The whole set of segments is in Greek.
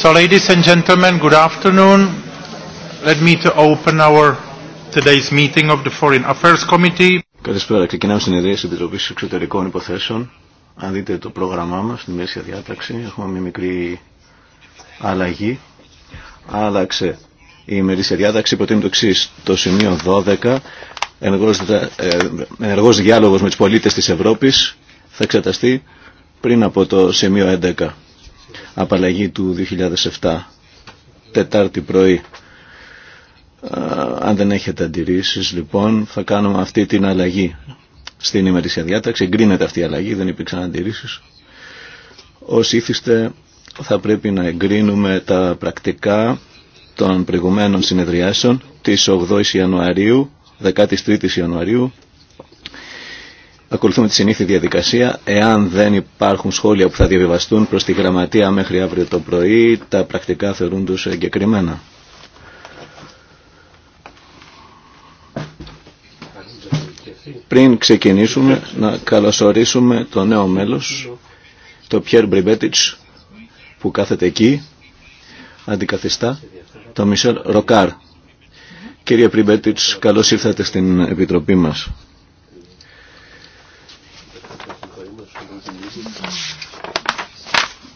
So, ladies and gentlemen, good afternoon. Let me to open our today's Καλησπέρα. Εξωτερικών Υποθέσεων. Αν δείτε το πρόγραμμά μας, στην μέση διάταξη, έχουμε μια μικρή αλλαγή. Άλλαξε η ημερήσια διάταξη, προτείνει το εξή. Το σημείο 12, ενεργός, ε, ενεργός διάλογος με τις πολίτες της Ευρώπης, θα εξεταστεί πριν από το σημείο 11 απαλλαγή του 2007, Τετάρτη πρωί. Αν δεν έχετε αντιρρήσεις, λοιπόν, θα κάνουμε αυτή την αλλαγή στην ημερήσια διάταξη. Εγκρίνεται αυτή η αλλαγή, δεν υπήρξαν αντιρρήσεις. Ως ήθιστε, θα πρέπει να εγκρίνουμε τα πρακτικά των προηγουμένων συνεδριάσεων της 8ης Ιανουαρίου, 13ης Ιανουαρίου, Ακολουθούμε τη συνήθεια διαδικασία. Εάν δεν υπάρχουν σχόλια που θα διαβιβαστούν προς τη γραμματεία μέχρι αύριο το πρωί, τα πρακτικά θεωρούν τους εγκεκριμένα. Πριν ξεκινήσουμε, να καλωσορίσουμε το νέο μέλος, το Πιέρ Μπριμπέτιτς, που κάθεται εκεί, αντικαθιστά, το Μισελ Ροκάρ. Κύριε Πριμπέτιτς, καλώς ήρθατε στην Επιτροπή μας.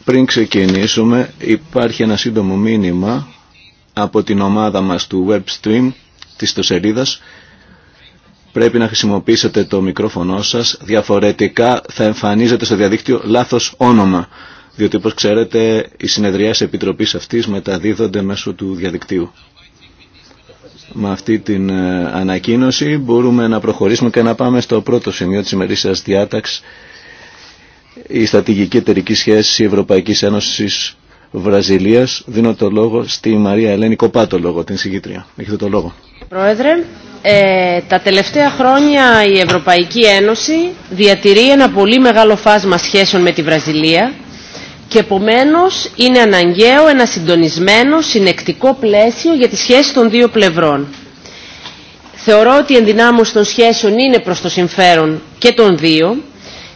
Πριν ξεκινήσουμε υπάρχει ένα σύντομο μήνυμα από την ομάδα μας του webstream της τοσελίδας. Πρέπει να χρησιμοποιήσετε το μικρόφωνο σας, διαφορετικά θα εμφανίζεται στο διαδίκτυο λάθος όνομα, διότι όπως ξέρετε οι συνεδρία επιτροπής αυτής μεταδίδονται μέσω του διαδικτύου. Με αυτή την ε, ανακοίνωση μπορούμε να προχωρήσουμε και να πάμε στο πρώτο σημείο της ημερήσιας διάταξης η στρατηγική εταιρική σχέση Ευρωπαϊκής Ένωσης Βραζιλίας. Δίνω το λόγο στη Μαρία Ελένη Κοπά την συγκήτρια. Έχετε το λόγο. Πρόεδρε, ε, τα τελευταία χρόνια η Ευρωπαϊκή Ένωση διατηρεί ένα πολύ μεγάλο φάσμα σχέσεων με τη Βραζιλία και επομένως είναι αναγκαίο ένα συντονισμένο, συνεκτικό πλαίσιο για τη σχέση των δύο πλευρών. Θεωρώ ότι η ενδυνάμωση των σχέσεων είναι προς το συμφέρον και των δύο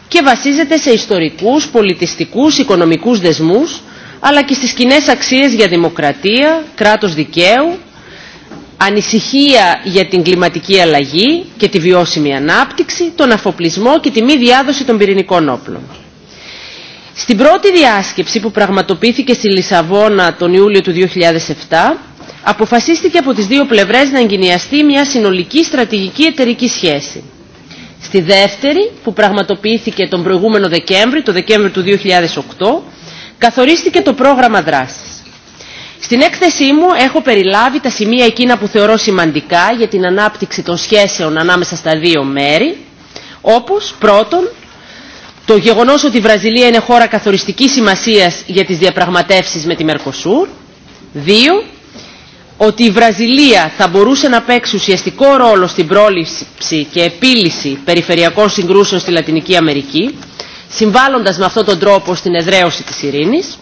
και βασίζεται σε ιστορικούς, πολιτιστικούς, οικονομικούς δεσμούς, αλλά και στις κοινέ αξίες για δημοκρατία, κράτος δικαίου, ανησυχία για την κλιματική αλλαγή και τη βιώσιμη ανάπτυξη, τον αφοπλισμό και τη μη διάδοση των πυρηνικών όπλων. Στην πρώτη διάσκεψη που πραγματοποιήθηκε στη Λισαβόνα τον Ιούλιο του 2007, αποφασίστηκε από τις δύο πλευρές να εγκυνιαστεί μια συνολική στρατηγική εταιρική σχέση στη δεύτερη που πραγματοποιήθηκε τον προηγούμενο Δεκέμβρη, το Δεκέμβρη του 2008, καθορίστηκε το πρόγραμμα δράσης. Στην έκθεσή μου έχω περιλάβει τα σημεία εκείνα που θεωρώ σημαντικά για την ανάπτυξη των σχέσεων ανάμεσα στα δύο μέρη, όπως πρώτον το γεγονός ότι η Βραζιλία είναι χώρα καθοριστικής σημασίας για τις διαπραγματεύσεις με τη Μερκοσούρ, δύο, ότι η Βραζιλία θα μπορούσε να παίξει ουσιαστικό ρόλο στην πρόληψη και επίλυση περιφερειακών συγκρούσεων στη Λατινική Αμερική, συμβάλλοντας με αυτόν τον τρόπο στην εδραίωση της ειρήνης.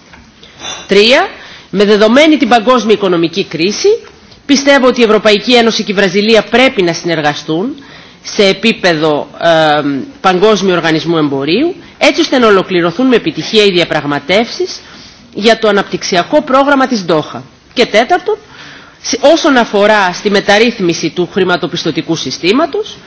Τρία, με δεδομένη την παγκόσμια οικονομική κρίση, πιστεύω ότι η Ευρωπαϊκή Ένωση και η Βραζιλία πρέπει να συνεργαστούν σε επίπεδο ε, Παγκόσμιου Οργανισμού Εμπορίου, έτσι ώστε να ολοκληρωθούν με επιτυχία οι διαπραγματεύσεις για το αναπτυξιακό πρόγραμμα της Ντόχα. Και τέταρτον, όσον αφορά στη μεταρρύθμιση του χρηματοπιστωτικού συστήματος,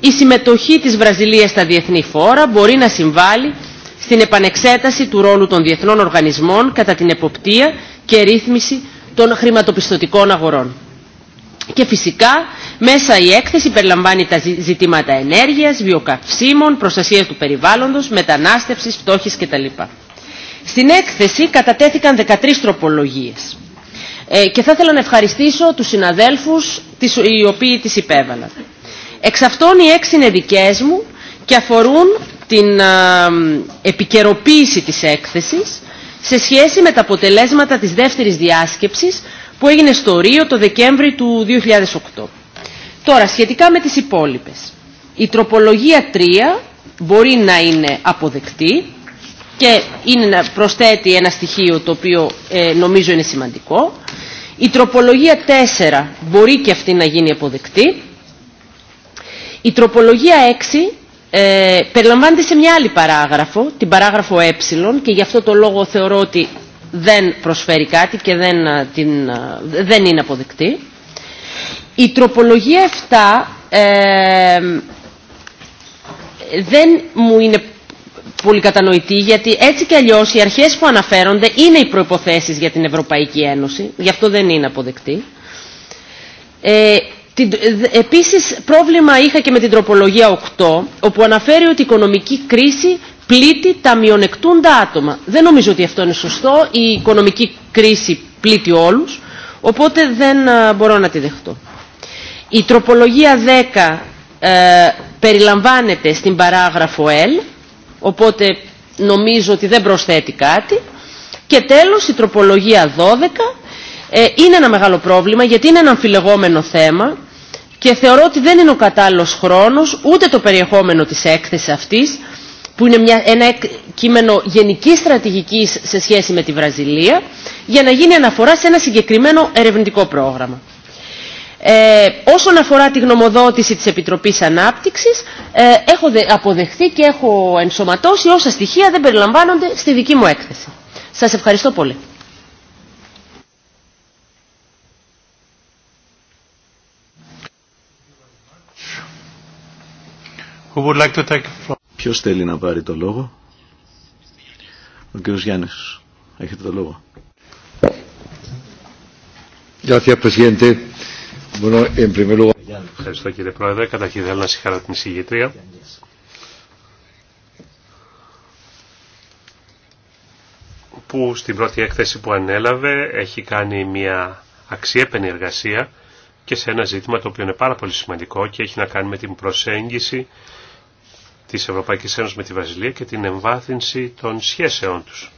η συμμετοχή της Βραζιλίας στα διεθνή φόρα μπορεί να συμβάλλει στην επανεξέταση του ρόλου των διεθνών οργανισμών κατά την εποπτεία και ρύθμιση των χρηματοπιστωτικών αγορών. Και φυσικά μέσα η έκθεση περιλαμβάνει τα ζητήματα ενέργειας, βιοκαυσίμων, προστασίας του περιβάλλοντος, μετανάστευσης, φτώχης κτλ. Στην έκθεση κατατέθηκαν 13 τροπολογίες. Ε, και θα ήθελα να ευχαριστήσω τους συναδέλφους οι οποίοι τις υπέβαλαν. Εξ αυτών οι έξι είναι μου και αφορούν την επικαιροποίηση της έκθεσης σε σχέση με τα αποτελέσματα της δεύτερης διάσκεψης που έγινε στο Ρίο το Δεκέμβρη του 2008. Τώρα, σχετικά με τις υπόλοιπες. Η τροπολογία 3 μπορεί να είναι αποδεκτή και είναι προσθέτει ένα στοιχείο το οποίο ε, νομίζω είναι σημαντικό. Η τροπολογία 4 μπορεί και αυτή να γίνει αποδεκτή. Η τροπολογία 6 ε, περιλαμβάνεται σε μια άλλη παράγραφο, την παράγραφο ε και γι' αυτό το λόγο θεωρώ ότι δεν προσφέρει κάτι και δεν, ε, την, ε, δεν είναι αποδεκτή. Η τροπολογία 7 ε, δεν μου είναι πολύ κατανοητή, γιατί έτσι κι αλλιώ οι αρχέ που αναφέρονται είναι οι προποθέσει για την Ευρωπαϊκή Ένωση, γι' αυτό δεν είναι αποδεκτή. Ε, ε Επίσης πρόβλημα είχα και με την τροπολογία 8 όπου αναφέρει ότι η οικονομική κρίση πλήττει τα μειονεκτούντα άτομα. Δεν νομίζω ότι αυτό είναι σωστό. Η οικονομική κρίση πλήττει όλους οπότε δεν ε, μπορώ να τη δεχτώ. Η τροπολογία 10 ε, περιλαμβάνεται στην παράγραφο L Οπότε νομίζω ότι δεν προσθέτει κάτι. Και τέλος η τροπολογία 12 ε, είναι ένα μεγάλο πρόβλημα γιατί είναι ένα αμφιλεγόμενο θέμα και θεωρώ ότι δεν είναι ο κατάλληλος χρόνος ούτε το περιεχόμενο της έκθεσης αυτής που είναι μια, ένα κείμενο γενικής στρατηγικής σε σχέση με τη Βραζιλία για να γίνει αναφορά σε ένα συγκεκριμένο ερευνητικό πρόγραμμα. Ε, όσον αφορά τη γνωμοδότηση της Επιτροπής Ανάπτυξης, ε, έχω αποδεχθεί και έχω ενσωματώσει όσα στοιχεία δεν περιλαμβάνονται στη δική μου έκθεση. Σας ευχαριστώ πολύ. Ποιο Ποιος θέλει να πάρει το λόγο? Ο κ. Γιάννης. Έχετε το λόγο. Gracias, presidente. Ευχαριστώ κύριε Πρόεδρε. Καταρχήν θέλω να συγχαρώ την εισηγητρία. που στην πρώτη έκθεση που ανέλαβε έχει κάνει μια αξιέπαινη εργασία και σε ένα ζήτημα το οποίο είναι πάρα πολύ σημαντικό και έχει να κάνει με την προσέγγιση της Ευρωπαϊκής Ένωσης με τη Βασιλεία και την εμβάθυνση των σχέσεών τους.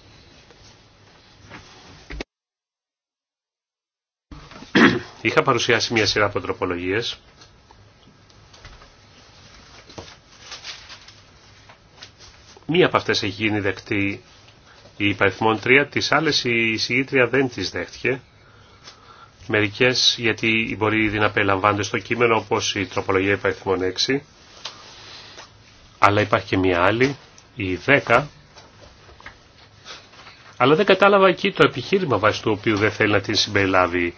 Είχα παρουσιάσει μια σειρά από τροπολογίες. Μία από αυτές έχει γίνει δεκτή η υπαριθμόν 3, τις άλλες η συγγήτρια δεν τις δέχτηκε. Μερικές γιατί μπορεί ήδη να περιλαμβάνονται στο κείμενο όπως η τροπολογία υπαριθμόν 6. Αλλά υπάρχει και μία άλλη, η 10. Αλλά δεν κατάλαβα εκεί το επιχείρημα βάσει του οποίου δεν θέλει να την συμπεριλάβει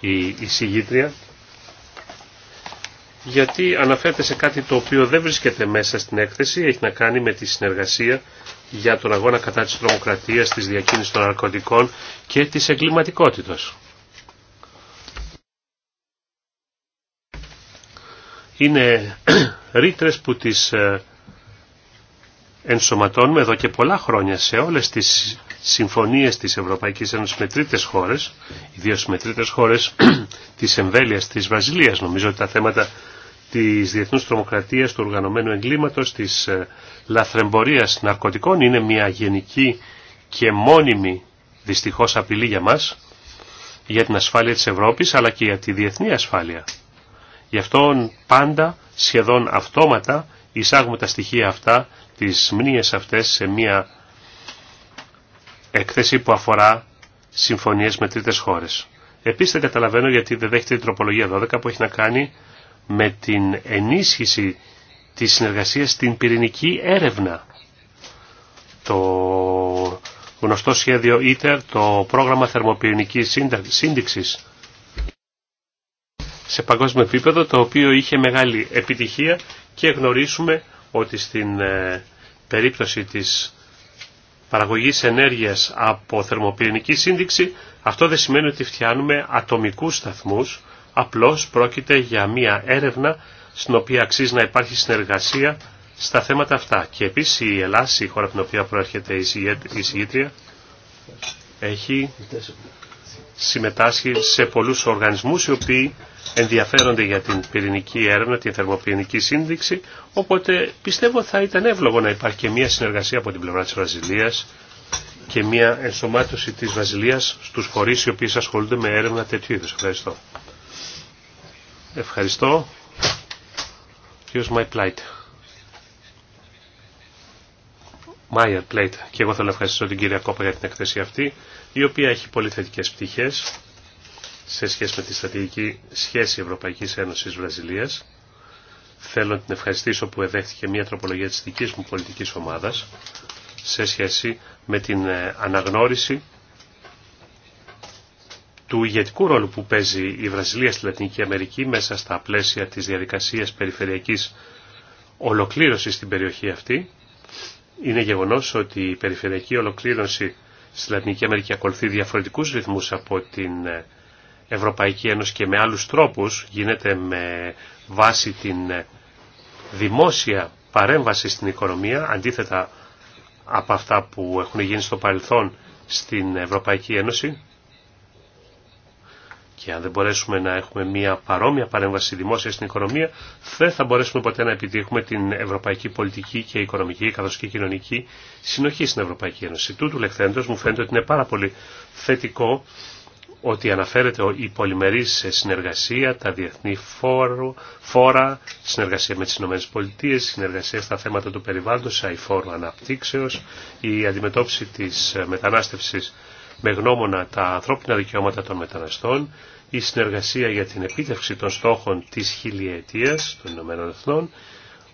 η συγγήτρια, γιατί αναφέρεται σε κάτι το οποίο δεν βρίσκεται μέσα στην έκθεση, έχει να κάνει με τη συνεργασία για τον αγώνα κατά της τρομοκρατίας, της διακίνησης των ναρκωτικών και της εγκληματικότητας. Είναι ρήτρες που τις ε, ενσωματώνουμε εδώ και πολλά χρόνια σε όλες τις συμφωνίες της Ευρωπαϊκής Ένωσης με τρίτες χώρες, ιδίως με τρίτες χώρες της εμβέλειας της Βραζιλίας. Νομίζω ότι τα θέματα της διεθνούς τρομοκρατίας, του οργανωμένου εγκλήματος, της ε, λαθρεμπορίας ναρκωτικών είναι μια γενική και μόνιμη δυστυχώς απειλή για μας, για την ασφάλεια της Ευρώπης αλλά και για τη διεθνή ασφάλεια. Γι' αυτό πάντα σχεδόν αυτόματα εισάγουμε τα στοιχεία αυτά, τις μνήες αυτές σε μια έκθεση που αφορά συμφωνίες με τρίτες χώρες. Επίσης δεν καταλαβαίνω γιατί δεν δέχεται η τροπολογία 12 που έχει να κάνει με την ενίσχυση της συνεργασίας στην πυρηνική έρευνα. Το γνωστό σχέδιο ΙΤΕΡ, το πρόγραμμα θερμοπυρηνικής σύνδεξης σε παγκόσμιο επίπεδο, το οποίο είχε μεγάλη επιτυχία και γνωρίζουμε ότι στην ε, περίπτωση της παραγωγής ενέργειας από θερμοπυρηνική σύνδεξη αυτό δεν σημαίνει ότι φτιάνουμε ατομικούς σταθμούς, απλώς πρόκειται για μία έρευνα στην οποία αξίζει να υπάρχει συνεργασία στα θέματα αυτά. Και επίσης η Ελλάδα, η χώρα από την οποία προέρχεται η συγγήτρια, έχει συμμετάσχει σε πολλούς οργανισμούς οι οποίοι ενδιαφέρονται για την πυρηνική έρευνα, την θερμοπυρηνική σύνδεξη, οπότε πιστεύω θα ήταν εύλογο να υπάρχει και μια συνεργασία από την πλευρά της Βραζιλίας και μια ενσωμάτωση της Βραζιλίας στους φορείς οι οποίοι ασχολούνται με έρευνα τέτοιου είδους. Ευχαριστώ. Ευχαριστώ. Κύριος my plate. My plate. Και εγώ θέλω να ευχαριστήσω την κυρία Κόπα για την εκθέση αυτή, η οποία έχει πολύ θετικές πτυχές σε σχέση με τη στρατηγική σχέση Ευρωπαϊκής Ένωσης Βραζιλίας. Θέλω να την ευχαριστήσω που εδέχτηκε μια τροπολογία της δικής μου πολιτικής ομάδας σε σχέση με την ε, αναγνώριση του ηγετικού ρόλου που παίζει η Βραζιλία στη Λατινική Αμερική μέσα στα πλαίσια της διαδικασίας περιφερειακής ολοκλήρωσης στην περιοχή αυτή. Είναι γεγονός ότι η περιφερειακή ολοκλήρωση στη Λατινική Αμερική ακολουθεί διαφορετικούς ρυθμούς από την ε, Ευρωπαϊκή Ένωση και με άλλους τρόπους, γίνεται με βάση την δημόσια παρέμβαση στην οικονομία, αντίθετα από αυτά που έχουν γίνει στο παρελθόν στην Ευρωπαϊκή Ένωση. Και αν δεν μπορέσουμε να έχουμε μια παρόμοια παρέμβαση δημόσια στην οικονομία, δεν θα μπορέσουμε ποτέ να επιτύχουμε την ευρωπαϊκή πολιτική και οικονομική καθώς και κοινωνική συνοχή στην Ευρωπαϊκή Ένωση. Τούτου λεχθέντος μου φαίνεται ότι είναι πάρα πολύ θετικό ότι αναφέρεται η πολυμερή συνεργασία, τα διεθνή φόρου, φόρα, συνεργασία με τις ΗΠΑ, συνεργασία στα θέματα του περιβάλλοντος, αηφόρου αναπτύξεως, η αντιμετώπιση της μετανάστευσης με γνώμονα τα ανθρώπινα δικαιώματα των μεταναστών, η συνεργασία για την επίτευξη των στόχων της χιλιετίας των ΗΠΑ,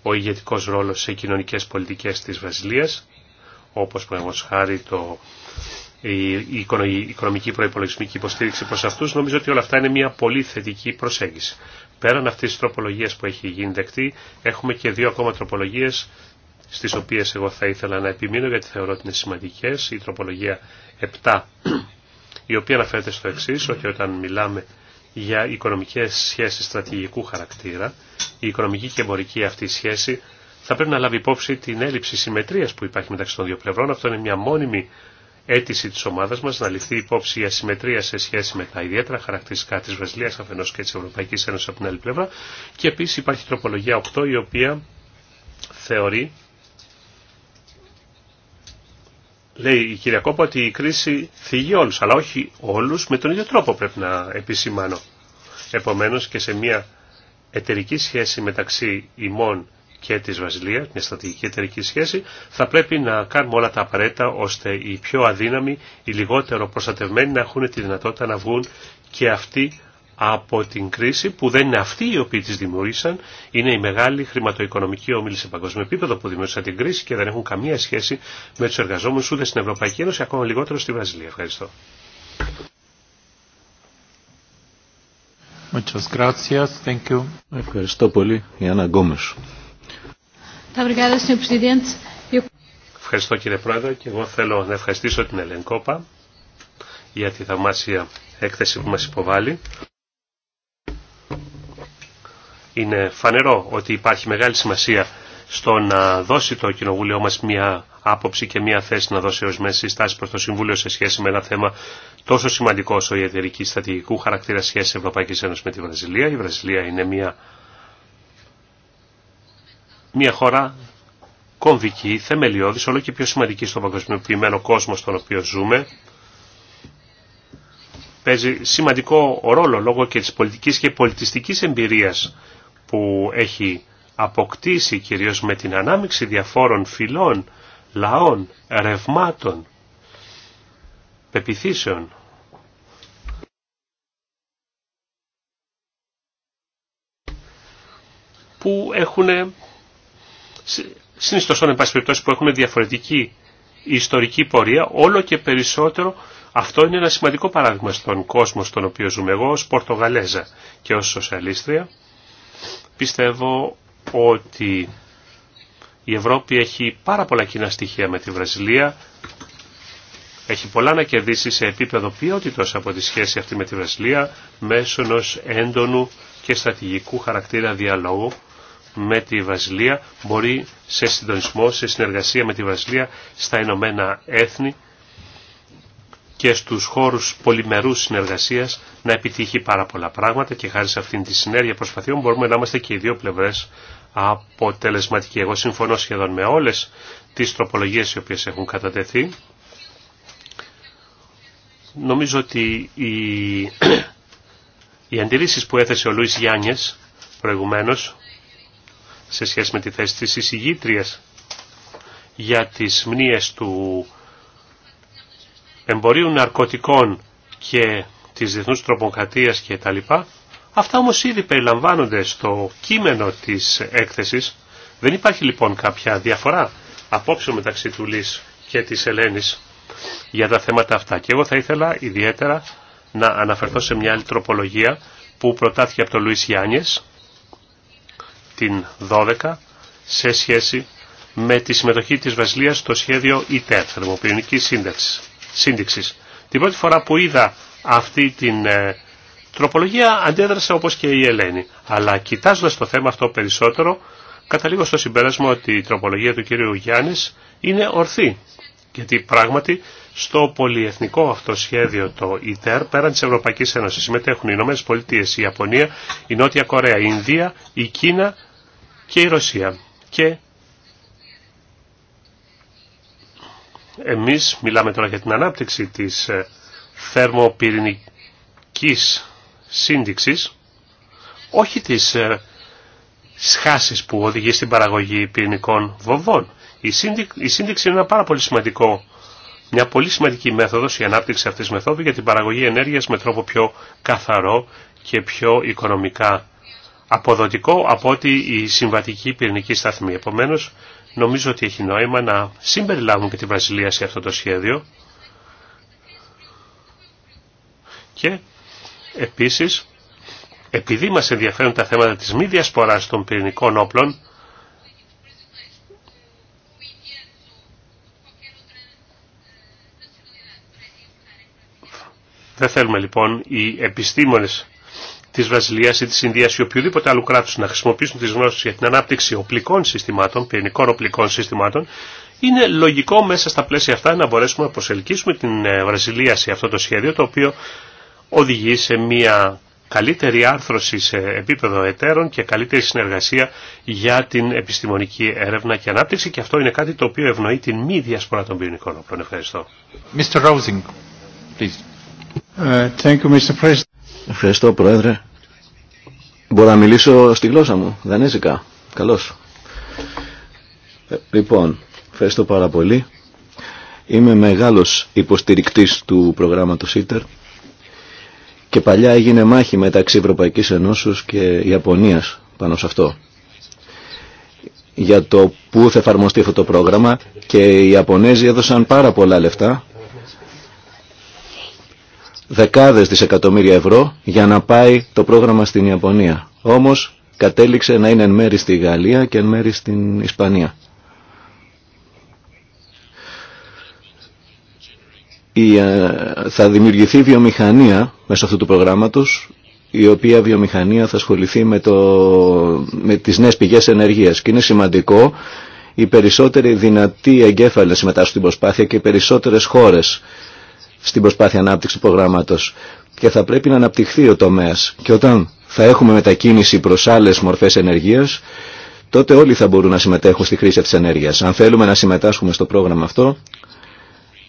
ο ηγετικός ρόλος σε κοινωνικές πολιτικές της Βασιλείας, όπως παραδείγματος χάρη το η οικονομική προπολογισμική υποστήριξη προς αυτούς, νομίζω ότι όλα αυτά είναι μια πολύ θετική προσέγγιση. Πέραν αυτής της τροπολογίας που έχει γίνει δεκτή, έχουμε και δύο ακόμα τροπολογίες στις οποίες εγώ θα ήθελα να επιμείνω γιατί θεωρώ ότι είναι σημαντικές. Η τροπολογία 7, η οποία αναφέρεται στο εξή ότι όταν μιλάμε για οικονομικές σχέσεις στρατηγικού χαρακτήρα, η οικονομική και εμπορική αυτή σχέση θα πρέπει να λάβει υπόψη την έλλειψη συμμετρίας που υπάρχει μεταξύ των δύο πλευρών. Αυτό είναι μια μόνιμη αίτηση της ομάδας μας να ληφθεί υπόψη η ασυμμετρία σε σχέση με τα ιδιαίτερα χαρακτηριστικά της Βραζιλίας αφενός και της Ευρωπαϊκής Ένωσης από την άλλη πλευρά και επίσης υπάρχει τροπολογία 8 η οποία θεωρεί λέει η κυρία Κόπα ότι η κρίση θίγει όλους αλλά όχι όλους με τον ίδιο τρόπο πρέπει να επισημάνω. Επομένως και σε μια εταιρική σχέση μεταξύ ημών και της βασιλείας, μια στρατηγική εταιρική σχέση, θα πρέπει να κάνουμε όλα τα απαραίτητα ώστε οι πιο αδύναμοι, οι λιγότερο προστατευμένοι να έχουν τη δυνατότητα να βγουν και αυτοί από την κρίση που δεν είναι αυτοί οι οποίοι τις δημιούργησαν, είναι η μεγάλη χρηματοοικονομική όμιλη σε παγκόσμιο επίπεδο που δημιούργησαν την κρίση και δεν έχουν καμία σχέση με τους εργαζόμενους ούτε στην Ευρωπαϊκή Ένωση, ακόμα λιγότερο στη Βραζιλία. Ευχαριστώ. Ευχαριστώ πολύ, Ιάννα Γκόμες. Ευχαριστώ κύριε Πρόεδρε και εγώ θέλω να ευχαριστήσω την Ελενκόπα για τη θαυμάσια έκθεση που μας υποβάλλει. Είναι φανερό ότι υπάρχει μεγάλη σημασία στο να δώσει το Κοινοβούλιο μας μια άποψη και μια θέση να δώσει ως μέση στάση προς το Συμβούλιο σε σχέση με ένα θέμα τόσο σημαντικό όσο η εταιρική στρατηγικού χαρακτήρα σχέση Ευρωπαϊκής Ένωσης με τη Βραζιλία. Η Βραζιλία είναι μια μια χώρα κομβική, θεμελιώδης, όλο και πιο σημαντική στον παγκοσμιοποιημένο κόσμο στον οποίο ζούμε. Παίζει σημαντικό ρόλο λόγω και της πολιτικής και πολιτιστικής εμπειρίας που έχει αποκτήσει κυρίως με την ανάμειξη διαφόρων φυλών, λαών, ρευμάτων, πεπιθήσεων. που έχουν συνιστοσών, εν πάση που έχουμε διαφορετική ιστορική πορεία, όλο και περισσότερο αυτό είναι ένα σημαντικό παράδειγμα στον κόσμο στον οποίο ζούμε εγώ ως Πορτογαλέζα και ως σοσιαλίστρια. Πιστεύω ότι η Ευρώπη έχει πάρα πολλά κοινά στοιχεία με τη Βραζιλία, έχει πολλά να κερδίσει σε επίπεδο ποιότητος από τη σχέση αυτή με τη Βραζιλία μέσω ενό έντονου και στρατηγικού χαρακτήρα διαλόγου με τη Βασιλεία, μπορεί σε συντονισμό, σε συνεργασία με τη Βασιλεία στα Ηνωμένα Έθνη και στους χώρους πολυμερούς συνεργασίας να επιτύχει πάρα πολλά πράγματα και χάρη σε αυτήν τη συνέργεια προσπαθειών μπορούμε να είμαστε και οι δύο πλευρές αποτελεσματικοί. Εγώ συμφωνώ σχεδόν με όλες τις τροπολογίες οι οποίες έχουν κατατεθεί. Νομίζω ότι οι, οι αντιρρήσεις που έθεσε ο Λουίς Γιάννης προηγουμένως σε σχέση με τη θέση της εισηγήτριας για τις μνήες του εμπορίου ναρκωτικών και της διεθνούς τροποκρατίας και τα λοιπά. Αυτά όμως ήδη περιλαμβάνονται στο κείμενο της έκθεσης. Δεν υπάρχει λοιπόν κάποια διαφορά απόψε μεταξύ του Λύς και της Ελένης για τα θέματα αυτά. Και εγώ θα ήθελα ιδιαίτερα να αναφερθώ σε μια άλλη τροπολογία που προτάθηκε από τον Λουίς Γιάννης την 12 σε σχέση με τη συμμετοχή της Βασιλείας στο σχέδιο ΙΤΕΡ, θερμοπυρηνικής σύνδεξης. Την πρώτη φορά που είδα αυτή την ε, τροπολογία αντέδρασε όπως και η Ελένη. Αλλά κοιτάζοντα το θέμα αυτό περισσότερο, καταλήγω στο συμπέρασμα ότι η τροπολογία του κύριου Γιάννης είναι ορθή. Γιατί πράγματι στο πολυεθνικό αυτό σχέδιο το ΙΤΕΡ πέραν της Ευρωπαϊκής Ένωσης συμμετέχουν οι Ηνωμένες Πολιτείες, η Ιαπωνία, η Νότια Κορέα, η Ινδία, η Κίνα και η Ρωσία. Και εμείς μιλάμε τώρα για την ανάπτυξη της ε, θερμοπυρηνικής σύνδεξης, όχι της ε, σχάσης που οδηγεί στην παραγωγή πυρηνικών βομβών. Η σύνδεξη είναι ένα πάρα πολύ σημαντικό, μια πολύ σημαντική μέθοδος, η ανάπτυξη αυτής της μεθόδου για την παραγωγή ενέργειας με τρόπο πιο καθαρό και πιο οικονομικά αποδοτικό από ότι η συμβατική πυρηνική σταθμή. Επομένως, νομίζω ότι έχει νόημα να συμπεριλάβουν και τη Βραζιλία σε αυτό το σχέδιο και επίσης, επειδή μας ενδιαφέρουν τα θέματα της μη διασποράς των πυρηνικών όπλων, Δεν θέλουμε λοιπόν οι επιστήμονες τη Βραζιλία ή τη Ινδία ή οποιοδήποτε άλλου κράτου να χρησιμοποιήσουν τι γνώσει για την ανάπτυξη οπλικών συστημάτων, πυρηνικών οπλικών συστημάτων, είναι λογικό μέσα στα πλαίσια αυτά να μπορέσουμε να προσελκύσουμε την ε, Βραζιλία σε αυτό το σχέδιο, το οποίο οδηγεί σε μια καλύτερη άρθρωση σε επίπεδο εταίρων και καλύτερη συνεργασία για την επιστημονική έρευνα και ανάπτυξη και αυτό είναι κάτι το οποίο ευνοεί την μη διασπορά των πυρηνικών όπλων. Ευχαριστώ. Mr. Rosing, please. Uh, thank you, Mr. President. Ευχαριστώ Πρόεδρε. Μπορώ να μιλήσω στη γλώσσα μου, δανέζικα. Καλώς. Ε, λοιπόν, ευχαριστώ πάρα πολύ. Είμαι μεγάλος υποστηρικτής του προγράμματος ITER και παλιά έγινε μάχη μεταξύ Ευρωπαϊκής Ενώσεως και Ιαπωνίας πάνω σε αυτό για το πού θα εφαρμοστεί αυτό το πρόγραμμα και οι Ιαπωνέζοι έδωσαν πάρα πολλά λεφτά δεκάδες δισεκατομμύρια ευρώ για να πάει το πρόγραμμα στην Ιαπωνία. Όμως κατέληξε να είναι εν μέρη στη Γαλλία και εν μέρη στην Ισπανία. Η, ε, θα δημιουργηθεί βιομηχανία μέσω αυτού του προγράμματος η οποία βιομηχανία θα ασχοληθεί με, το, με τις νέες πηγές ενεργείας και είναι σημαντικό οι περισσότεροι δυνατοί εγκέφαλοι να συμμετάσχουν στην προσπάθεια και οι περισσότερες χώρες στην προσπάθεια ανάπτυξη προγράμματο και θα πρέπει να αναπτυχθεί ο τομέα. Και όταν θα έχουμε μετακίνηση προ άλλε μορφές ενεργείας, τότε όλοι θα μπορούν να συμμετέχουν στη χρήση τη ενέργεια. Αν θέλουμε να συμμετάσχουμε στο πρόγραμμα αυτό,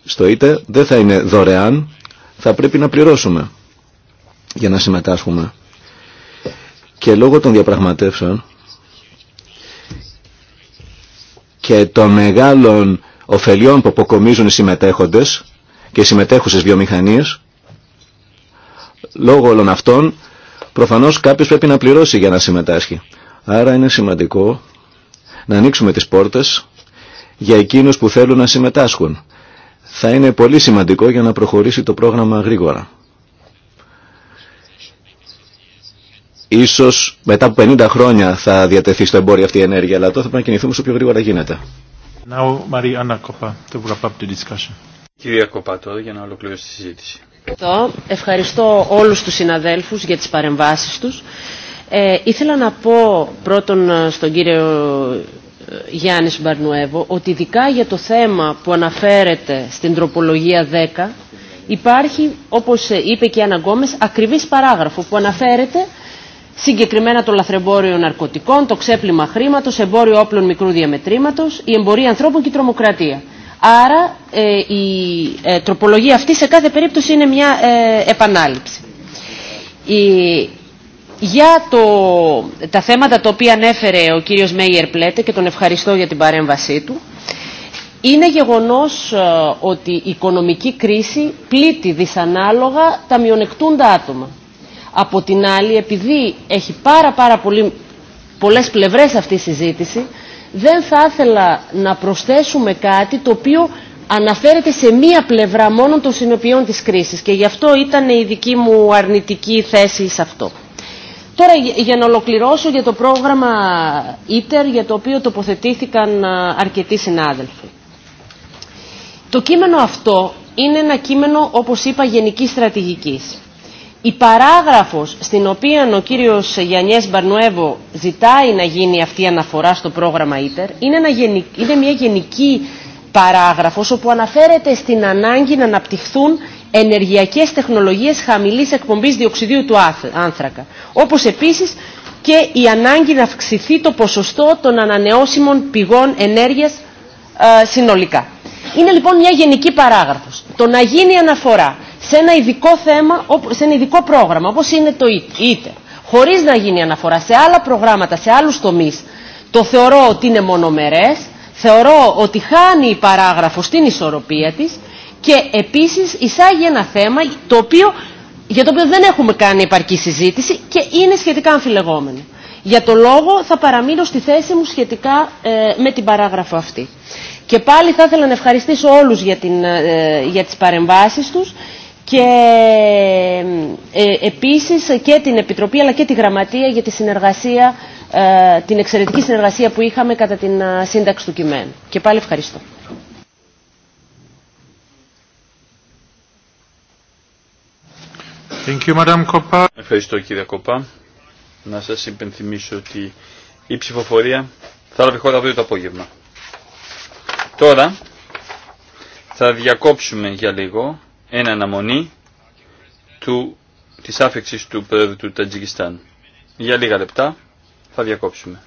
στο ΙΤΕ δεν θα είναι δωρεάν, θα πρέπει να πληρώσουμε για να συμμετάσχουμε. Και λόγω των διαπραγματεύσεων και των μεγάλων ωφελιών που αποκομίζουν οι συμμετέχοντες, και συμμετέχουσες βιομηχανίες. Λόγω όλων αυτών, προφανώς κάποιος πρέπει να πληρώσει για να συμμετάσχει. Άρα είναι σημαντικό να ανοίξουμε τις πόρτες για εκείνους που θέλουν να συμμετάσχουν. Θα είναι πολύ σημαντικό για να προχωρήσει το πρόγραμμα γρήγορα. Ίσως μετά από 50 χρόνια θα διατεθεί στο εμπόριο αυτή η ενέργεια, αλλά τώρα θα πρέπει να κινηθούμε όσο πιο γρήγορα γίνεται. Κυρία Κοπάτο, για να ολοκληρώσει τη συζήτηση. Ευχαριστώ όλους τους συναδέλφους για τις παρεμβάσεις τους. Ε, ήθελα να πω πρώτον ε, στον κύριο ε, Γιάννη Μπαρνουέβο ότι ειδικά για το θέμα που αναφέρεται στην τροπολογία 10 υπάρχει, όπως ε, είπε και η Άννα Γκόμες, ακριβής παράγραφο που αναφέρεται συγκεκριμένα το λαθρεμπόριο ναρκωτικών, το ξέπλυμα χρήματος, εμπόριο όπλων μικρού διαμετρήματος, η εμπορία ανθρώπων και η τρομοκρατία. Άρα ε, η ε, τροπολογία αυτή σε κάθε περίπτωση είναι μια ε, επανάληψη. για το, τα θέματα τα οποία ανέφερε ο κύριος Μέιερ Πλέτε και τον ευχαριστώ για την παρέμβασή του, είναι γεγονός ότι η οικονομική κρίση πλήττει δυσανάλογα τα μειονεκτούντα άτομα. Από την άλλη, επειδή έχει πάρα, πάρα πολύ, πολλές πλευρές αυτή η συζήτηση, δεν θα ήθελα να προσθέσουμε κάτι το οποίο αναφέρεται σε μία πλευρά μόνο των συνοπιών της κρίσης και γι' αυτό ήταν η δική μου αρνητική θέση σε αυτό. Τώρα για να ολοκληρώσω για το πρόγραμμα ITER για το οποίο τοποθετήθηκαν αρκετοί συνάδελφοι. Το κείμενο αυτό είναι ένα κείμενο όπως είπα γενικής στρατηγικής η παράγραφος στην οποία ο κύριος Γιαννιές Μπαρνουέβο ζητάει να γίνει αυτή η αναφορά στο πρόγραμμα ΙΤΕΡ είναι, μια γενική παράγραφος όπου αναφέρεται στην ανάγκη να αναπτυχθούν ενεργειακές τεχνολογίες χαμηλής εκπομπής διοξιδίου του άνθρακα. Όπως επίσης και η ανάγκη να αυξηθεί το ποσοστό των ανανεώσιμων πηγών ενέργειας ε, συνολικά. Είναι λοιπόν μια γενική παράγραφος. Το να γίνει αναφορά σε ένα ειδικό θέμα, σε ένα ειδικό πρόγραμμα, όπως είναι το ΙΤΕ, χωρίς να γίνει αναφορά σε άλλα προγράμματα, σε άλλους τομείς, το θεωρώ ότι είναι μονομερές, θεωρώ ότι χάνει η παράγραφο στην ισορροπία της και επίσης εισάγει ένα θέμα το οποίο, για το οποίο δεν έχουμε κάνει επαρκή συζήτηση και είναι σχετικά αμφιλεγόμενο. Για το λόγο θα παραμείνω στη θέση μου σχετικά ε, με την παράγραφο αυτή. Και πάλι θα ήθελα να ευχαριστήσω όλους για, την, ε, για τις παρεμβάσεις τους και ε, επίσης και την Επιτροπή αλλά και τη Γραμματεία για τη συνεργασία, ε, την εξαιρετική συνεργασία που είχαμε κατά την ε, σύνταξη του κειμένου. Και πάλι ευχαριστώ. you, Ευχαριστώ κύριε Κοπά. Να σας υπενθυμίσω ότι η ψηφοφορία θα λάβει χώρα αύριο το απόγευμα. Τώρα θα διακόψουμε για λίγο ένα αναμονή του, της άφεξης του πρόεδρου του Τατζικιστάν. Για λίγα λεπτά θα διακόψουμε.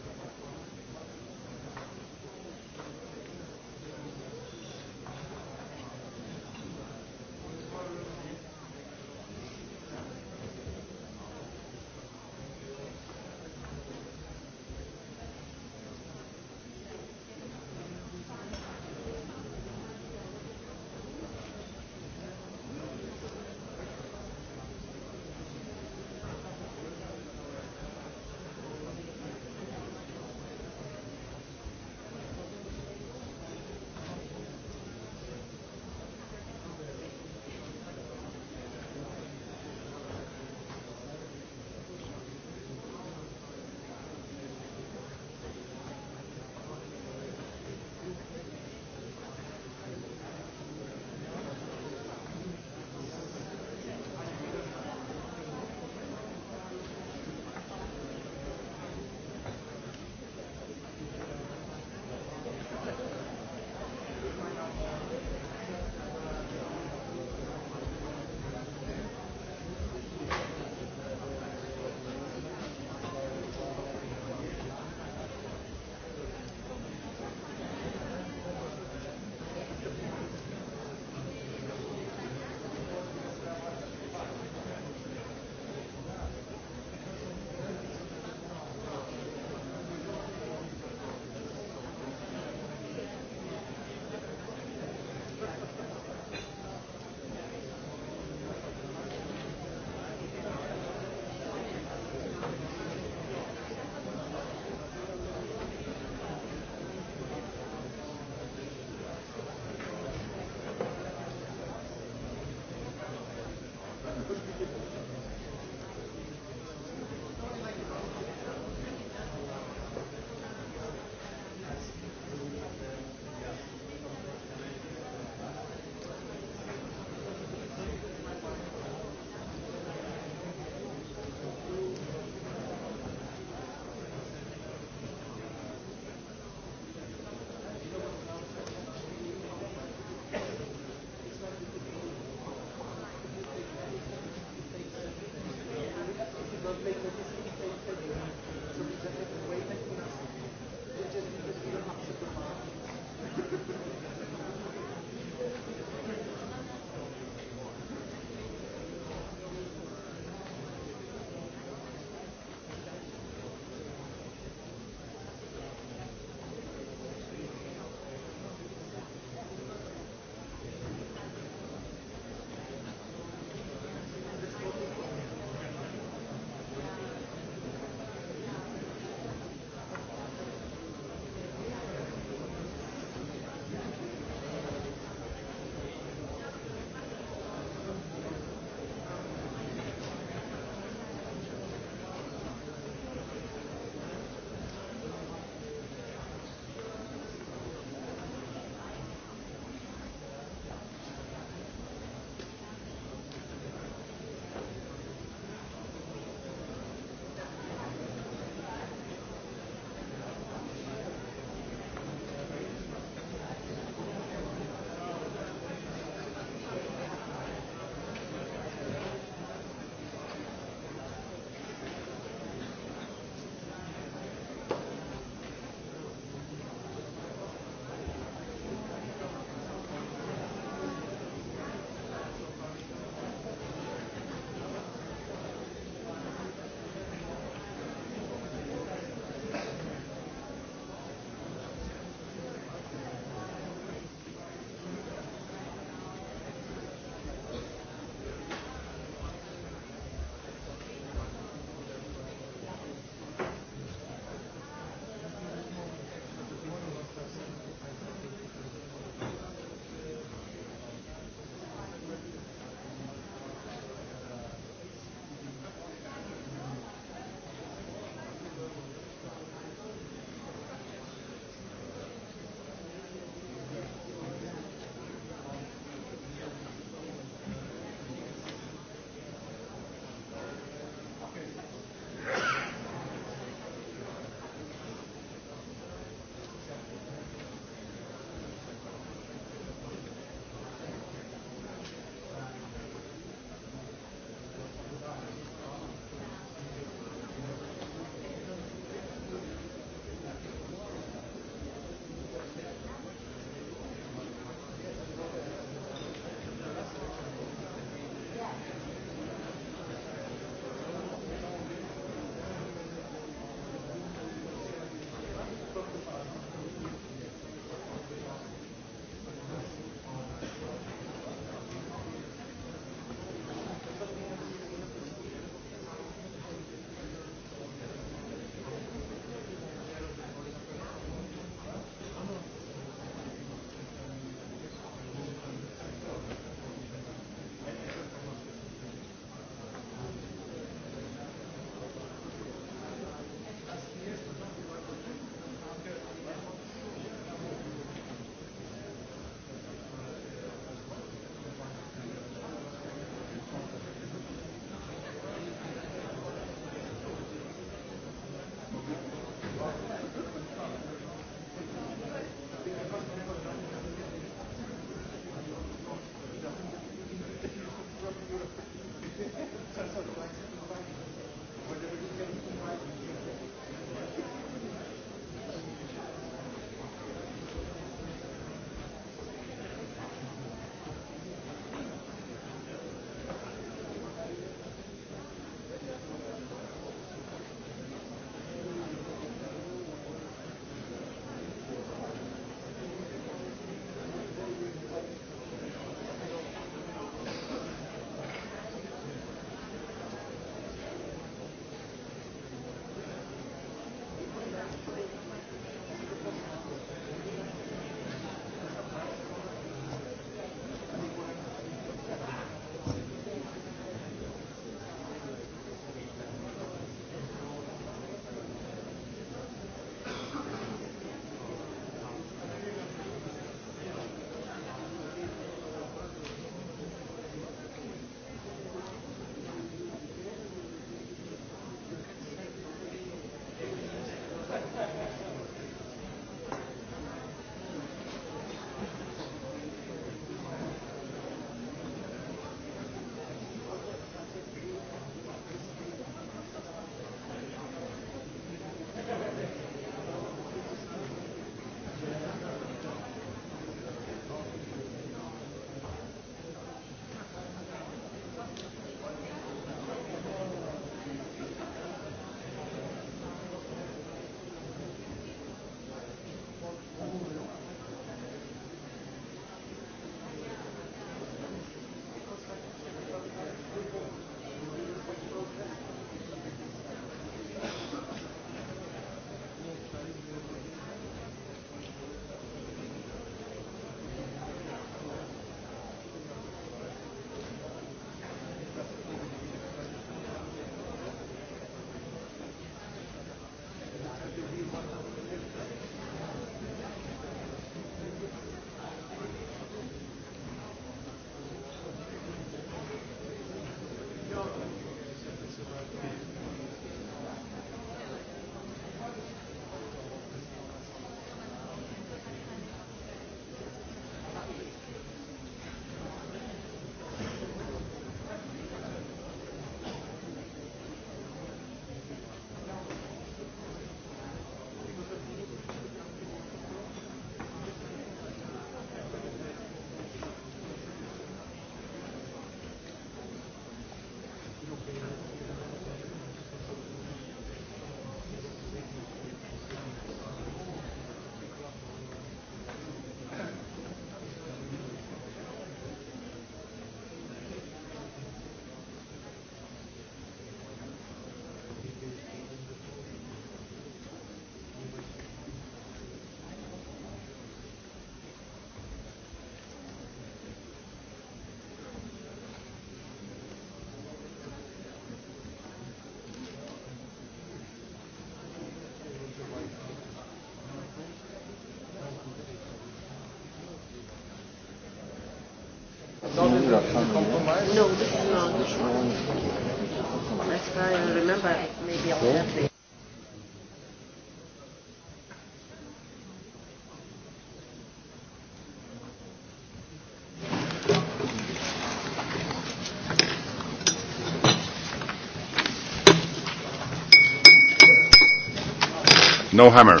No, hammer.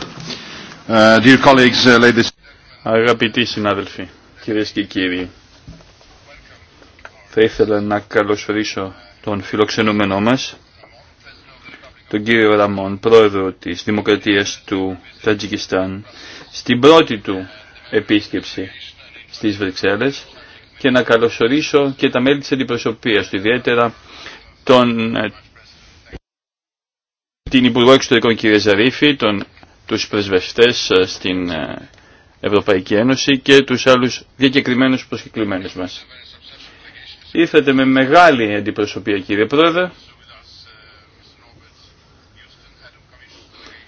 Uh, dear colleagues, uh, ladies. Αγαπητοί συνάδελφοι, κυρίες και κύριοι, θα ήθελα να καλωσορίσω τον φιλοξενούμενό μας, τον κύριο Ραμόν, πρόεδρο της Δημοκρατίας του Τατζικιστάν, στην πρώτη του επίσκεψη στις Βρυξέλλες και να καλωσορίσω και τα μέλη της αντιπροσωπείας του, ιδιαίτερα τον, ε, την Υπουργό Εξωτερικών κ. Ζαρίφη, τον, τους πρεσβευτές ε, στην ε, Ευρωπαϊκή Ένωση και τους άλλους διακεκριμένους προσκεκλημένους μας ήρθατε με μεγάλη αντιπροσωπεία κύριε Πρόεδρε.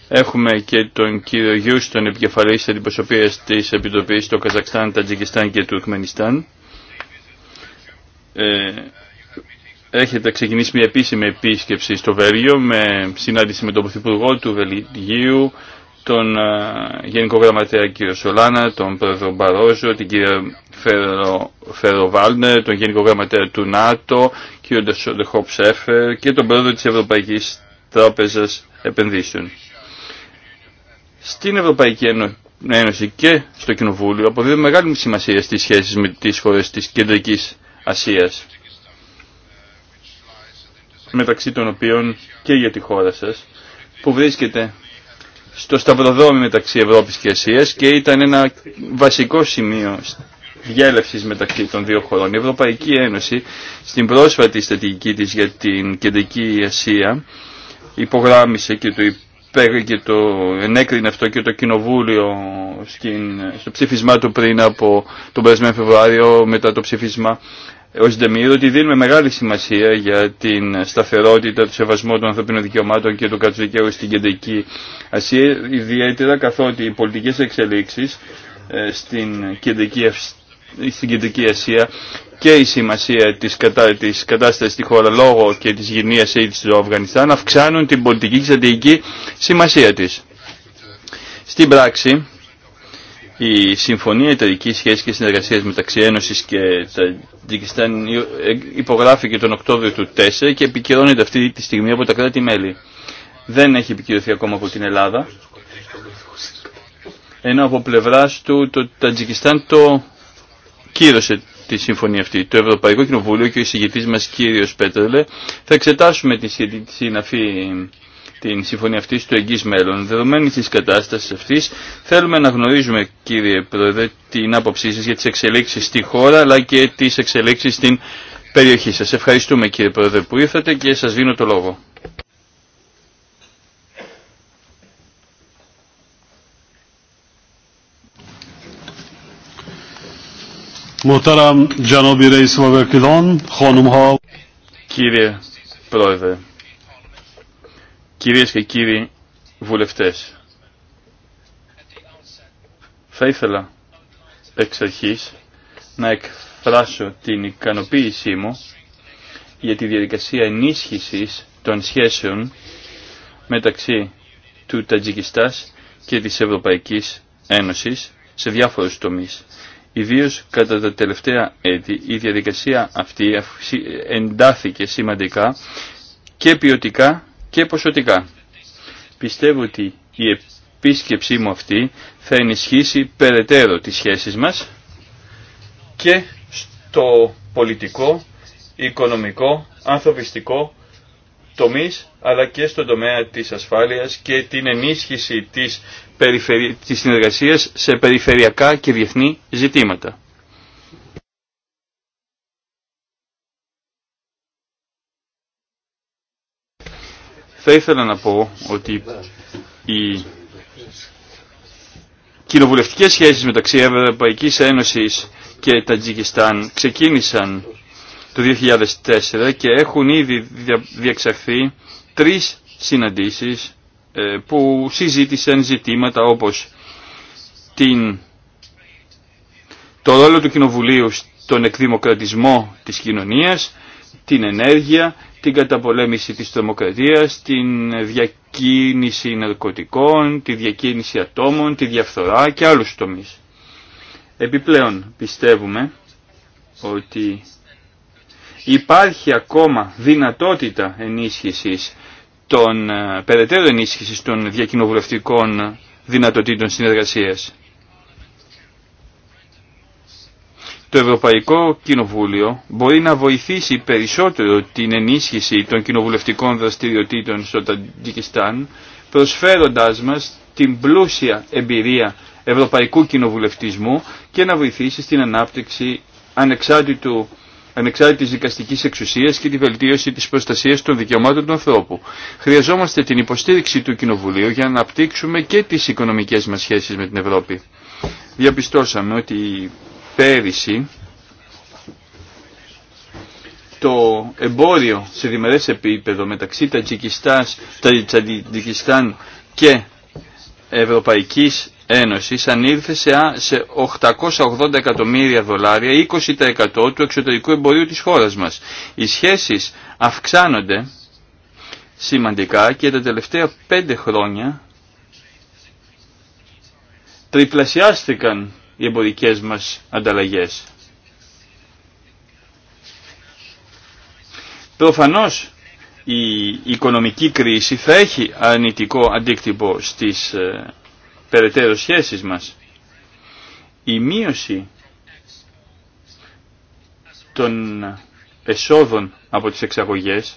Έχουμε και τον κύριο Γιούστον επικεφαλής αντιπροσωπείας της Επιτροπής στο Καζακστάν, Τατζικιστάν και Τουρκμενιστάν. Ε, έχετε ξεκινήσει μια επίσημη επίσκεψη στο Βέλγιο με συνάντηση με τον Πρωθυπουργό του Βελγίου, τον ε, Γενικό Γραμματέα κ. Σολάνα, τον Πρόεδρο Μπαρόζο, την κ. Φερο, Βάλνερ, τον Γενικό Γραμματέα του ΝΑΤΟ, κ. Ντεχόπ Σέφερ και τον Πρόεδρο της Ευρωπαϊκής Τράπεζας Επενδύσεων. Στην Ευρωπαϊκή Ένωση και στο Κοινοβούλιο αποδίδουμε μεγάλη σημασία στις σχέσεις με τις χώρες της Κεντρικής Ασίας μεταξύ των οποίων και για τη χώρα σας που βρίσκεται στο σταυροδρόμι μεταξύ Ευρώπης και Ασίας και ήταν ένα βασικό σημείο διέλευσης μεταξύ των δύο χωρών. Η Ευρωπαϊκή Ένωση στην πρόσφατη στρατηγική της για την Κεντρική Ασία υπογράμμισε και το και το ενέκρινε αυτό και το κοινοβούλιο στο ψήφισμά του πριν από τον περασμένο Φεβρουάριο μετά το ψήφισμα ως Δεμήρ ότι δίνουμε μεγάλη σημασία για την σταθερότητα, το σεβασμό των ανθρωπίνων δικαιωμάτων και του κατσουδικαίου στην Κεντρική Ασία, ιδιαίτερα καθότι οι πολιτικές εξελίξεις ε, στην Κεντρική, στην Κεντρική Ασία και η σημασία της, κατά, της κατάστασης στη χώρα λόγω και της γενίας AIDS του Αφγανιστάν αυξάνουν την πολιτική και στρατηγική σημασία της. Στην πράξη, η Συμφωνία Εταιρική Σχέση και Συνεργασία μεταξύ Ένωση και Τατζικιστάν υπογράφηκε τον Οκτώβριο του 4 και επικυρώνεται αυτή τη στιγμή από τα κράτη-μέλη. Δεν έχει επικυρωθεί ακόμα από την Ελλάδα. Ενώ από πλευρά του το Τατζικιστάν το κύρωσε τη συμφωνία αυτή. Το Ευρωπαϊκό Κοινοβούλιο και ο εισηγητή μα κύριο Πέτρελε θα εξετάσουμε τη συναφή την συμφωνία αυτή στο εγγύ μέλλον. Δεδομένη τη κατάσταση αυτή, θέλουμε να γνωρίζουμε, κύριε Πρόεδρε, την άποψή σα για τι εξελίξει στη χώρα αλλά και τι εξελίξει στην περιοχή σα. Ευχαριστούμε, κύριε Πρόεδρε, που ήρθατε και σα δίνω το λόγο. Κύριε Πρόεδρε, Κυρίες και κύριοι βουλευτές, θα ήθελα εξ αρχής να εκφράσω την ικανοποίησή μου για τη διαδικασία ενίσχυσης των σχέσεων μεταξύ του Τατζικιστάς και της Ευρωπαϊκής Ένωσης σε διάφορους τομείς. Ιδίως κατά τα τελευταία έτη η διαδικασία αυτή εντάθηκε σημαντικά και ποιοτικά και ποσοτικά. Πιστεύω ότι η επίσκεψή μου αυτή θα ενισχύσει περαιτέρω τις σχέσεις μας και στο πολιτικό, οικονομικό, ανθρωπιστικό τομείς αλλά και στον τομέα της ασφάλειας και την ενίσχυση της, περιφερει... της συνεργασίας σε περιφερειακά και διεθνή ζητήματα. Θα ήθελα να πω ότι οι κοινοβουλευτικές σχέσεις μεταξύ Ευρωπαϊκής Ένωσης και Τατζικιστάν ξεκίνησαν το 2004 και έχουν ήδη διεξαχθεί τρεις συναντήσεις ε, που συζήτησαν ζητήματα όπως την, το ρόλο του Κοινοβουλίου στον εκδημοκρατισμό της κοινωνίας, την ενέργεια, την καταπολέμηση της τρομοκρατίας, την διακίνηση ναρκωτικών, τη διακίνηση ατόμων, τη διαφθορά και άλλους τομείς. Επιπλέον πιστεύουμε ότι υπάρχει ακόμα δυνατότητα ενίσχυσης των ε, περαιτέρω ενίσχυσης των διακοινοβουλευτικών δυνατοτήτων συνεργασίας. το Ευρωπαϊκό Κοινοβούλιο μπορεί να βοηθήσει περισσότερο την ενίσχυση των κοινοβουλευτικών δραστηριοτήτων στο Ταντικιστάν, προσφέροντάς μας την πλούσια εμπειρία ευρωπαϊκού κοινοβουλευτισμού και να βοηθήσει στην ανάπτυξη ανεξάρτητου ανεξάρτητης δικαστικής εξουσίας και τη βελτίωση της προστασίας των δικαιωμάτων του ανθρώπου. Χρειαζόμαστε την υποστήριξη του Κοινοβουλίου για να αναπτύξουμε και τις οικονομικές μας σχέσεις με την Ευρώπη. Διαπιστώσαμε ότι πέρυσι το εμπόριο σε διμερές επίπεδο μεταξύ Τατζικιστάν και Ευρωπαϊκής Ένωσης ανήρθε σε 880 εκατομμύρια δολάρια, 20% του εξωτερικού εμπορίου της χώρας μας. Οι σχέσεις αυξάνονται σημαντικά και τα τελευταία πέντε χρόνια τριπλασιάστηκαν οι εμπορικές μας ανταλλαγές. Προφανώς η οικονομική κρίση θα έχει αρνητικό αντίκτυπο στις ε, περαιτέρω σχέσεις μας. Η μείωση των εσόδων από τις εξαγωγές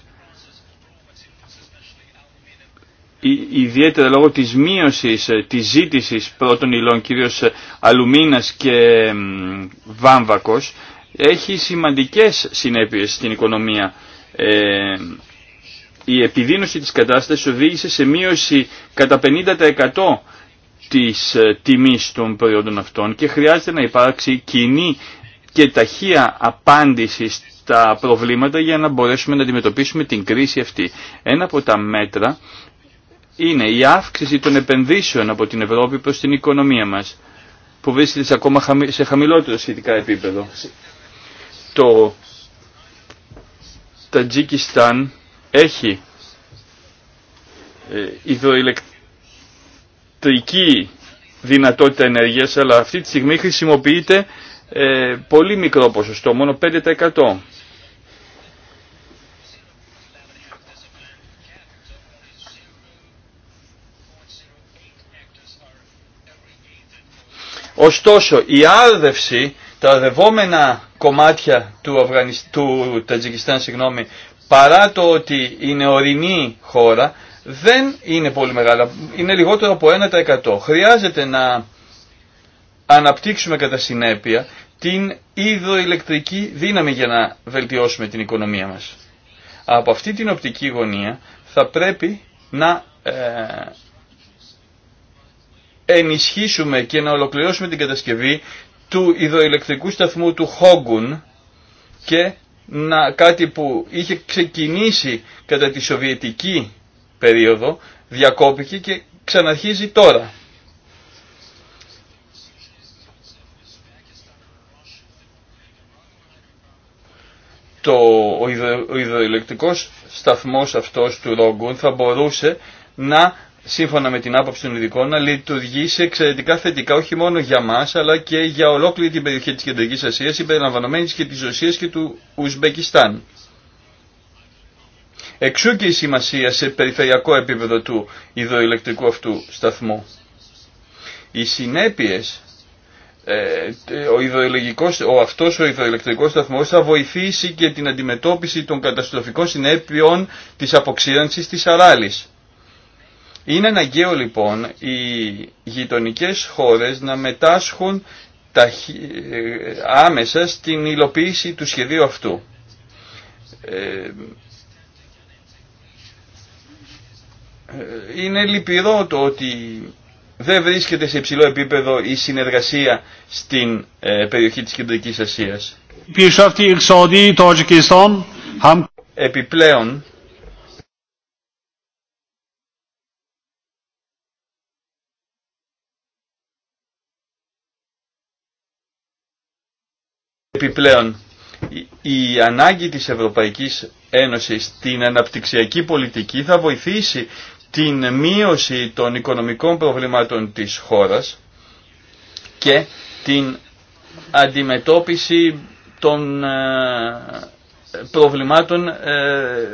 ιδιαίτερα λόγω της μείωσης ε, της ζήτησης πρώτων υλών, κυρίως ε, αλουμίνας και βάμβακος, έχει σημαντικές συνέπειες στην οικονομία. Ε, η επιδείνωση της κατάστασης οδήγησε σε μείωση κατά 50% της τιμής των προϊόντων αυτών και χρειάζεται να υπάρξει κοινή και ταχεία απάντηση στα προβλήματα για να μπορέσουμε να αντιμετωπίσουμε την κρίση αυτή. Ένα από τα μέτρα είναι η αύξηση των επενδύσεων από την Ευρώπη προς την οικονομία μας, που βρίσκεται σε ακόμα σε χαμηλότερο σχετικά επίπεδο. Το Τατζικιστάν έχει ε, υδροηλεκτρική δυνατότητα ενέργειας, αλλά αυτή τη στιγμή χρησιμοποιείται ε, πολύ μικρό ποσοστό, μόνο 5%. Ωστόσο, η άρδευση, τα αρδευόμενα κομμάτια του, του Τατζικιστάν, παρά το ότι είναι ορεινή χώρα, δεν είναι πολύ μεγάλα, είναι λιγότερο από 1%. Χρειάζεται να αναπτύξουμε κατά συνέπεια την ηλεκτρική δύναμη για να βελτιώσουμε την οικονομία μας. Από αυτή την οπτική γωνία θα πρέπει να ε, ενισχύσουμε και να ολοκληρώσουμε την κατασκευή του υδροηλεκτρικού σταθμού του Χόγκουν και να, κάτι που είχε ξεκινήσει κατά τη Σοβιετική περίοδο, διακόπηκε και ξαναρχίζει τώρα. Το, ο, υδρο, σταθμός αυτός του Ρόγκουν θα μπορούσε να σύμφωνα με την άποψη των ειδικών, να λειτουργήσει εξαιρετικά θετικά όχι μόνο για μα, αλλά και για ολόκληρη την περιοχή τη Κεντρική Ασία, συμπεριλαμβανομένη και τη Ρωσία και του Ουσμπεκιστάν. Εξού και η σημασία σε περιφερειακό επίπεδο του υδροηλεκτρικού αυτού σταθμού. Οι συνέπειες, ε, ο, ο αυτός ο σταθμός θα βοηθήσει και την αντιμετώπιση των καταστροφικών συνέπειων της αποξήρανσης της αράλης. Είναι αναγκαίο λοιπόν οι γειτονικέ χώρες να μετάσχουν ε, άμεσα στην υλοποίηση του σχεδίου αυτού. Ε, ε, είναι λυπηρό το ότι δεν βρίσκεται σε υψηλό επίπεδο η συνεργασία στην περιοχή της Κεντρικής Ασίας. Επιπλέον, Επιπλέον, η ανάγκη της Ευρωπαϊκής Ένωσης στην αναπτυξιακή πολιτική θα βοηθήσει την μείωση των οικονομικών προβλημάτων της χώρας και την αντιμετώπιση των ε, προβλημάτων ε,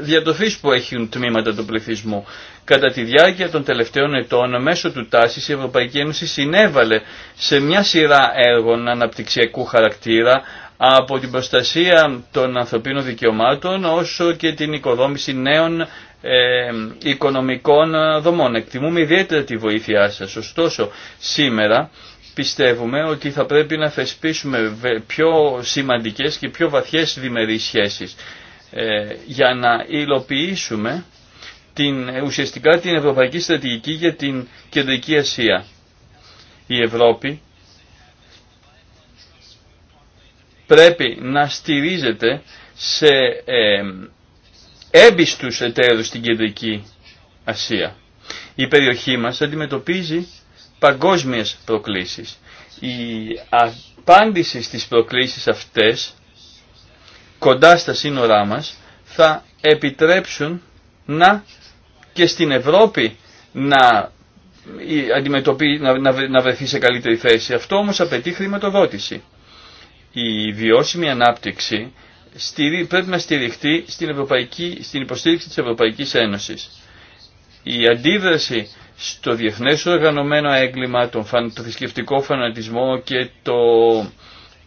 διατροφής που έχουν τμήματα του πληθυσμού. Κατά τη διάρκεια των τελευταίων ετών, μέσω του τάσης, η Ευρωπαϊκή Ένωση συνέβαλε σε μια σειρά έργων αναπτυξιακού χαρακτήρα, από την προστασία των ανθρωπίνων δικαιωμάτων όσο και την οικοδόμηση νέων ε, οικονομικών δομών. Εκτιμούμε ιδιαίτερα τη βοήθειά σας. Ωστόσο, σήμερα πιστεύουμε ότι θα πρέπει να θεσπίσουμε πιο σημαντικές και πιο βαθιές διμερείς σχέσεις ε, για να υλοποιήσουμε την, ουσιαστικά την Ευρωπαϊκή Στρατηγική για την Κεντρική Ασία. Η Ευρώπη πρέπει να στηρίζεται σε ε, έμπιστους εταίρους στην Κεντρική Ασία. Η περιοχή μας αντιμετωπίζει παγκόσμιες προκλήσεις. Η απάντηση στις προκλήσεις αυτές κοντά στα σύνορά μας θα επιτρέψουν να και στην Ευρώπη να, να, να βρεθεί σε καλύτερη θέση. Αυτό όμως απαιτεί χρηματοδότηση η βιώσιμη ανάπτυξη πρέπει να στηριχτεί στην, ευρωπαϊκή, στην υποστήριξη της Ευρωπαϊκής Ένωσης. Η αντίδραση στο διεθνές οργανωμένο έγκλημα, τον, το θρησκευτικό φανατισμό και, το,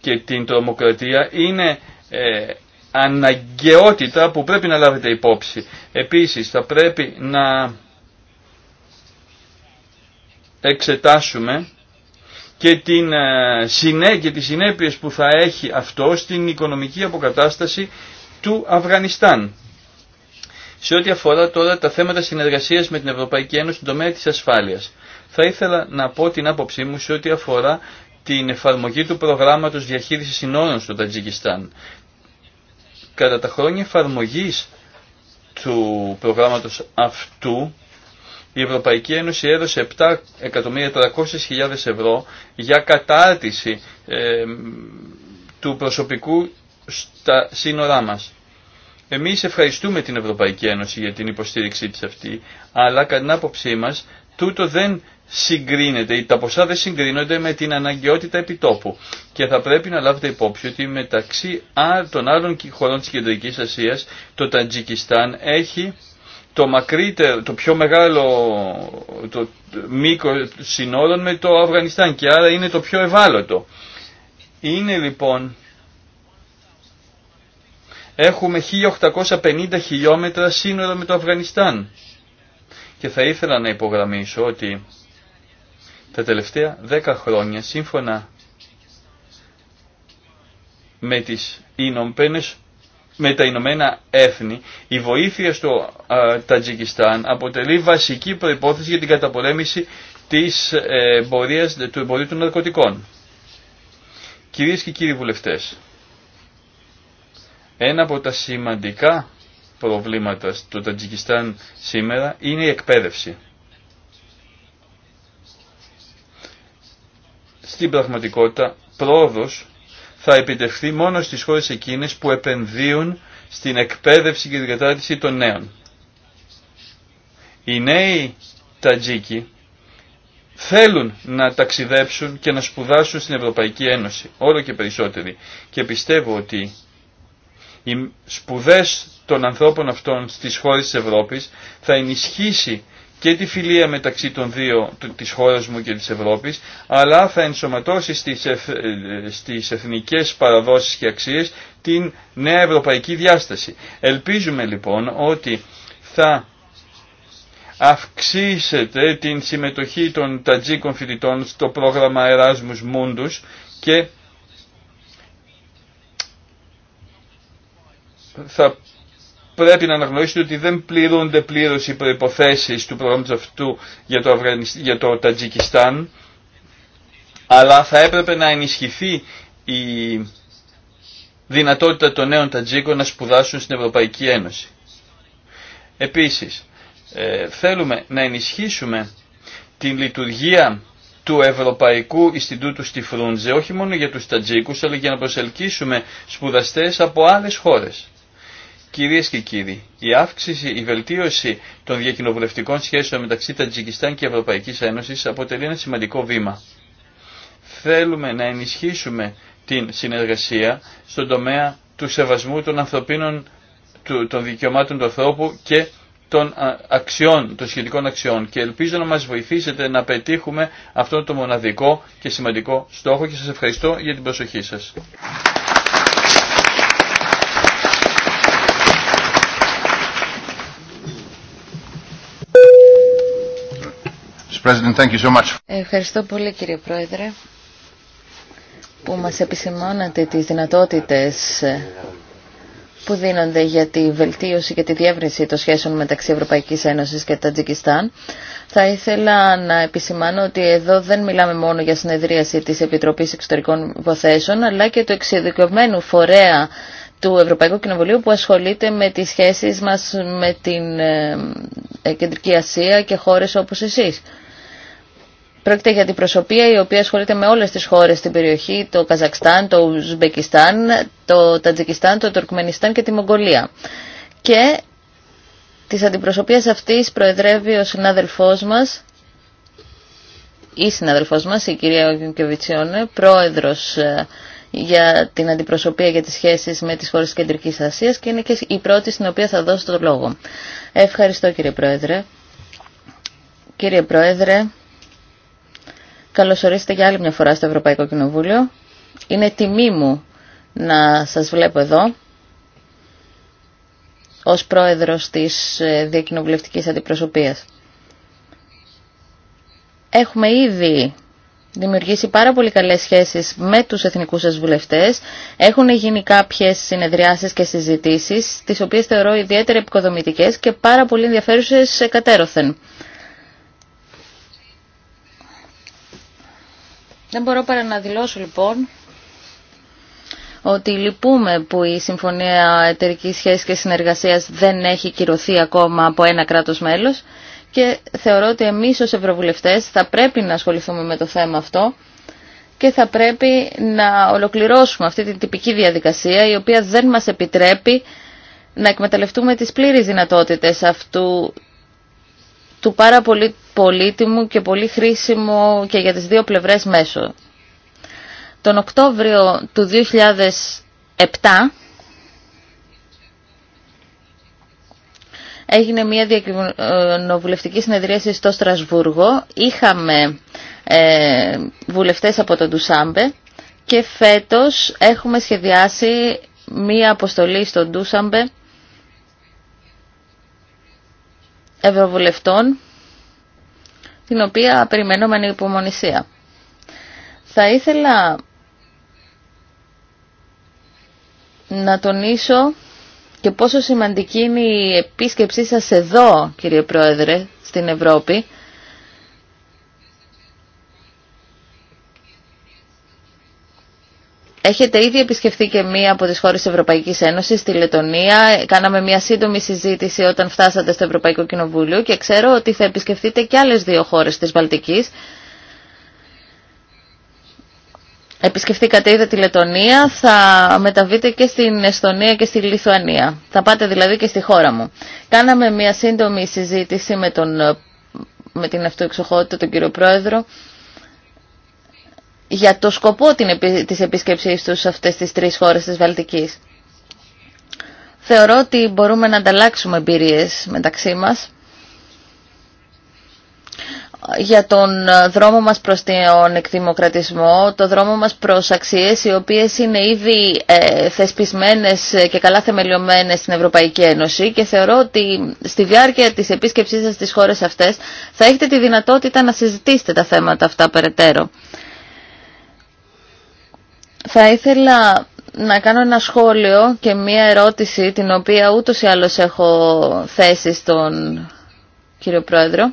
και την τρομοκρατία είναι ε, αναγκαιότητα που πρέπει να λάβετε υπόψη. Επίσης θα πρέπει να εξετάσουμε και, την, ε, συνέ, τις που θα έχει αυτό στην οικονομική αποκατάσταση του Αφγανιστάν. Σε ό,τι αφορά τώρα τα θέματα συνεργασίας με την Ευρωπαϊκή Ένωση στον τομέα της ασφάλειας. Θα ήθελα να πω την άποψή μου σε ό,τι αφορά την εφαρμογή του προγράμματος διαχείρισης συνόρων στο Τατζικιστάν. Κατά τα χρόνια εφαρμογής του προγράμματος αυτού η Ευρωπαϊκή Ένωση έδωσε 7.300.000 ευρώ για κατάρτιση ε, του προσωπικού στα σύνορά μας. Εμείς ευχαριστούμε την Ευρωπαϊκή Ένωση για την υποστήριξή της αυτή, αλλά κατά την άποψή μας τούτο δεν συγκρίνεται, τα ποσά δεν συγκρίνονται με την αναγκαιότητα επιτόπου. Και θα πρέπει να λάβετε υπόψη ότι μεταξύ των άλλων χωρών της Κεντρικής Ασίας το Τατζικιστάν έχει το, μακρύτερο, το πιο μεγάλο το μήκο συνόρων με το Αφγανιστάν και άρα είναι το πιο ευάλωτο. Είναι λοιπόν έχουμε 1850 χιλιόμετρα σύνορα με το Αφγανιστάν και θα ήθελα να υπογραμμίσω ότι τα τελευταία 10 χρόνια σύμφωνα με τις Ινωμένες με τα Ηνωμένα Έθνη, η βοήθεια στο Τατζικιστάν αποτελεί βασική προϋπόθεση για την καταπολέμηση της, ε, εμπορίας, του εμπορίου των ναρκωτικών. Κυρίες και κύριοι βουλευτές, ένα από τα σημαντικά προβλήματα στο Τατζικιστάν σήμερα είναι η εκπαίδευση. Στην πραγματικότητα, πρόοδος θα επιτευχθεί μόνο στις χώρες εκείνες που επενδύουν στην εκπαίδευση και την κατάρτιση των νέων. Οι νέοι Τατζίκοι θέλουν να ταξιδέψουν και να σπουδάσουν στην Ευρωπαϊκή Ένωση, όλο και περισσότεροι. Και πιστεύω ότι οι σπουδές των ανθρώπων αυτών στις χώρες της Ευρώπης θα ενισχύσει και τη φιλία μεταξύ των δύο, της χώρας μου και της Ευρώπης, αλλά θα ενσωματώσει στις, στις εθνικές παραδόσεις και αξίες την νέα ευρωπαϊκή διάσταση. Ελπίζουμε λοιπόν ότι θα αυξήσετε την συμμετοχή των τατζίκων φοιτητών στο πρόγραμμα Erasmus Mundus και θα πρέπει να αναγνωρίσετε ότι δεν πληρούνται πλήρως οι προποθέσει του προγράμματος αυτού για το, για το Τατζικιστάν, αλλά θα έπρεπε να ενισχυθεί η δυνατότητα των νέων Τατζίκων να σπουδάσουν στην Ευρωπαϊκή Ένωση. Επίσης, ε, θέλουμε να ενισχύσουμε την λειτουργία του Ευρωπαϊκού Ινστιτούτου στη Φρούντζε, όχι μόνο για τους Τατζίκους, αλλά για να προσελκύσουμε σπουδαστές από άλλες χώρες. Κυρίες και κύριοι, η αύξηση, η βελτίωση των διακοινοβουλευτικών σχέσεων μεταξύ Τατζικιστάν και Ευρωπαϊκής Ένωσης αποτελεί ένα σημαντικό βήμα. Θέλουμε να ενισχύσουμε την συνεργασία στον τομέα του σεβασμού των ανθρωπίνων, των δικαιωμάτων του ανθρώπου και των αξιών, των σχετικών αξιών και ελπίζω να μας βοηθήσετε να πετύχουμε αυτό το μοναδικό και σημαντικό στόχο και σας ευχαριστώ για την προσοχή σας. Ευχαριστώ πολύ κύριε Πρόεδρε που μας επισημάνατε τις δυνατότητες που δίνονται για τη βελτίωση και τη διεύρυνση των σχέσεων μεταξύ Ευρωπαϊκής Ένωσης και Τατζικιστάν. Θα ήθελα να επισημάνω ότι εδώ δεν μιλάμε μόνο για συνεδρίαση της Επιτροπής Εξωτερικών Υποθέσεων, αλλά και του εξειδικευμένου φορέα του Ευρωπαϊκού Κοινοβουλίου που ασχολείται με τις σχέσεις μας με την ε, ε, Κεντρική Ασία και χώρες όπως εσείς. Πρόκειται για την προσωπία η οποία ασχολείται με όλες τις χώρες στην περιοχή, το Καζακστάν, το Ουσμπεκιστάν, το Τατζικιστάν, το Τουρκμενιστάν και τη Μογγολία. Και της αντιπροσωπείας αυτής προεδρεύει ο συνάδελφός μας, η συνάδελφός μας, η κυρία Γιουγκεβιτσιόνε, πρόεδρος ε, για την αντιπροσωπεία για τις σχέσεις με τις χώρες της Κεντρικής Ασίας και είναι και η πρώτη στην οποία θα δώσω το λόγο. Ευχαριστώ κύριε Πρόεδρε. Κύριε Πρόεδρε, Καλωσορίστε για άλλη μια φορά στο Ευρωπαϊκό Κοινοβούλιο. Είναι τιμή μου να σας βλέπω εδώ ως πρόεδρος της ε, Διακοινοβουλευτικής Αντιπροσωπείας. Έχουμε ήδη δημιουργήσει πάρα πολύ καλές σχέσεις με τους εθνικούς σας βουλευτές. Έχουν γίνει κάποιες συνεδριάσεις και συζητήσεις, τις οποίες θεωρώ ιδιαίτερα επικοδομητικές και πάρα πολύ ενδιαφέρουσες κατέρωθεν. Δεν μπορώ παρά να δηλώσω λοιπόν ότι λυπούμε που η Συμφωνία Εταιρική Σχέση και Συνεργασίας δεν έχει κυρωθεί ακόμα από ένα κράτος μέλος και θεωρώ ότι εμείς ως Ευρωβουλευτές θα πρέπει να ασχοληθούμε με το θέμα αυτό και θα πρέπει να ολοκληρώσουμε αυτή την τυπική διαδικασία η οποία δεν μας επιτρέπει να εκμεταλλευτούμε τις πλήρες δυνατότητες αυτού του πάρα πολύ πολύτιμου και πολύ χρήσιμου και για τις δύο πλευρές μέσω. Τον Οκτώβριο του 2007 έγινε μια διακοινοβουλευτική συνεδρίαση στο Στρασβούργο. Είχαμε ε, βουλευτές από τον Ντουσάμπε και φέτος έχουμε σχεδιάσει μια αποστολή στον Ντούσαμπε ευρωβουλευτών, την οποία περιμένω με ανυπομονησία. Θα ήθελα να τονίσω και πόσο σημαντική είναι η επίσκεψή σας εδώ, κύριε Πρόεδρε, στην Ευρώπη, Έχετε ήδη επισκεφθεί και μία από τις χώρες της Ευρωπαϊκής Ένωσης, τη Λετωνία. Κάναμε μία σύντομη συζήτηση όταν φτάσατε στο Ευρωπαϊκό Κοινοβούλιο και ξέρω ότι θα επισκεφθείτε και άλλες δύο χώρες της Βαλτικής. Επισκεφθήκατε ήδη τη Λετωνία, θα μεταβείτε και στην Εστονία και στη Λιθουανία. Θα πάτε δηλαδή και στη χώρα μου. Κάναμε μία σύντομη συζήτηση με, τον, με την αυτοεξοχότητα, τον κύριο Πρόεδρο, για το σκοπό της επισκέψης τους σε αυτές τις τρεις χώρες της Βαλτικής. Θεωρώ ότι μπορούμε να ανταλλάξουμε εμπειρίες μεταξύ μας για τον δρόμο μας προς τον εκδημοκρατισμό, το δρόμο μας προς αξίες οι οποίες είναι ήδη ε, θεσπισμένες και καλά θεμελιωμένες στην Ευρωπαϊκή Ένωση και θεωρώ ότι στη διάρκεια της επίσκεψής σας στις χώρες αυτές θα έχετε τη δυνατότητα να συζητήσετε τα θέματα αυτά περαιτέρω. Θα ήθελα να κάνω ένα σχόλιο και μία ερώτηση την οποία ούτως ή άλλως έχω θέσει στον κύριο Πρόεδρο.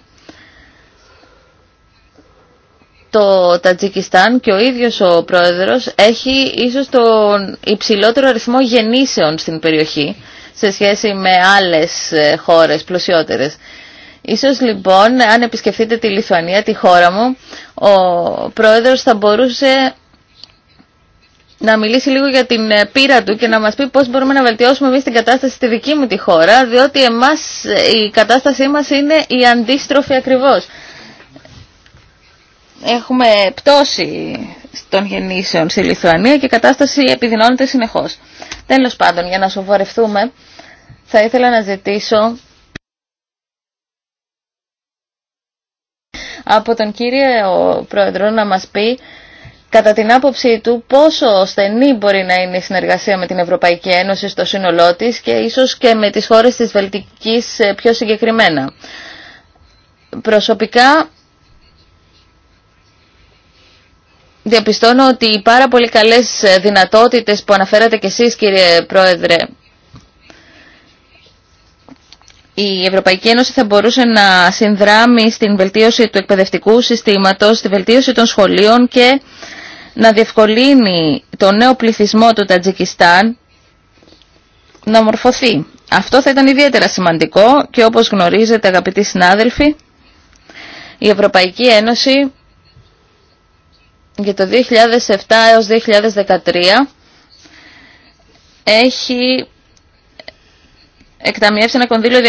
Το Τατζικιστάν και ο ίδιος ο Πρόεδρος έχει ίσως τον υψηλότερο αριθμό γεννήσεων στην περιοχή σε σχέση με άλλες ε, χώρες πλουσιότερες. Ίσως λοιπόν αν επισκεφτείτε τη Λιθουανία, τη χώρα μου, ο Πρόεδρος θα μπορούσε να μιλήσει λίγο για την ε, πείρα του και να μας πει πώς μπορούμε να βελτιώσουμε εμείς την κατάσταση στη δική μου τη χώρα, διότι εμάς ε, η κατάστασή μας είναι η αντίστροφη ακριβώς. Έχουμε πτώση των γεννήσεων στη Λιθουανία και η κατάσταση επιδεινώνεται συνεχώς. Τέλος πάντων, για να σοβαρευτούμε, θα ήθελα να ζητήσω από τον κύριο Πρόεδρο να μας πει κατά την άποψή του πόσο στενή μπορεί να είναι η συνεργασία με την Ευρωπαϊκή Ένωση στο σύνολό της και ίσως και με τις χώρες της Βελτικής ε, πιο συγκεκριμένα. Προσωπικά διαπιστώνω ότι οι πάρα πολύ καλές ε, δυνατότητες που αναφέρατε και εσείς κύριε Πρόεδρε η Ευρωπαϊκή Ένωση θα μπορούσε να συνδράμει στην βελτίωση του εκπαιδευτικού συστήματος, στη βελτίωση των σχολείων και να διευκολύνει το νέο πληθυσμό του Τατζικιστάν να μορφωθεί. Αυτό θα ήταν ιδιαίτερα σημαντικό και όπως γνωρίζετε αγαπητοί συνάδελφοι, η Ευρωπαϊκή Ένωση για το 2007 έως 2013 έχει εκταμιεύσει ένα κονδύλιο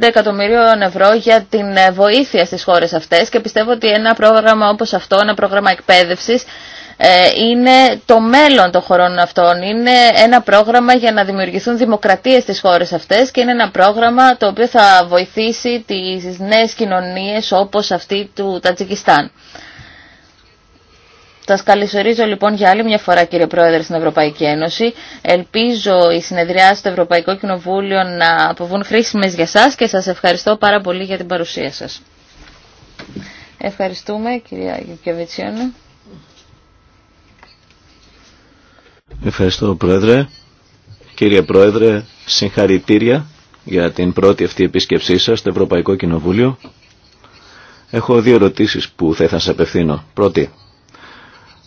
250 εκατομμυρίων ευρώ για την ε, βοήθεια στις χώρες αυτές και πιστεύω ότι ένα πρόγραμμα όπως αυτό, ένα πρόγραμμα εκπαίδευσης ε, είναι το μέλλον των χωρών αυτών. Είναι ένα πρόγραμμα για να δημιουργηθούν δημοκρατίες στις χώρες αυτές και είναι ένα πρόγραμμα το οποίο θα βοηθήσει τις νέες κοινωνίες όπως αυτή του Τατζικιστάν. Σα καλωσορίζω λοιπόν για άλλη μια φορά κύριε Πρόεδρε στην Ευρωπαϊκή Ένωση. Ελπίζω οι συνεδριάσει του Ευρωπαϊκού Κοινοβούλιο να αποβούν χρήσιμε για εσά και σα ευχαριστώ πάρα πολύ για την παρουσία σα. Ευχαριστούμε κυρία Γιουκεβιτσιόνα. Ευχαριστώ Πρόεδρε. Κύριε Πρόεδρε, συγχαρητήρια για την πρώτη αυτή επίσκεψή σας στο Ευρωπαϊκό Κοινοβούλιο. Έχω δύο ερωτήσεις που θα ήθελα να σας απευθύνω. Πρώτη,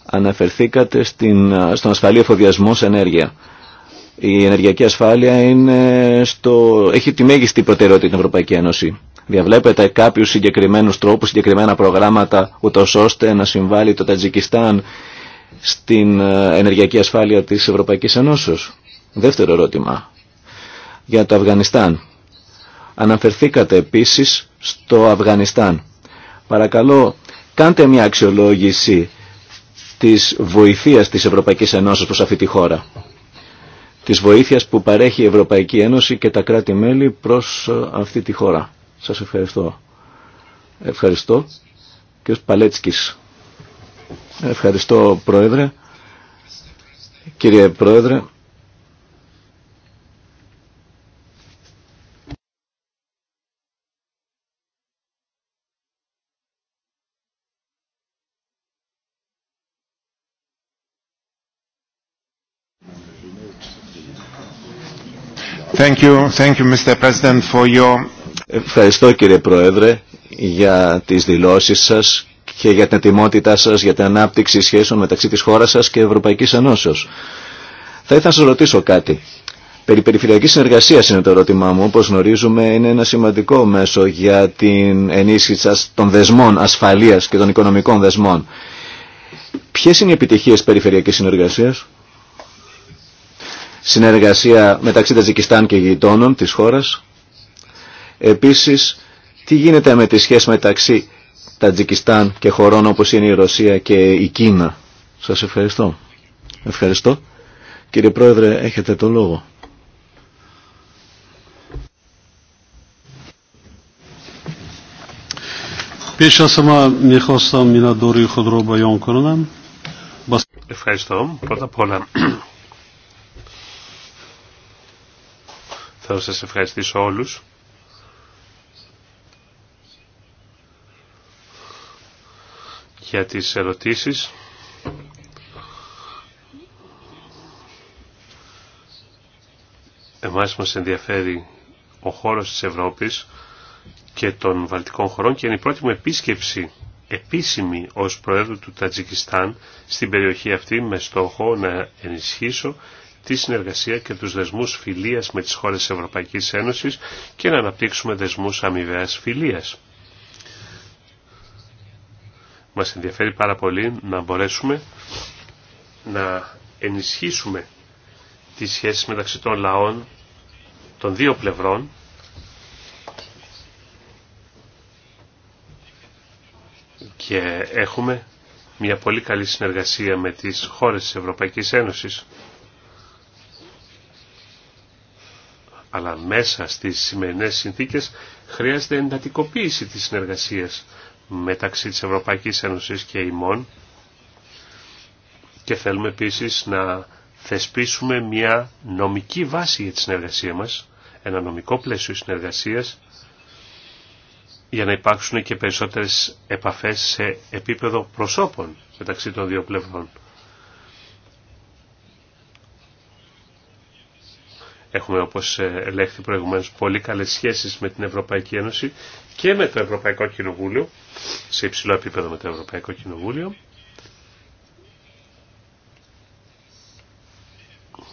αναφερθήκατε στην, στον ασφαλή εφοδιασμό σε ενέργεια. Η ενεργειακή ασφάλεια είναι στο, έχει τη μέγιστη προτεραιότητα την Ευρωπαϊκή Ένωση. Διαβλέπετε κάποιους συγκεκριμένους τρόπους, συγκεκριμένα προγράμματα, ούτω ώστε να συμβάλλει το Τατζικιστάν στην ε, ενεργειακή ασφάλεια της Ευρωπαϊκής Ενώσεως. Δεύτερο ερώτημα για το Αφγανιστάν. Αναφερθήκατε επίσης στο Αφγανιστάν. Παρακαλώ, κάντε μια αξιολόγηση της βοηθείας της Ευρωπαϊκής Ενώσεως προς αυτή τη χώρα. Της βοήθειας που παρέχει η Ευρωπαϊκή Ένωση και τα κράτη-μέλη προς ε, αυτή τη χώρα. Σας ευχαριστώ. Ευχαριστώ. Και ο Παλέτσκης. Ευχαριστώ Πρόεδρε. Κύριε Πρόεδρε. Thank you. Thank you, Mr. President, for your... Ευχαριστώ κύριε Πρόεδρε για τις δηλώσεις σας και για την ετοιμότητά σας για την ανάπτυξη σχέσεων μεταξύ της χώρας σας και Ευρωπαϊκής Ενώσεως. Θα ήθελα να σας ρωτήσω κάτι. Περί συνεργασία συνεργασία είναι το ερώτημά μου. Όπως γνωρίζουμε είναι ένα σημαντικό μέσο για την ενίσχυση των δεσμών ασφαλείας και των οικονομικών δεσμών. Ποιες είναι οι επιτυχίες περιφερειακής συνεργασίας? Συνεργασία μεταξύ Ταζικιστάν και γειτόνων της χώρας. Επίσης, τι γίνεται με τη σχέση μεταξύ Τατζικιστάν και χωρών όπως είναι η Ρωσία και η Κίνα. Σας ευχαριστώ. Ευχαριστώ. Κύριε Πρόεδρε, έχετε το λόγο. Ευχαριστώ. Πρώτα απ' όλα θα σας ευχαριστήσω όλους για τις ερωτήσεις. Εμάς μας ενδιαφέρει ο χώρος της Ευρώπης και των Βαλτικών χωρών και είναι η πρώτη μου επίσκεψη επίσημη ως Προέδρου του Τατζικιστάν στην περιοχή αυτή με στόχο να ενισχύσω τη συνεργασία και τους δεσμούς φιλίας με τις χώρες της Ευρωπαϊκής Ένωσης και να αναπτύξουμε δεσμούς αμοιβαίας φιλίας. Μας ενδιαφέρει πάρα πολύ να μπορέσουμε να ενισχύσουμε τις σχέσεις μεταξύ των λαών των δύο πλευρών και έχουμε μια πολύ καλή συνεργασία με τις χώρες της Ευρωπαϊκής Ένωσης. Αλλά μέσα στις σημερινές συνθήκες χρειάζεται εντατικοποίηση της συνεργασίας μεταξύ της Ευρωπαϊκής Ένωσης και ημών και θέλουμε επίσης να θεσπίσουμε μια νομική βάση για τη συνεργασία μας, ένα νομικό πλαίσιο συνεργασίας για να υπάρξουν και περισσότερες επαφές σε επίπεδο προσώπων μεταξύ των δύο πλευρών. Έχουμε όπως ελέγχθη προηγουμένως πολύ καλές σχέσεις με την Ευρωπαϊκή Ένωση και με το Ευρωπαϊκό Κοινοβούλιο, σε υψηλό επίπεδο με το Ευρωπαϊκό Κοινοβούλιο.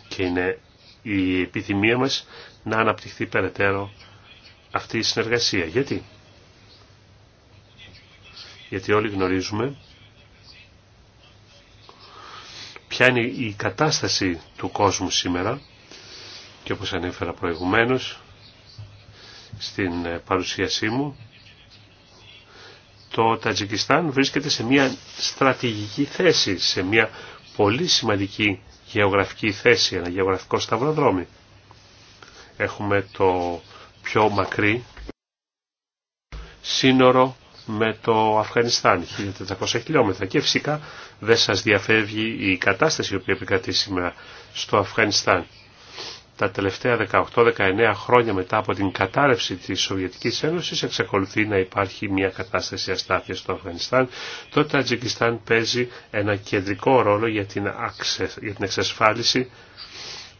Και είναι η επιθυμία μας να αναπτυχθεί περαιτέρω αυτή η συνεργασία. Γιατί? Γιατί όλοι γνωρίζουμε ποια είναι η κατάσταση του κόσμου σήμερα και όπως ανέφερα προηγουμένως στην ε, παρουσίασή μου. Το Τατζικιστάν βρίσκεται σε μια στρατηγική θέση, σε μια πολύ σημαντική γεωγραφική θέση, ένα γεωγραφικό σταυροδρόμι. Έχουμε το πιο μακρύ σύνορο με το Αφγανιστάν, 1400 χιλιόμετρα. Και φυσικά δεν σας διαφεύγει η κατάσταση η οποία επικρατεί σήμερα στο Αφγανιστάν τα τελευταία 18-19 χρόνια μετά από την κατάρρευση της Σοβιετικής Ένωσης εξακολουθεί να υπάρχει μια κατάσταση αστάθειας στο Αφγανιστάν, το Τατζικιστάν παίζει ένα κεντρικό ρόλο για την, για την εξασφάλιση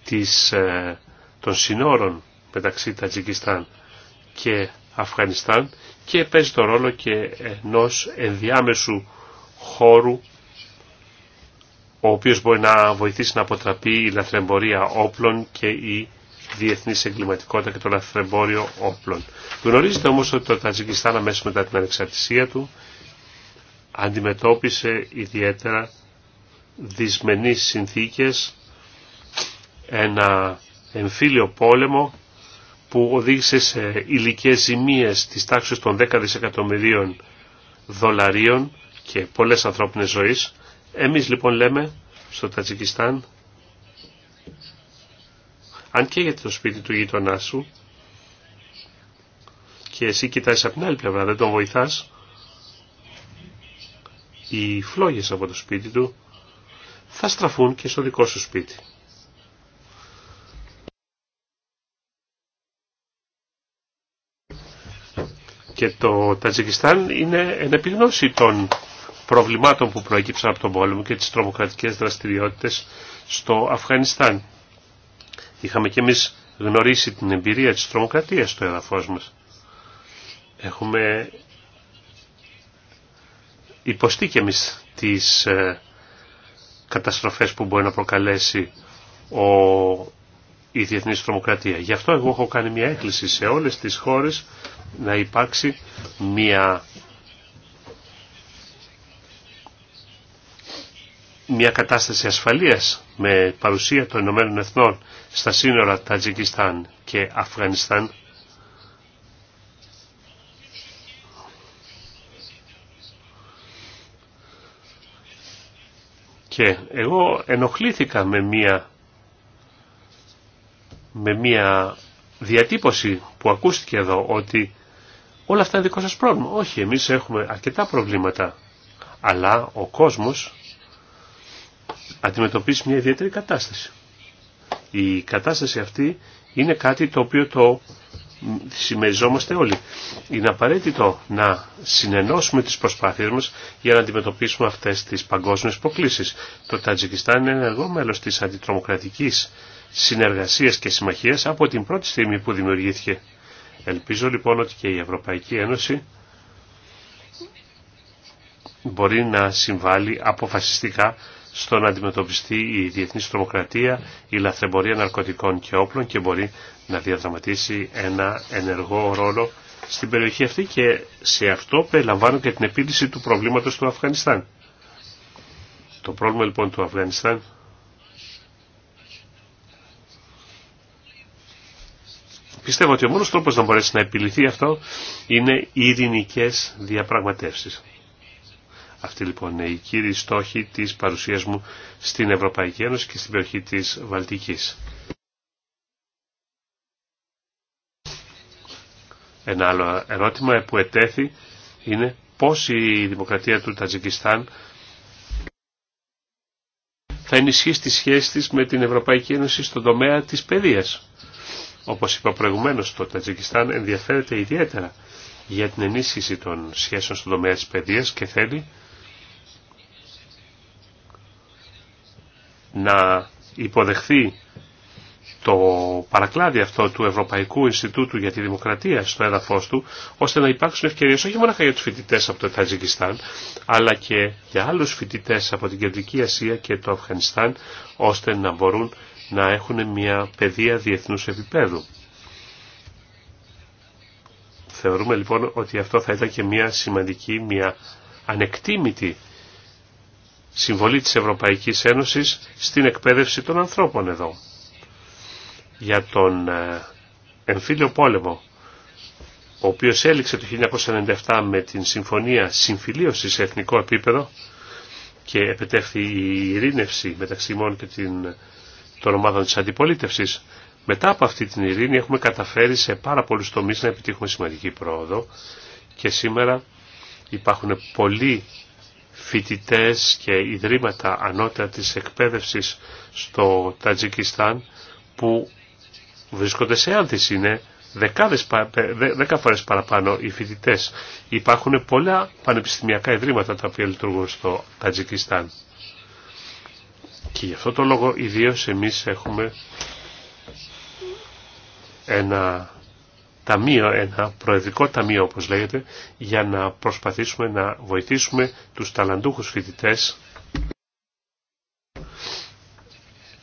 της, ε, των συνόρων μεταξύ Τατζικιστάν και Αφγανιστάν και παίζει το ρόλο και ενός ενδιάμεσου χώρου ο οποίος μπορεί να βοηθήσει να αποτραπεί η λαθρεμπορία όπλων και η διεθνή εγκληματικότητα και το λαθρεμπόριο όπλων. Γνωρίζετε όμως ότι το Τατζικιστάν αμέσως μετά την ανεξαρτησία του αντιμετώπισε ιδιαίτερα δυσμενείς συνθήκες ένα εμφύλιο πόλεμο που οδήγησε σε υλικές ζημίες της τάξης των 10 δισεκατομμυρίων δολαρίων και πολλές ανθρώπινες ζωής εμείς λοιπόν λέμε στο Τατζικιστάν, αν καίγεται το σπίτι του γείτονά σου και εσύ κοιτάς από την άλλη πλευρά, δεν τον βοηθάς, οι φλόγες από το σπίτι του θα στραφούν και στο δικό σου σπίτι. Και το Τατζικιστάν είναι εν επιγνώση των προβλημάτων που προέκυψαν από τον πόλεμο και τις τρομοκρατικές δραστηριότητες στο Αφγανιστάν. Είχαμε και εμείς γνωρίσει την εμπειρία της τρομοκρατίας στο έδαφος μας. Έχουμε υποστεί και εμείς τις ε, καταστροφές που μπορεί να προκαλέσει ο, η Διεθνή τρομοκρατία. Γι' αυτό εγώ έχω κάνει μια έκκληση σε όλες τις χώρες να υπάρξει μια μια κατάσταση ασφαλείας με παρουσία των Ηνωμένων Εθνών στα σύνορα Τατζικιστάν και Αφγανιστάν και εγώ ενοχλήθηκα με μια με μια διατύπωση που ακούστηκε εδώ ότι όλα αυτά είναι δικό σας πρόβλημα. Όχι, εμείς έχουμε αρκετά προβλήματα αλλά ο κόσμος αντιμετωπίσει μια ιδιαίτερη κατάσταση. Η κατάσταση αυτή είναι κάτι το οποίο το συμμεριζόμαστε όλοι. Είναι απαραίτητο να συνενώσουμε τις προσπάθειες μας για να αντιμετωπίσουμε αυτές τις παγκόσμιες προκλήσεις. Το Τατζικιστάν είναι ενεργό εργό μέλος της αντιτρομοκρατικής συνεργασίας και συμμαχίας από την πρώτη στιγμή που δημιουργήθηκε. Ελπίζω λοιπόν ότι και η Ευρωπαϊκή Ένωση μπορεί να συμβάλλει αποφασιστικά στο να αντιμετωπιστεί η διεθνής τρομοκρατία, η λαθρεμπορία ναρκωτικών και όπλων και μπορεί να διαδραματίσει ένα ενεργό ρόλο στην περιοχή αυτή και σε αυτό περιλαμβάνουν και την επίλυση του προβλήματος του Αφγανιστάν. Το πρόβλημα λοιπόν του Αφγανιστάν Πιστεύω ότι ο μόνος τρόπος να μπορέσει να επιληθεί αυτό είναι οι ειρηνικές διαπραγματεύσεις. Αυτή λοιπόν είναι η κύριη στόχη της παρουσίας μου στην Ευρωπαϊκή Ένωση και στην περιοχή της Βαλτικής. Ένα άλλο ερώτημα που ετέθη είναι πώς η δημοκρατία του Τατζικιστάν θα ενισχύσει τη σχέση της με την Ευρωπαϊκή Ένωση στον τομέα της παιδείας. Όπως είπα προηγουμένως, το Τατζικιστάν ενδιαφέρεται ιδιαίτερα για την ενίσχυση των σχέσεων στον τομέα της παιδείας και θέλει να υποδεχθεί το παρακλάδι αυτό του Ευρωπαϊκού Ινστιτούτου για τη Δημοκρατία στο έδαφος του, ώστε να υπάρξουν ευκαιρίες όχι μόνο για τους φοιτητές από το Ταζικιστάν αλλά και για άλλους φοιτητές από την Κεντρική Ασία και το Αφγανιστάν, ώστε να μπορούν να έχουν μια παιδεία διεθνούς επίπεδου. Θεωρούμε λοιπόν ότι αυτό θα ήταν και μια σημαντική, μια ανεκτήμητη συμβολή της Ευρωπαϊκής Ένωσης στην εκπαίδευση των ανθρώπων εδώ. Για τον ε, εμφύλιο πόλεμο, ο οποίος έληξε το 1997 με την Συμφωνία Συμφιλίωσης σε εθνικό επίπεδο και επετέφθη η ειρήνευση μεταξύ μόνο και την, των ομάδων της αντιπολίτευσης. Μετά από αυτή την ειρήνη έχουμε καταφέρει σε πάρα πολλούς τομείς να επιτύχουμε σημαντική πρόοδο και σήμερα υπάρχουν πολλοί φοιτητές και ιδρύματα ανώτερα της εκπαίδευσης στο Τατζικιστάν που βρίσκονται σε άνθηση. Είναι δεκάδες, δέκα φορές παραπάνω οι φοιτητέ. Υπάρχουν πολλά πανεπιστημιακά ιδρύματα τα οποία λειτουργούν στο Τατζικιστάν. Και γι' αυτό το λόγο ιδίω εμείς έχουμε ένα ταμείο, ένα προεδρικό ταμείο όπως λέγεται, για να προσπαθήσουμε να βοηθήσουμε τους ταλαντούχους φοιτητές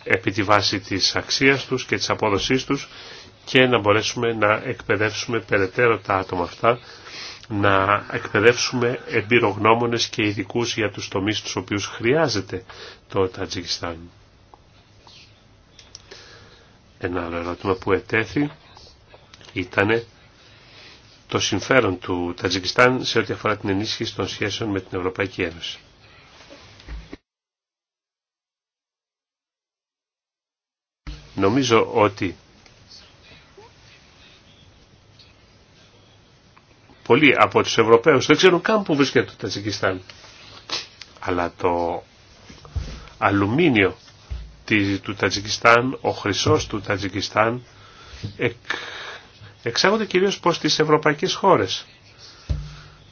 επί τη βάση της αξίας τους και της απόδοσής τους και να μπορέσουμε να εκπαιδεύσουμε περαιτέρω τα άτομα αυτά, να εκπαιδεύσουμε εμπειρογνώμονες και ειδικού για τους τομείς τους οποίους χρειάζεται το Τατζικιστάν. Ένα άλλο ερώτημα που ετέθη ήταν το συμφέρον του Τατζικιστάν σε ό,τι αφορά την ενίσχυση των σχέσεων με την Ευρωπαϊκή Ένωση. Νομίζω ότι πολλοί από τους Ευρωπαίους δεν ξέρουν καν που βρίσκεται το Τατζικιστάν. Αλλά το αλουμίνιο του Τατζικιστάν, ο χρυσός του Τατζικιστάν, εκ εξάγονται κυρίως προς τις ευρωπαϊκές χώρες.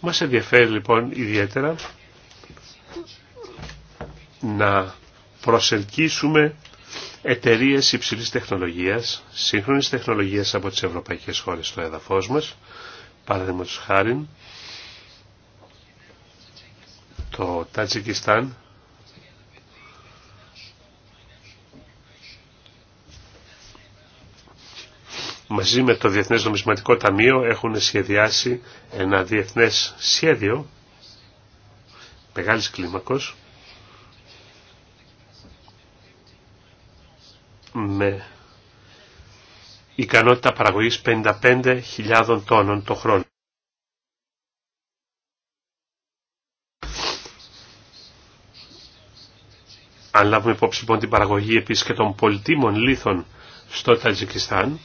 Μας ενδιαφέρει λοιπόν ιδιαίτερα να προσελκύσουμε εταιρείε υψηλής τεχνολογίας, σύγχρονης τεχνολογίας από τις ευρωπαϊκές χώρες στο έδαφος μας, παραδείγματος χάριν το Τατζικιστάν μαζί με το Διεθνές Νομισματικό Ταμείο έχουν σχεδιάσει ένα διεθνές σχέδιο μεγάλης κλίμακος με ικανότητα παραγωγής 55.000 τόνων το χρόνο. Αν λάβουμε υπόψη λοιπόν την παραγωγή επίσης και των πολιτήμων λίθων στο Τατζικιστάν,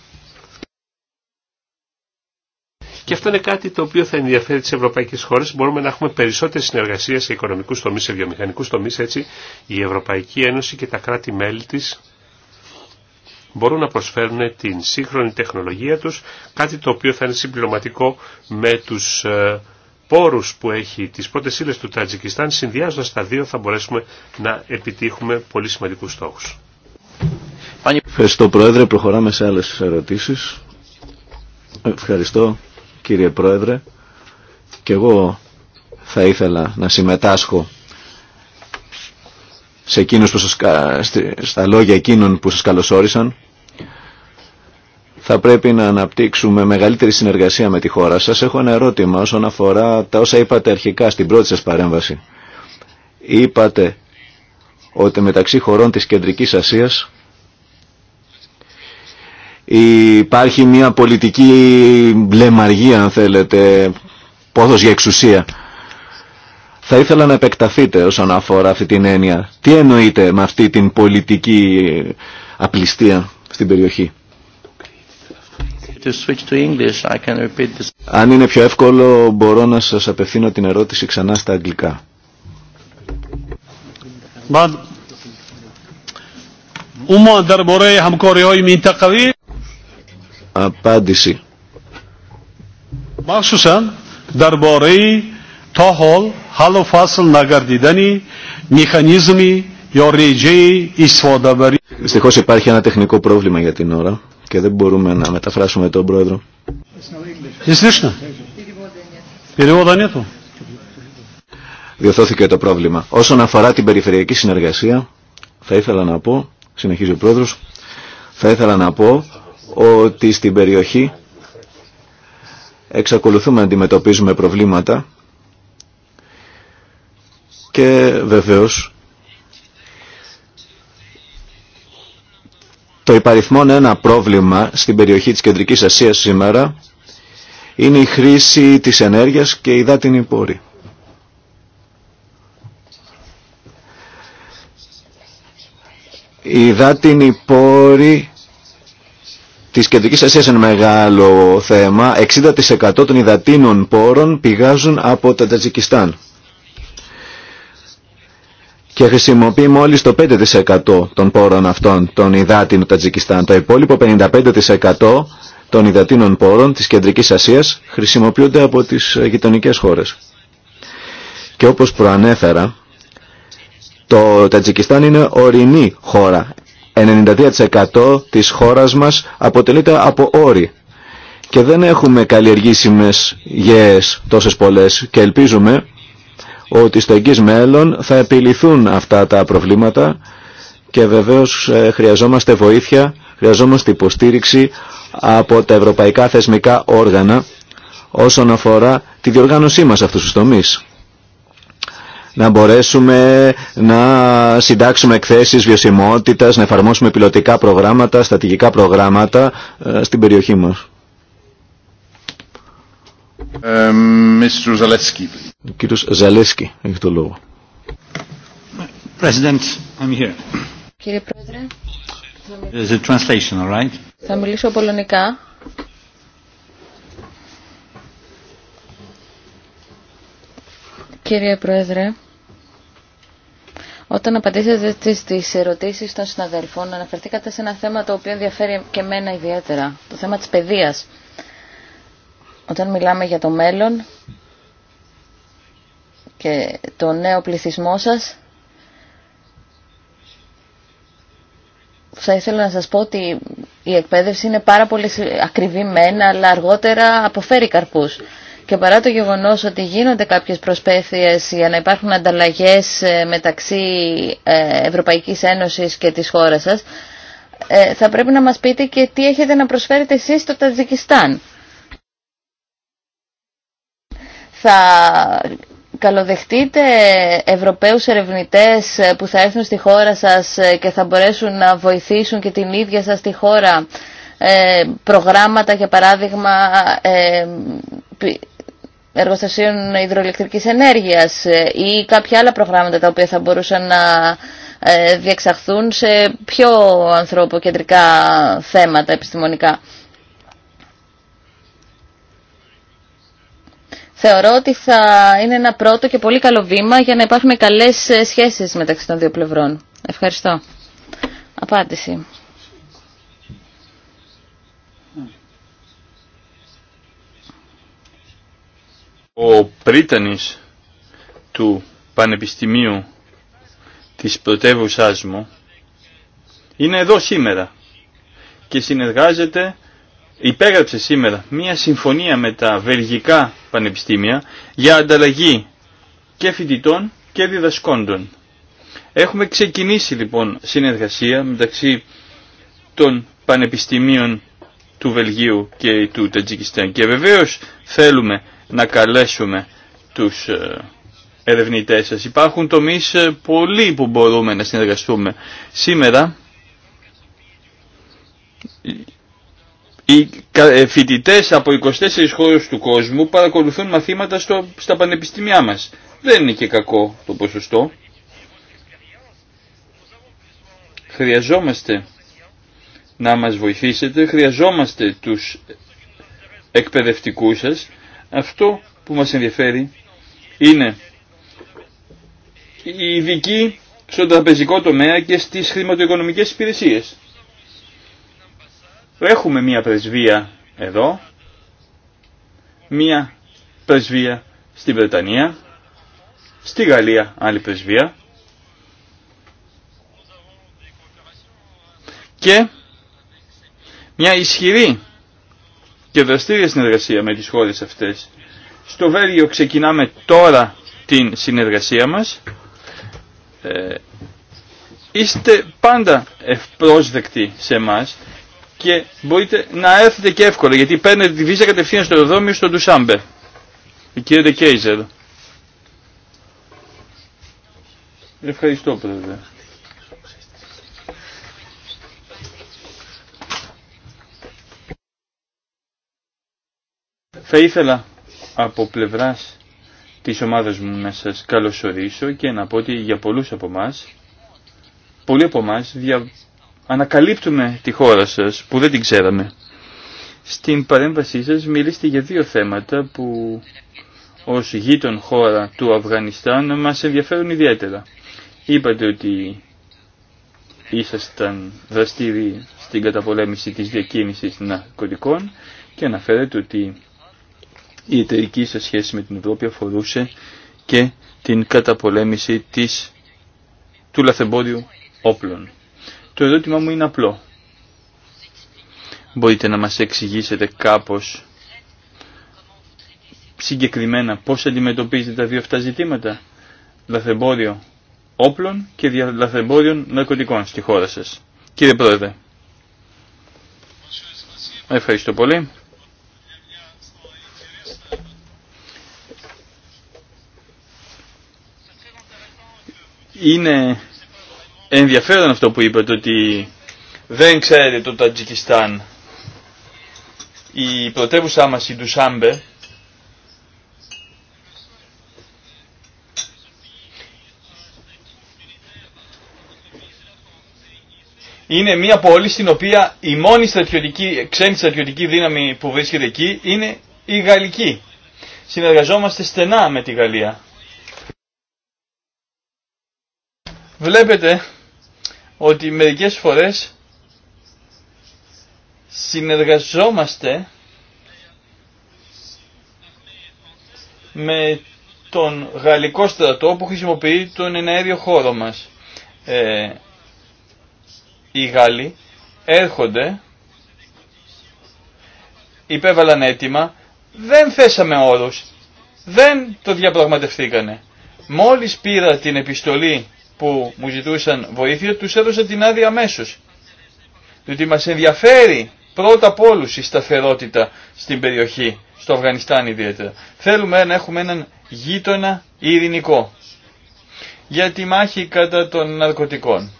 και αυτό είναι κάτι το οποίο θα ενδιαφέρει τι ευρωπαϊκέ χώρε. Μπορούμε να έχουμε περισσότερη συνεργασία σε οικονομικού τομεί, σε βιομηχανικού τομεί. Έτσι, η Ευρωπαϊκή Ένωση και τα κράτη-μέλη τη μπορούν να προσφέρουν την σύγχρονη τεχνολογία του, κάτι το οποίο θα είναι συμπληρωματικό με του ε, πόρου που έχει τι πρώτε ύλε του Τατζικιστάν, συνδυάζοντα τα δύο θα μπορέσουμε να επιτύχουμε πολύ σημαντικού στόχου. Ευχαριστώ Πρόεδρε, προχωράμε σε άλλες ερωτήσεις. Ευχαριστώ κύριε Πρόεδρε. Και εγώ θα ήθελα να συμμετάσχω σε εκείνους που σας, στα λόγια εκείνων που σας καλωσόρισαν. Θα πρέπει να αναπτύξουμε μεγαλύτερη συνεργασία με τη χώρα σας. Έχω ένα ερώτημα όσον αφορά τα όσα είπατε αρχικά στην πρώτη σας παρέμβαση. Είπατε ότι μεταξύ χωρών της Κεντρικής Ασίας υπάρχει μια πολιτική μπλεμαργία αν θέλετε, πόθος για εξουσία. Θα ήθελα να επεκταθείτε όσον αφορά αυτή την έννοια. Τι εννοείτε με αυτή την πολιτική απληστία στην περιοχή. To switch to English, I can repeat this. Αν είναι πιο εύκολο μπορώ να σας απευθύνω την ερώτηση ξανά στα αγγλικά απάντηση. Μαχσουσαν, δαρμπορεί, Δυστυχώς υπάρχει ένα τεχνικό πρόβλημα για την ώρα και δεν μπορούμε να μεταφράσουμε τον πρόεδρο. Διορθώθηκε το πρόβλημα. Όσον αφορά την περιφερειακή συνεργασία, θα ήθελα να πω, συνεχίζει ο πρόεδρος, θα ήθελα να πω ότι στην περιοχή εξακολουθούμε να αντιμετωπίζουμε προβλήματα και βεβαίως το υπαριθμόν ένα πρόβλημα στην περιοχή της Κεντρικής Ασίας σήμερα είναι η χρήση της ενέργειας και η δάτινη πόρη. Η δάτινη πόρη της Κεντρικής Ασίας είναι μεγάλο θέμα. 60% των υδατίνων πόρων πηγάζουν από το Τατζικιστάν. Και χρησιμοποιεί μόλις το 5% των πόρων αυτών των υδάτινων Τατζικιστάν. Το υπόλοιπο 55% των υδατίνων πόρων της Κεντρικής Ασίας χρησιμοποιούνται από τις γειτονικέ χώρες. Και όπως προανέφερα, το Τατζικιστάν είναι ορεινή χώρα. 92% της χώρας μας αποτελείται από όρη και δεν έχουμε καλλιεργήσιμες γέες τόσες πολλές και ελπίζουμε ότι στο εγγύς μέλλον θα επιληθούν αυτά τα προβλήματα και βεβαίως ε, χρειαζόμαστε βοήθεια, χρειαζόμαστε υποστήριξη από τα ευρωπαϊκά θεσμικά όργανα όσον αφορά τη διοργάνωσή μας αυτούς τους τομείς να μπορέσουμε να συντάξουμε εκθέσεις βιωσιμότητας, να εφαρμόσουμε πιλωτικά προγράμματα, στατηγικά προγράμματα ε, στην περιοχή μας. Ε, Mr Zaleski. κύριος Ζαλέσκι έχει το λόγο. President, I'm here. Κύριε Πρόεδρε, The translation, all right? θα μιλήσω πολωνικά. Κύριε Πρόεδρε, όταν απαντήσατε στις ερωτήσεις των συναδελφών, αναφερθήκατε σε ένα θέμα το οποίο ενδιαφέρει και εμένα ιδιαίτερα, το θέμα της παιδείας. Όταν μιλάμε για το μέλλον και το νέο πληθυσμό σας, θα ήθελα να σας πω ότι η εκπαίδευση είναι πάρα πολύ ακριβή μένα, αλλά αργότερα αποφέρει καρπούς. Και παρά το γεγονός ότι γίνονται κάποιες προσπάθειες για να υπάρχουν ανταλλαγές ε, μεταξύ ε, Ευρωπαϊκής Ένωσης και της χώρας σας, ε, θα πρέπει να μας πείτε και τι έχετε να προσφέρετε εσείς στο Ταζικιστάν. Θα καλοδεχτείτε Ευρωπαίους ερευνητές που θα έρθουν στη χώρα σας και θα μπορέσουν να βοηθήσουν και την ίδια σας τη χώρα προγράμματα, για παράδειγμα, εργοστασίων υδροελεκτρικής ενέργειας ε, ή κάποια άλλα προγράμματα τα οποία θα μπορούσαν να ε, διεξαχθούν σε πιο ανθρωποκεντρικά θέματα επιστημονικά. Θεωρώ ότι θα είναι ένα πρώτο και πολύ καλό βήμα για να υπάρχουν καλές ε, σχέσεις μεταξύ των δύο πλευρών. Ευχαριστώ. Απάντηση. Ο πρίτανης του Πανεπιστημίου της πρωτεύουσα μου είναι εδώ σήμερα και συνεργάζεται, υπέγραψε σήμερα μία συμφωνία με τα βελγικά πανεπιστήμια για ανταλλαγή και φοιτητών και διδασκόντων. Έχουμε ξεκινήσει λοιπόν συνεργασία μεταξύ των πανεπιστημίων του Βελγίου και του Τατζικιστάν και βεβαίως θέλουμε να καλέσουμε τους ε, ερευνητές σας. Υπάρχουν τομείς ε, πολλοί που μπορούμε να συνεργαστούμε. Σήμερα οι ε, φοιτητέ από 24 χώρες του κόσμου παρακολουθούν μαθήματα στο, στα πανεπιστήμια μας. Δεν είναι και κακό το ποσοστό. Χρειαζόμαστε να μας βοηθήσετε, χρειαζόμαστε τους εκπαιδευτικούς σας αυτό που μας ενδιαφέρει είναι η ειδική στον τραπεζικό τομέα και στις χρηματοοικονομικές υπηρεσίες. Έχουμε μία πρεσβεία εδώ, μία πρεσβεία στη Βρετανία, στη Γαλλία άλλη πρεσβεία και μια ισχυρή και δραστήρια συνεργασία με τις χώρες αυτές. Στο Βέλγιο ξεκινάμε τώρα την συνεργασία μας. Ε, είστε πάντα ευπρόσδεκτοι σε εμά και μπορείτε να έρθετε και εύκολα γιατί παίρνετε τη βίζα κατευθείαν στο αεροδρόμιο στο Ντουσάμπε. Η κυρία Ντεκέιζερ. Ευχαριστώ πρόεδρε. Θα ήθελα από πλευράς της ομάδας μου να σας καλωσορίσω και να πω ότι για πολλούς από εμά, πολλοί από εμά δια... ανακαλύπτουμε τη χώρα σας που δεν την ξέραμε. Στην παρέμβασή σας μιλήσετε για δύο θέματα που ως γείτον χώρα του Αφγανιστάν μας ενδιαφέρουν ιδιαίτερα. Είπατε ότι ήσασταν δραστήριοι στην καταπολέμηση της διακίνησης ναρκωτικών και αναφέρετε ότι η εταιρική σας σχέση με την Ευρώπη αφορούσε και την καταπολέμηση της, του λαθεμπόριου όπλων. Το ερώτημα μου είναι απλό. Μπορείτε να μας εξηγήσετε κάπως συγκεκριμένα πώς αντιμετωπίζετε τα δύο αυτά ζητήματα. Λαθεμπόριο όπλων και λαθεμπόριων ναρκωτικών στη χώρα σας. Κύριε Πρόεδρε, ευχαριστώ πολύ. είναι ενδιαφέρον αυτό που είπατε ότι δεν ξέρετε το Τατζικιστάν. Η πρωτεύουσά μας η Ντουσάμπε είναι μια πόλη στην οποία η μόνη στρατιωτική, ξένη στρατιωτική δύναμη που βρίσκεται εκεί είναι η γαλλική. Συνεργαζόμαστε στενά με τη Γαλλία. Βλέπετε ότι μερικές φορές συνεργαζόμαστε με τον γαλλικό στρατό που χρησιμοποιεί τον εναέριο χώρο μας. Ε, οι Γάλλοι έρχονται, υπέβαλαν αίτημα, δεν θέσαμε όρους, δεν το διαπραγματευθήκανε. Μόλις πήρα την επιστολή που μου ζητούσαν βοήθεια, τους έδωσα την άδεια αμέσως Διότι μας ενδιαφέρει πρώτα απ' όλους η σταθερότητα στην περιοχή, στο Αφγανιστάν ιδιαίτερα. Θέλουμε να έχουμε έναν γείτονα ειρηνικό για τη μάχη κατά των ναρκωτικών.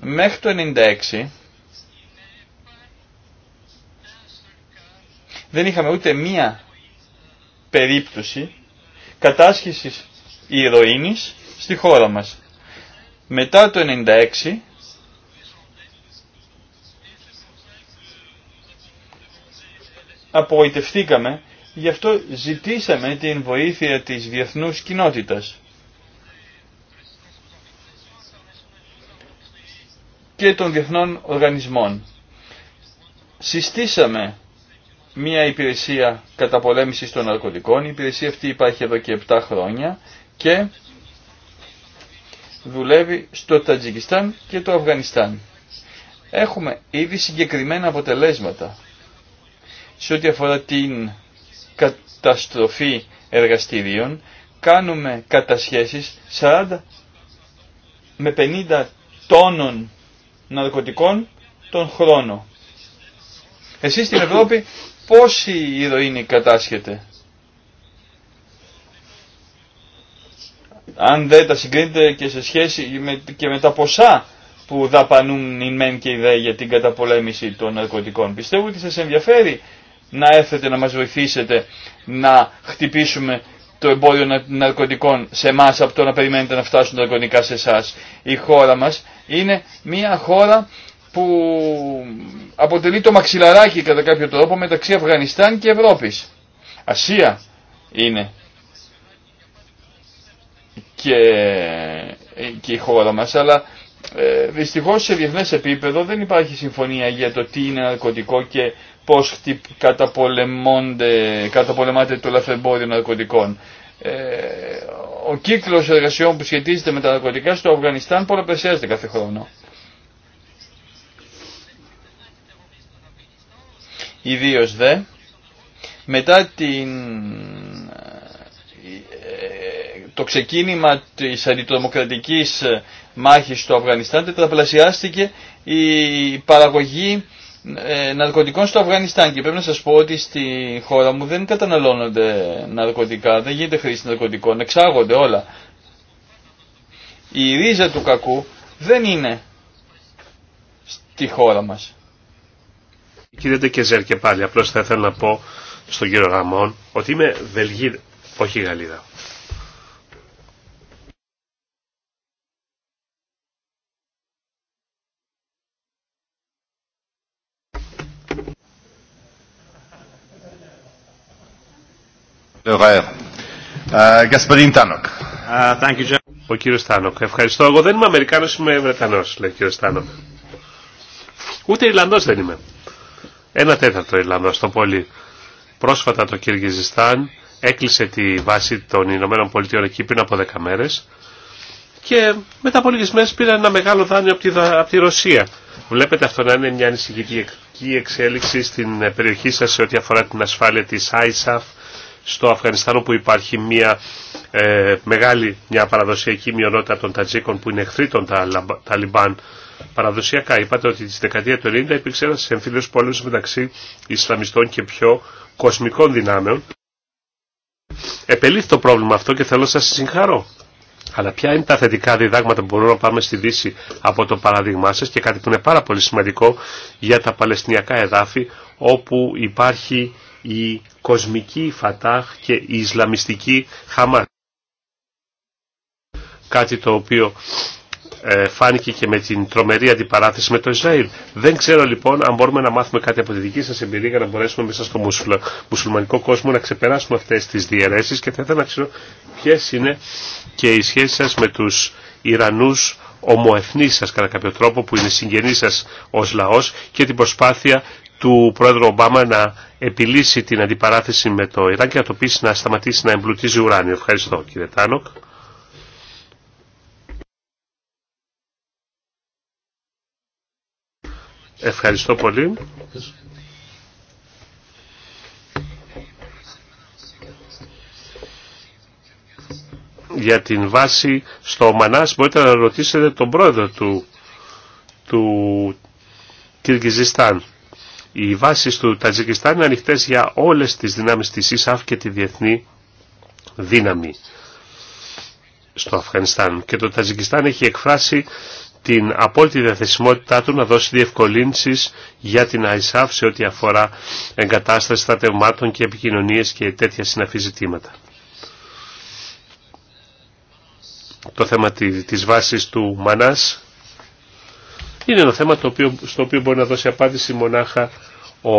Μέχρι το 1996 δεν είχαμε ούτε μία περίπτωση κατάσχεσης ηρωίνης στη χώρα μας. Μετά το 96 απογοητευτήκαμε, γι' αυτό ζητήσαμε την βοήθεια της διεθνούς κοινότητας. και των διεθνών οργανισμών. Συστήσαμε μια υπηρεσία καταπολέμησης των ναρκωτικών, η υπηρεσία αυτή υπάρχει εδώ και 7 χρόνια και δουλεύει στο Τατζικιστάν και το Αφγανιστάν. Έχουμε ήδη συγκεκριμένα αποτελέσματα σε ό,τι αφορά την καταστροφή εργαστηρίων κάνουμε κατασχέσεις 40 με 50 τόνων ναρκωτικών τον χρόνο. Εσείς στην Ευρώπη πόση ηρωίνη κατάσχετε. αν δεν τα συγκρίνετε και σε σχέση με, και με τα ποσά που δαπανούν οι μεν και οι δε για την καταπολέμηση των ναρκωτικών. Πιστεύω ότι σας ενδιαφέρει να έρθετε να μας βοηθήσετε να χτυπήσουμε το εμπόριο ναρκωτικών σε εμά από το να περιμένετε να φτάσουν τα ναρκωτικά σε εσά. Η χώρα μας είναι μια χώρα που αποτελεί το μαξιλαράκι κατά κάποιο τρόπο μεταξύ Αφγανιστάν και Ευρώπης. Ασία είναι και, ε, και η χώρα μας, αλλά ε, δυστυχώς σε διεθνές επίπεδο δεν υπάρχει συμφωνία για το τι είναι ναρκωτικό και πώς καταπολεμάται το λαθρεμπόριο ναρκωτικών. Ε, ο κύκλος εργασιών που σχετίζεται με τα ναρκωτικά στο Αφγανιστάν πολλαπλασιάζεται κάθε χρόνο. Ιδίως δε, μετά την το ξεκίνημα της αντιτρομοκρατικής ε, μάχης στο Αφγανιστάν τετραπλασιάστηκε η παραγωγή ε, ναρκωτικών στο Αφγανιστάν και πρέπει να σας πω ότι στη χώρα μου δεν καταναλώνονται ναρκωτικά, δεν γίνεται χρήση ναρκωτικών, εξάγονται όλα. Η ρίζα του κακού δεν είναι στη χώρα μας. Κύριε Ντεκεζέρ και πάλι, απλώς θα ήθελα να πω στον κύριο ότι είμαι Βελγίδα, όχι Γαλλίδα. Euh, uh, ο κύριο Τάνοκ. Ευχαριστώ. Εγώ δεν είμαι Αμερικάνο, είμαι Βρετανό, λέει ο κύριο Τάνοκ. Ούτε Ιρλανδό δεν είμαι. Ένα τέταρτο Ιρλανδό το πολύ. Πρόσφατα το Κυργιζιστάν έκλεισε τη βάση των Ηνωμένων Πολιτειών εκεί πριν από 10 μέρε και μετά από λίγε μέρε πήρα ένα μεγάλο δάνειο από τη, από τη Ρωσία. Βλέπετε αυτό να είναι μια ανησυχητική εξέλιξη στην περιοχή σα σε ό,τι αφορά την ασφάλεια τη ISAF στο Αφγανιστάν όπου υπάρχει μια ε, μεγάλη, μια παραδοσιακή μειονότητα των Τατζίκων που είναι εχθροί των Ταλιμπάν. Παραδοσιακά είπατε ότι τη δεκαετία του 90 υπήρξε ένα εμφύλιο πόλεμο μεταξύ Ισλαμιστών και πιο κοσμικών δυνάμεων. Επελήφθη το πρόβλημα αυτό και θέλω να σα συγχαρώ. Αλλά ποια είναι τα θετικά διδάγματα που μπορούμε να πάμε στη Δύση από το παράδειγμά σας και κάτι που είναι πάρα πολύ σημαντικό για τα Παλαιστινιακά εδάφη όπου υπάρχει η κοσμική Φατάχ και η Ισλαμιστική Χαμά. Κάτι το οποίο ε, φάνηκε και με την τρομερή αντιπαράθεση με το Ισραήλ. Δεν ξέρω λοιπόν αν μπορούμε να μάθουμε κάτι από τη δική σας εμπειρία για να μπορέσουμε μέσα στο μουσουλμανικό κόσμο να ξεπεράσουμε αυτές τις διαιρέσεις και θα ήθελα να ξέρω ποιες είναι και οι σχέσεις σας με τους Ιρανούς ομοεθνείς σας κατά κάποιο τρόπο που είναι συγγενείς σας ως λαός και την προσπάθεια του πρόεδρου Ομπάμα να επιλύσει την αντιπαράθεση με το Ιράν και να το πείσει να σταματήσει να εμπλουτίζει ουράνιο. Ευχαριστώ κύριε Τάνοκ. Ευχαριστώ πολύ. Για την βάση στο Μανάς μπορείτε να ρωτήσετε τον πρόεδρο του, του οι βάσει του Τατζικιστάν είναι ανοιχτέ για όλες τις δυνάμεις της ΙΣΑΦ και τη διεθνή δύναμη στο Αφγανιστάν. Και το Τατζικιστάν έχει εκφράσει την απόλυτη διαθεσιμότητά του να δώσει διευκολύνσεις για την ΑΙΣΑΦ σε ό,τι αφορά εγκατάσταση στρατευμάτων και επικοινωνίε και τέτοια συναφή ζητήματα. Το θέμα της βάσης του Μανάς είναι ένα θέμα το οποίο, στο οποίο μπορεί να δώσει απάντηση μονάχα ο,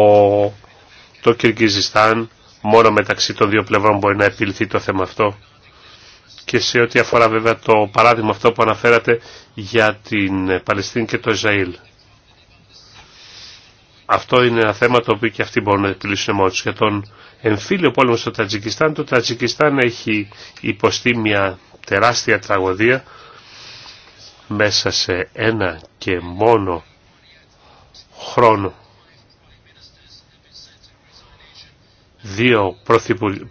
το Κυρκυζιστάν. Μόνο μεταξύ των δύο πλευρών μπορεί να επιληθεί το θέμα αυτό. Και σε ό,τι αφορά βέβαια το παράδειγμα αυτό που αναφέρατε για την Παλαιστίνη και το Ισραήλ. Αυτό είναι ένα θέμα το οποίο και αυτοί μπορούν να επιλύσουν μόνο τους. Για τον εμφύλιο πόλεμο στο Τατζικιστάν, το Τατζικιστάν έχει υποστεί μια τεράστια τραγωδία μέσα σε ένα και μόνο χρόνο δύο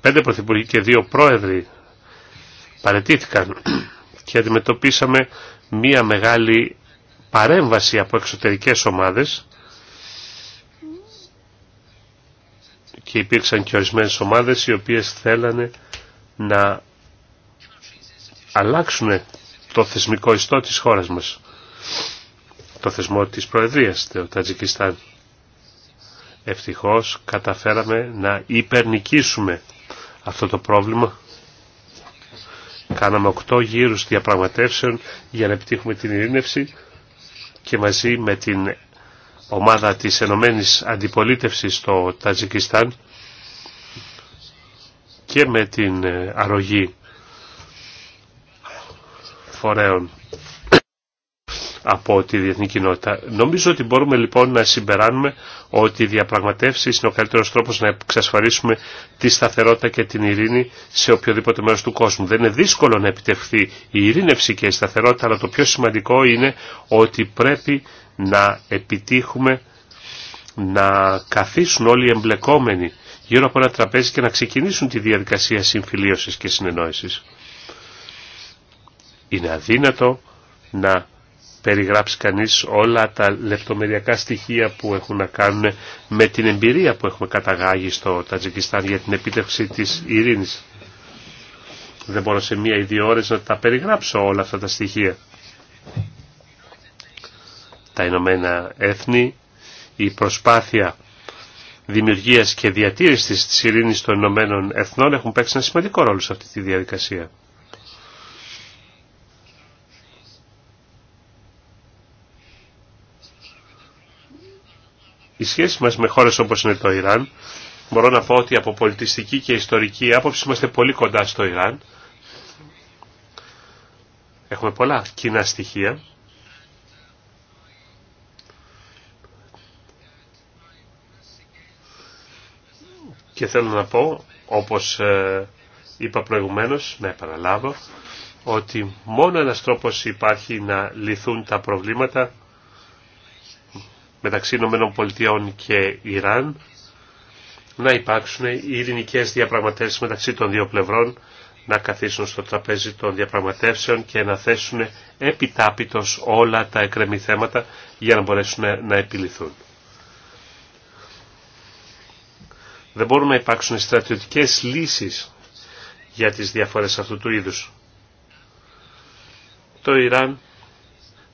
πέντε πρωθυπουργοί και δύο πρόεδροι παρετήθηκαν και αντιμετωπίσαμε μία μεγάλη παρέμβαση από εξωτερικές ομάδες και υπήρξαν και ορισμένες ομάδες οι οποίες θέλανε να αλλάξουν το θεσμικό ιστό της χώρας μας. Το θεσμό της Προεδρίας του Τατζικιστάν. Ευτυχώς καταφέραμε να υπερνικήσουμε αυτό το πρόβλημα. Κάναμε οκτώ γύρους διαπραγματεύσεων για να επιτύχουμε την ειρήνευση και μαζί με την ομάδα της Ενωμένης Αντιπολίτευσης στο Τατζικιστάν και με την αρρωγή φορέων από τη διεθνή κοινότητα. Νομίζω ότι μπορούμε λοιπόν να συμπεράνουμε ότι οι διαπραγματεύσει είναι ο καλύτερο τρόπο να εξασφαλίσουμε τη σταθερότητα και την ειρήνη σε οποιοδήποτε μέρο του κόσμου. Δεν είναι δύσκολο να επιτευχθεί η ειρήνευση και η σταθερότητα, αλλά το πιο σημαντικό είναι ότι πρέπει να επιτύχουμε να καθίσουν όλοι οι εμπλεκόμενοι γύρω από ένα τραπέζι και να ξεκινήσουν τη διαδικασία συμφιλίωσης και συνεννόησης. Είναι αδύνατο να περιγράψει κανείς όλα τα λεπτομεριακά στοιχεία που έχουν να κάνουν με την εμπειρία που έχουμε καταγάγει στο Τατζικιστάν για την επίτευξη της ειρήνης. Δεν μπορώ σε μία ή δύο ώρες να τα περιγράψω όλα αυτά τα στοιχεία. Τα Ηνωμένα Έθνη, η προσπάθεια δημιουργίας και διατήρησης της ειρήνης των Ηνωμένων Εθνών έχουν παίξει ένα σημαντικό ρόλο σε αυτή τη διαδικασία. οι σχέσεις μας με χώρες όπως είναι το Ιράν, μπορώ να πω ότι από πολιτιστική και ιστορική άποψη είμαστε πολύ κοντά στο Ιράν. Έχουμε πολλά κοινά στοιχεία. Και θέλω να πω, όπως ε, είπα προηγουμένως, να επαναλάβω, ότι μόνο ένας τρόπος υπάρχει να λυθούν τα προβλήματα μεταξύ ΗΠΑ και Ιράν να υπάρξουν οι ειρηνικέ διαπραγματεύσεις μεταξύ των δύο πλευρών να καθίσουν στο τραπέζι των διαπραγματεύσεων και να θέσουν επιτάπητος όλα τα εκρεμή θέματα για να μπορέσουν να επιληθούν. Δεν μπορούν να υπάρξουν στρατιωτικές λύσεις για τις διαφορές αυτού του είδους. Το Ιράν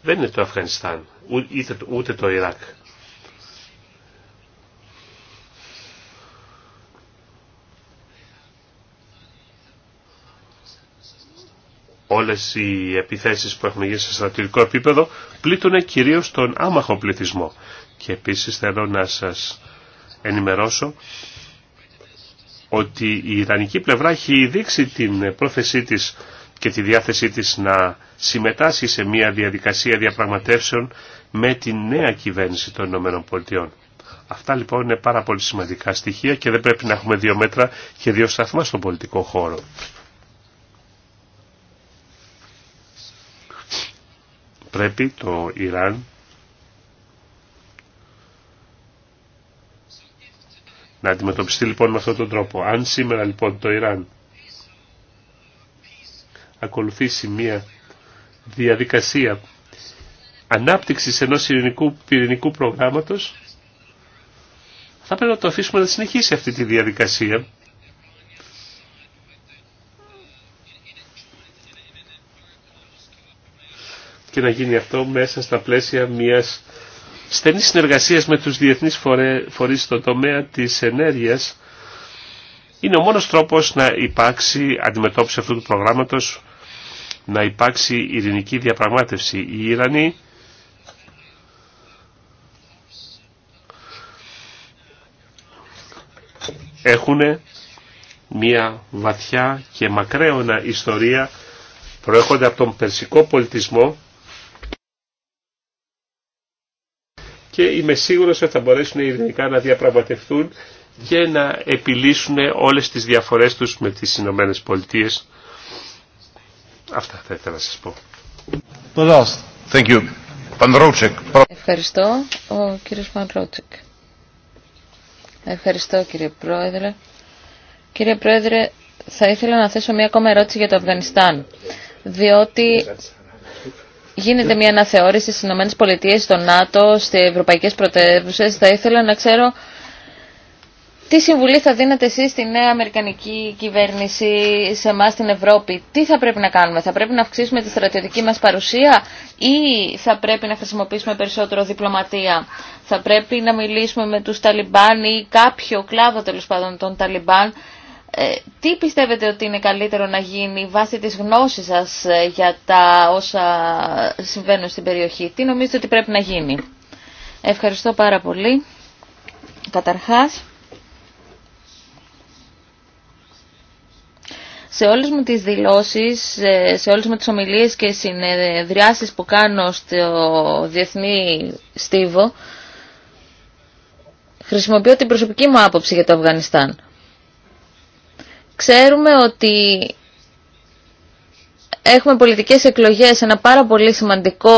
δεν είναι το Αφγανιστάν, ούτε το Ιράκ. όλες οι επιθέσεις που έχουν γίνει σε στρατηγικό επίπεδο πλήττουν κυρίως τον άμαχο πληθυσμό. Και επίσης θέλω να σας ενημερώσω ότι η Ιρανική πλευρά έχει δείξει την πρόθεσή της και τη διάθεσή της να συμμετάσχει σε μια διαδικασία διαπραγματεύσεων με τη νέα κυβέρνηση των Ηνωμένων Αυτά λοιπόν είναι πάρα πολύ σημαντικά στοιχεία και δεν πρέπει να έχουμε δύο μέτρα και δύο σταθμά στον πολιτικό χώρο. πρέπει το Ιράν να αντιμετωπιστεί λοιπόν με αυτόν τον τρόπο. Αν σήμερα λοιπόν το Ιράν ακολουθήσει μια διαδικασία ανάπτυξης ενός πυρηνικού προγράμματος, θα πρέπει να το αφήσουμε να συνεχίσει αυτή τη διαδικασία και να γίνει αυτό μέσα στα πλαίσια μιας στενής συνεργασίας με τους διεθνείς φορείς στο τομέα της ενέργειας είναι ο μόνος τρόπος να υπάρξει αντιμετώπιση αυτού του προγράμματος, να υπάρξει ειρηνική διαπραγμάτευση. Οι Ιρανοί έχουν μια βαθιά και μακραίωνα ιστορία προέρχονται από τον περσικό πολιτισμό και είμαι σίγουρος ότι θα μπορέσουν ειρηνικά να διαπραγματευτούν και να επιλύσουν όλες τις διαφορές τους με τις Ηνωμένε Πολιτείε. Αυτά θα ήθελα να σας πω. Thank you. Ευχαριστώ, ο κύριος Ευχαριστώ κύριε Πρόεδρε. Κύριε Πρόεδρε, θα ήθελα να θέσω μία ακόμα ερώτηση για το Αφγανιστάν. Διότι γίνεται μια αναθεώρηση στι ΗΠΑ, στο ΝΑΤΟ, στι ευρωπαϊκέ πρωτεύουσε. Θα ήθελα να ξέρω τι συμβουλή θα δίνετε εσεί στη νέα Αμερικανική κυβέρνηση, σε εμά στην Ευρώπη. Τι θα πρέπει να κάνουμε, θα πρέπει να αυξήσουμε τη στρατιωτική μα παρουσία ή θα πρέπει να χρησιμοποιήσουμε περισσότερο διπλωματία. Θα πρέπει να μιλήσουμε με του Ταλιμπάν ή κάποιο κλάδο τέλο πάντων των Ταλιμπάν ε, τι πιστεύετε ότι είναι καλύτερο να γίνει βάσει της γνώσης σας ε, για τα όσα συμβαίνουν στην περιοχή. Τι νομίζετε ότι πρέπει να γίνει. Ευχαριστώ πάρα πολύ. Καταρχάς, σε όλες μου τις δηλώσεις, ε, σε όλες μου τις ομιλίες και συνεδριάσεις που κάνω στο Διεθνή Στίβο, χρησιμοποιώ την προσωπική μου άποψη για το Αφγανιστάν. Ξέρουμε ότι έχουμε πολιτικές εκλογές, ένα πάρα πολύ σημαντικό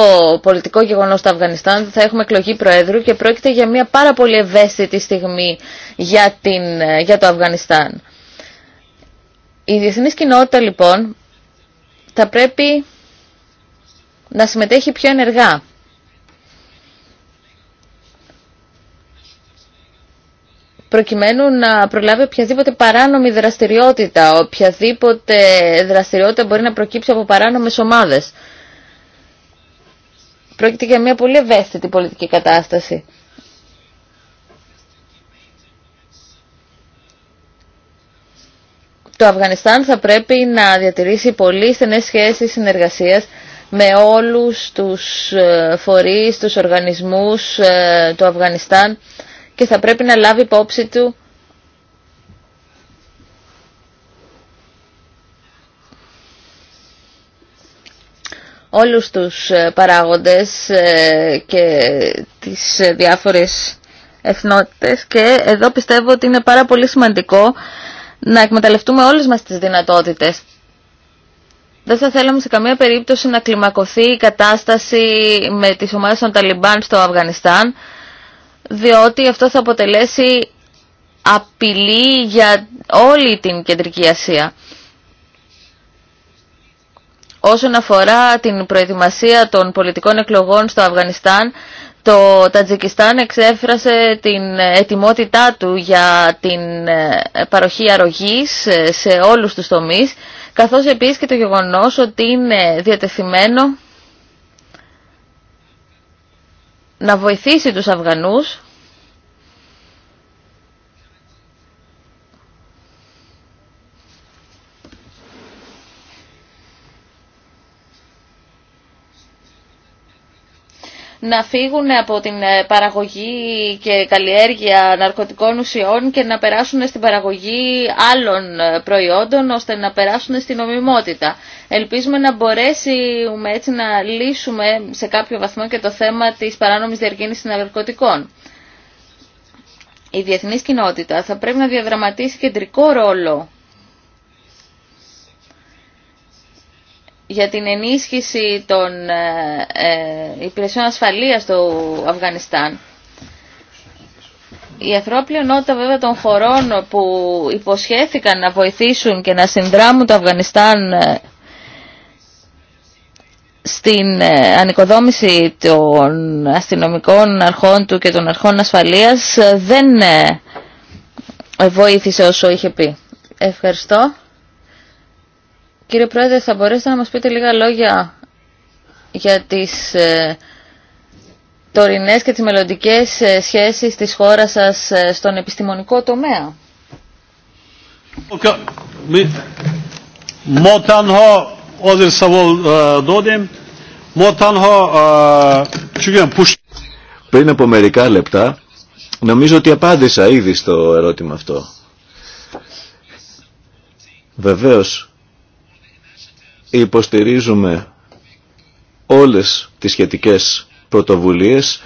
πολιτικό γεγονός στο Αφγανιστάν, θα έχουμε εκλογή Προέδρου και πρόκειται για μια πάρα πολύ ευαίσθητη στιγμή για, την, για το Αφγανιστάν. Η διεθνή κοινότητα λοιπόν θα πρέπει να συμμετέχει πιο ενεργά. προκειμένου να προλάβει οποιαδήποτε παράνομη δραστηριότητα, οποιαδήποτε δραστηριότητα μπορεί να προκύψει από παράνομες ομάδες. Πρόκειται για μια πολύ ευαίσθητη πολιτική κατάσταση. Το Αφγανιστάν θα πρέπει να διατηρήσει πολύ στενές σχέσεις συνεργασίας με όλους τους ε, φορείς, τους οργανισμούς ε, του Αφγανιστάν και θα πρέπει να λάβει υπόψη του όλους τους ε, παράγοντες ε, και τις ε, διάφορες εθνότητες και εδώ πιστεύω ότι είναι πάρα πολύ σημαντικό να εκμεταλλευτούμε όλες μας τις δυνατότητες. Δεν θα θέλαμε σε καμία περίπτωση να κλιμακωθεί η κατάσταση με τις ομάδες των Ταλιμπάν στο Αφγανιστάν διότι αυτό θα αποτελέσει απειλή για όλη την Κεντρική Ασία. Όσον αφορά την προετοιμασία των πολιτικών εκλογών στο Αφγανιστάν, το Τατζικιστάν εξέφρασε την ετοιμότητά του για την ε, παροχή αρρωγής ε, σε όλους τους τομείς, καθώς επίσης και το γεγονός ότι είναι διατεθειμένο να βοηθήσει τους Αφγανούς να φύγουν από την ε, παραγωγή και καλλιέργεια ναρκωτικών ουσιών και να περάσουν στην παραγωγή άλλων ε, προϊόντων ώστε να περάσουν στην νομιμότητα. Ελπίζουμε να μπορέσουμε έτσι να λύσουμε σε κάποιο βαθμό και το θέμα της παράνομης των ναρκωτικών. Η διεθνής κοινότητα θα πρέπει να διαδραματίσει κεντρικό ρόλο για την ενίσχυση των ε, ε, υπηρεσιών ασφαλείας του Αφγανιστάν. Η ανθρώπινη ενότητα βέβαια των χωρών που υποσχέθηκαν να βοηθήσουν και να συνδράμουν το Αφγανιστάν ε, στην ανοικοδόμηση των αστυνομικών αρχών του και των αρχών ασφαλείας δεν βοήθησε όσο είχε πει. Ευχαριστώ. Κύριε Πρόεδρε, θα μπορέσετε να μας πείτε λίγα λόγια για τις ε, τωρινές και τις μελλοντικές ε, σχέσεις της χώρας σας ε, στον επιστημονικό τομέα. Πριν από μερικά λεπτά, νομίζω ότι απάντησα ήδη στο ερώτημα αυτό. Βεβαίως, Υποστηρίζουμε όλες τις σχετικές πρωτοβουλίες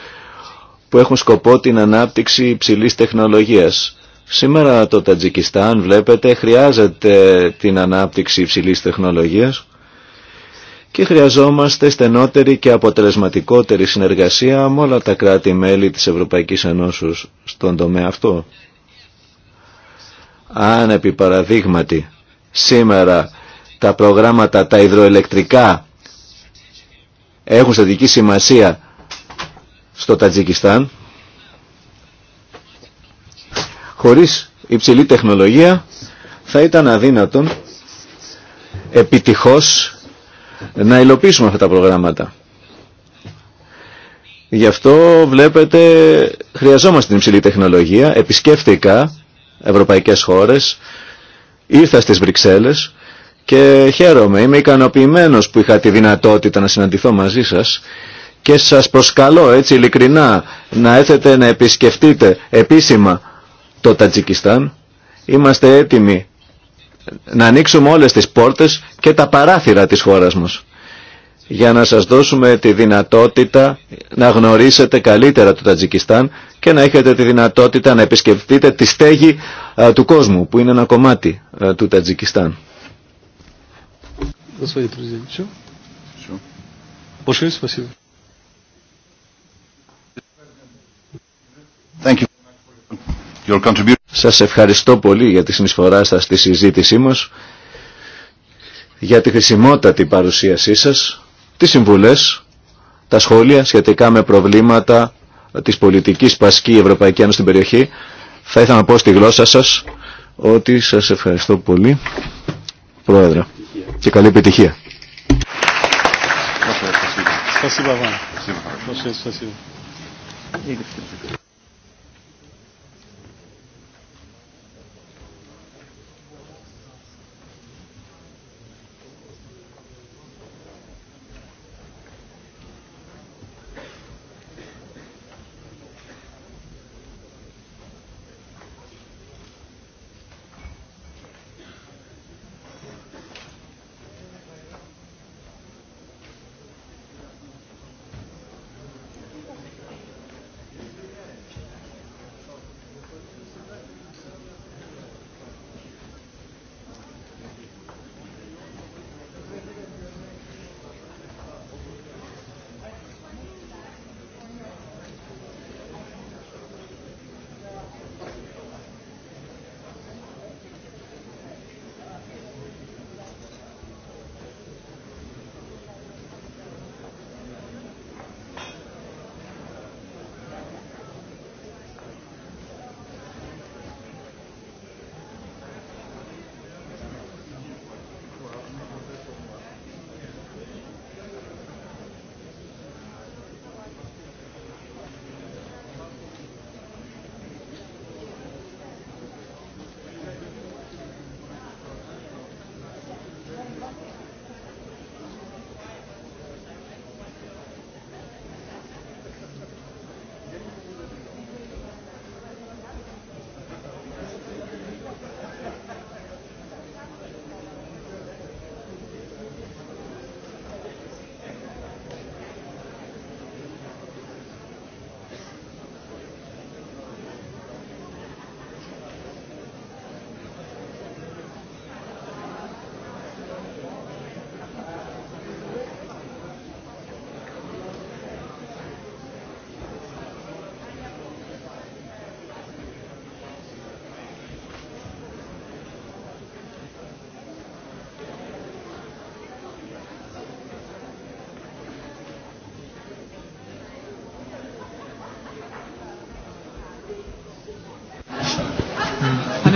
που έχουν σκοπό την ανάπτυξη υψηλής τεχνολογίας. Σήμερα το Τατζικιστάν, βλέπετε, χρειάζεται την ανάπτυξη υψηλής τεχνολογίας και χρειαζόμαστε στενότερη και αποτελεσματικότερη συνεργασία με όλα τα κράτη-μέλη της Ευρωπαϊκής Ενώσης στον τομέα αυτό. Αν επί σήμερα τα προγράμματα τα υδροελεκτρικά έχουν στατική σημασία στο Τατζικιστάν χωρίς υψηλή τεχνολογία θα ήταν αδύνατον επιτυχώς να υλοποιήσουμε αυτά τα προγράμματα. Γι' αυτό βλέπετε χρειαζόμαστε την υψηλή τεχνολογία. Επισκέφτηκα ευρωπαϊκές χώρες, ήρθα στις Βρυξέλλες και χαίρομαι, είμαι ικανοποιημένος που είχα τη δυνατότητα να συναντηθώ μαζί σας και σας προσκαλώ έτσι ειλικρινά να έθετε να επισκεφτείτε επίσημα το Τατζικιστάν. Είμαστε έτοιμοι να ανοίξουμε όλες τις πόρτες και τα παράθυρα της χώρας μας για να σας δώσουμε τη δυνατότητα να γνωρίσετε καλύτερα το Τατζικιστάν και να έχετε τη δυνατότητα να επισκεφτείτε τη στέγη του κόσμου που είναι ένα κομμάτι του Τατζικιστάν. Σα Все. Большое спасибо. Σας ευχαριστώ πολύ για τη συνεισφορά σας στη συζήτησή μας, για τη χρησιμότατη παρουσίασή σας, τις συμβουλές, τα σχόλια σχετικά με προβλήματα της πολιτικής Πασκή Ευρωπαϊκή Ένωση στην περιοχή. Θα ήθελα να πω στη γλώσσα σας ότι σας ευχαριστώ πολύ. Πρόεδρε. Και καλή επιτυχία. Ευχαριστώ.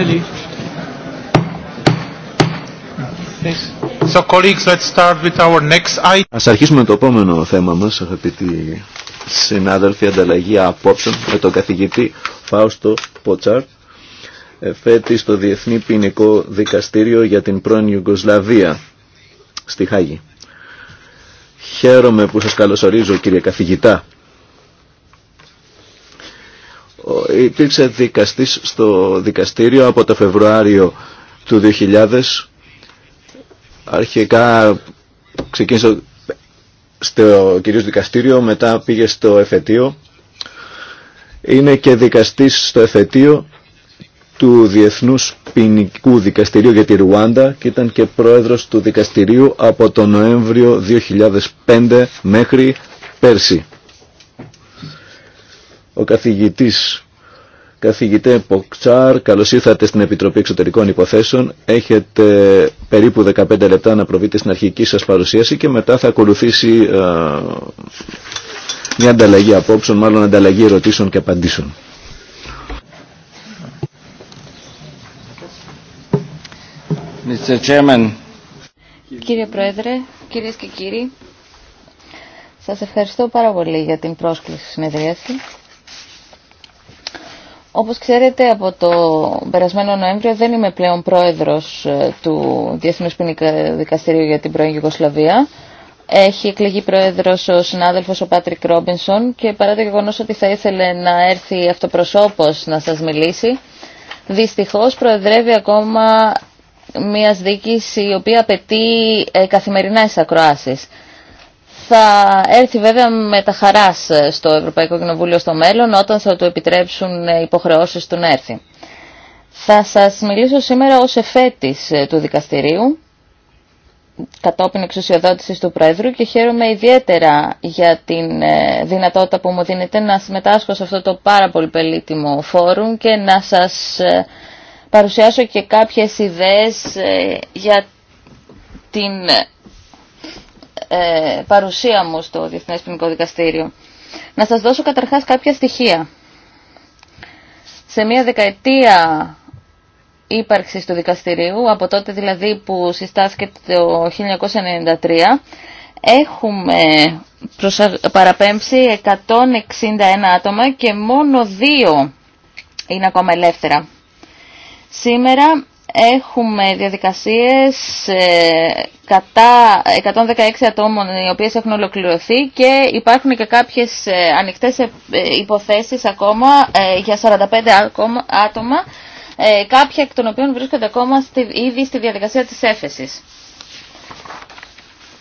finally. So, colleagues, let's start with our next item. Ας αρχίσουμε το επόμενο θέμα μας, αγαπητοί συνάδελφοι, ανταλλαγή απόψεων με τον καθηγητή Φάουστο Ποτσάρτ, ε, φέτη στο Διεθνή Ποινικό Δικαστήριο για την πρώην Ιουγκοσλαβία στη Χάγη. Χαίρομαι που σας καλωσορίζω κύριε καθηγητά υπήρξε δικαστής στο δικαστήριο από το Φεβρουάριο του 2000 αρχικά ξεκίνησε στο κυρίως δικαστήριο μετά πήγε στο εφετείο είναι και δικαστής στο εφετείο του Διεθνούς Ποινικού Δικαστηρίου για τη Ρουάντα και ήταν και πρόεδρος του δικαστηρίου από τον Νοέμβριο 2005 μέχρι πέρσι. Ο καθηγητής, καθηγητέ Ποκτσάρ, καλώς ήρθατε στην Επιτροπή Εξωτερικών Υποθέσεων. Έχετε περίπου 15 λεπτά να προβείτε στην αρχική σας παρουσίαση και μετά θα ακολουθήσει μια ανταλλαγή απόψεων, μάλλον ανταλλαγή ερωτήσεων και απαντήσεων. Κύριε Πρόεδρε, κυρίες και κύριοι, σας ευχαριστώ πάρα πολύ για την πρόσκληση συνεδρίαση. Όπως ξέρετε από το περασμένο Νοέμβριο δεν είμαι πλέον πρόεδρος ε, του Διεθνούς Ποινικού Δικαστηρίου για την πρώην Έχει εκλεγεί πρόεδρος ο συνάδελφος ο Πάτρικ Ρόμπινσον και παρά το γεγονός ότι θα ήθελε να έρθει αυτοπροσώπος να σας μιλήσει, δυστυχώς προεδρεύει ακόμα μια δίκης η οποία απαιτεί ε, καθημερινά εισακροάσεις θα έρθει βέβαια με τα χαράς στο Ευρωπαϊκό Κοινοβούλιο στο μέλλον όταν θα του επιτρέψουν υποχρεώσεις του να έρθει. Θα σας μιλήσω σήμερα ως εφέτης ε, του δικαστηρίου κατόπιν εξουσιοδότησης του Πρόεδρου και χαίρομαι ιδιαίτερα για την ε, δυνατότητα που μου δίνετε να συμμετάσχω σε αυτό το πάρα πολύ πελίτιμο φόρουμ και να σας ε, παρουσιάσω και κάποιες ιδέες για την ε, παρουσία μου στο Διεθνές Ποινικό Δικαστήριο. Να σας δώσω καταρχάς κάποια στοιχεία. Σε μία δεκαετία ύπαρξης του δικαστηρίου, από τότε δηλαδή που συστάθηκε το 1993, έχουμε παραπέμψει 161 άτομα και μόνο δύο είναι ακόμα ελεύθερα. Σήμερα Έχουμε διαδικασίες ε, κατά 116 ατόμων οι οποίες έχουν ολοκληρωθεί και υπάρχουν και κάποιες ε, ανοιχτές ε, υποθέσεις ακόμα για 45 άτομα, κάποια εκ των οποίων βρίσκονται ακόμα ήδη στη διαδικασία της έφεσης.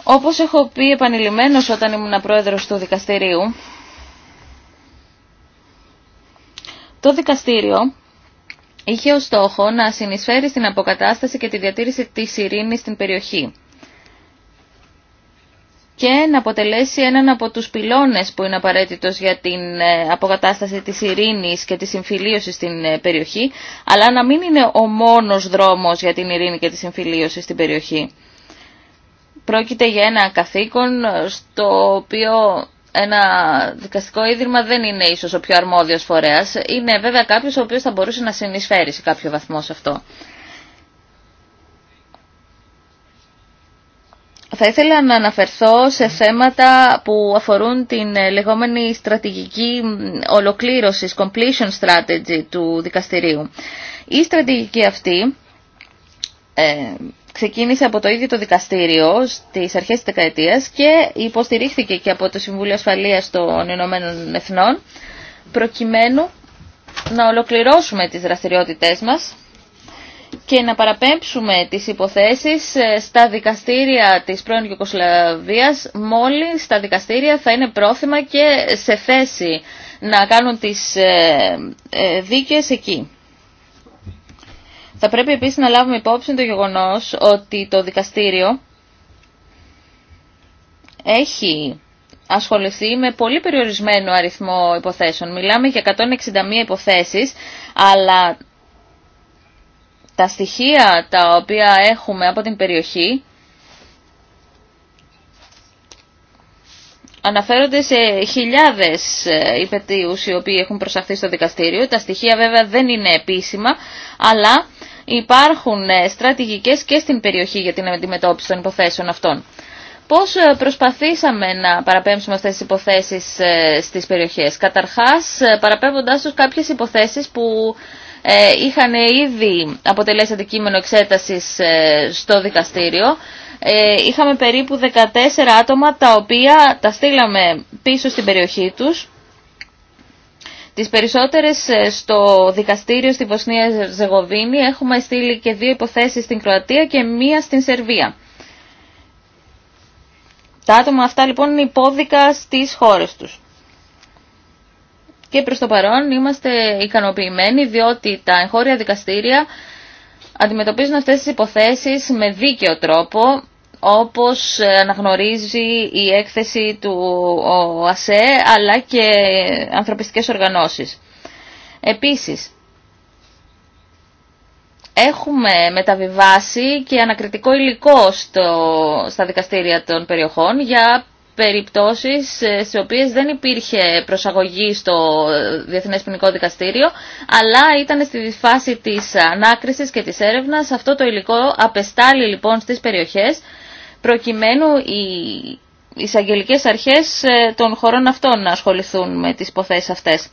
Όπως έχω πει επανειλημμένως όταν ήμουν πρόεδρος του δικαστηρίου, το δικαστήριο είχε ως στόχο να συνεισφέρει στην αποκατάσταση και τη διατήρηση της ειρήνης στην περιοχή και να αποτελέσει έναν από τους πυλώνες που είναι απαραίτητος για την ε, αποκατάσταση της ειρήνης και της συμφιλίωσης στην ε, περιοχή, αλλά να μην είναι ο μόνος δρόμος για την ειρήνη και τη συμφιλίωση στην περιοχή. Πρόκειται για ένα καθήκον στο οποίο ένα δικαστικό ίδρυμα δεν είναι ίσως ο πιο αρμόδιος φορέας. Είναι βέβαια κάποιος ο οποίος θα μπορούσε να συνεισφέρει σε κάποιο βαθμό σε αυτό. Θα ήθελα να αναφερθώ σε θέματα που αφορούν την ε, λεγόμενη στρατηγική ολοκλήρωση, completion strategy του δικαστηρίου. Η στρατηγική αυτή ε, ξεκίνησε από το ίδιο το δικαστήριο στις αρχές της δεκαετίας και υποστηρίχθηκε και από το Συμβούλιο Ασφαλείας των Ηνωμένων Εθνών προκειμένου να ολοκληρώσουμε τις δραστηριότητές μας και να παραπέμψουμε τις υποθέσεις ε, στα δικαστήρια της πρώην Ιουκοσλαβίας μόλις τα δικαστήρια θα είναι πρόθυμα και σε θέση να κάνουν τις ε, ε, δίκες εκεί. Θα πρέπει επίσης να λάβουμε υπόψη το γεγονός ότι το δικαστήριο έχει ασχοληθεί με πολύ περιορισμένο αριθμό υποθέσεων. Μιλάμε για 161 υποθέσεις, αλλά τα στοιχεία τα οποία έχουμε από την περιοχή Αναφέρονται σε χιλιάδες υπετίους οι οποίοι έχουν προσαχθεί στο δικαστήριο. Τα στοιχεία βέβαια δεν είναι επίσημα, αλλά υπάρχουν ε, στρατηγικές και στην περιοχή για την αντιμετώπιση των υποθέσεων αυτών. Πώς ε, προσπαθήσαμε να παραπέμψουμε αυτές τις υποθέσεις ε, στις περιοχές. Καταρχάς, παραπέμποντάς τους κάποιες υποθέσεις που είχαν ήδη αποτελέσει αντικείμενο εξέτασης στο δικαστήριο. Είχαμε περίπου 14 άτομα τα οποία τα στείλαμε πίσω στην περιοχή τους Τις περισσότερες ε, στο δικαστήριο στη Βοσνία Ζεγοβίνη έχουμε στείλει και δύο υποθέσεις στην Κροατία και μία στην Σερβία. Τα άτομα αυτά λοιπόν είναι υπόδικα στις χώρες τους. Και προς το παρόν είμαστε ικανοποιημένοι διότι τα εγχώρια δικαστήρια αντιμετωπίζουν αυτές τις υποθέσεις με δίκαιο τρόπο όπως αναγνωρίζει η έκθεση του ΑΣΕ αλλά και ανθρωπιστικές οργανώσεις. Επίσης, έχουμε μεταβιβάσει και ανακριτικό υλικό στο, στα δικαστήρια των περιοχών για περιπτώσεις σε οποίες δεν υπήρχε προσαγωγή στο Διεθνές Ποινικό Δικαστήριο, αλλά ήταν στη φάση της ανάκρισης και της έρευνας. Αυτό το υλικό απεστάλλει λοιπόν στις περιοχές προκειμένου οι εισαγγελικέ αρχές ε, των χωρών αυτών να ασχοληθούν με τις υποθέσεις αυτές.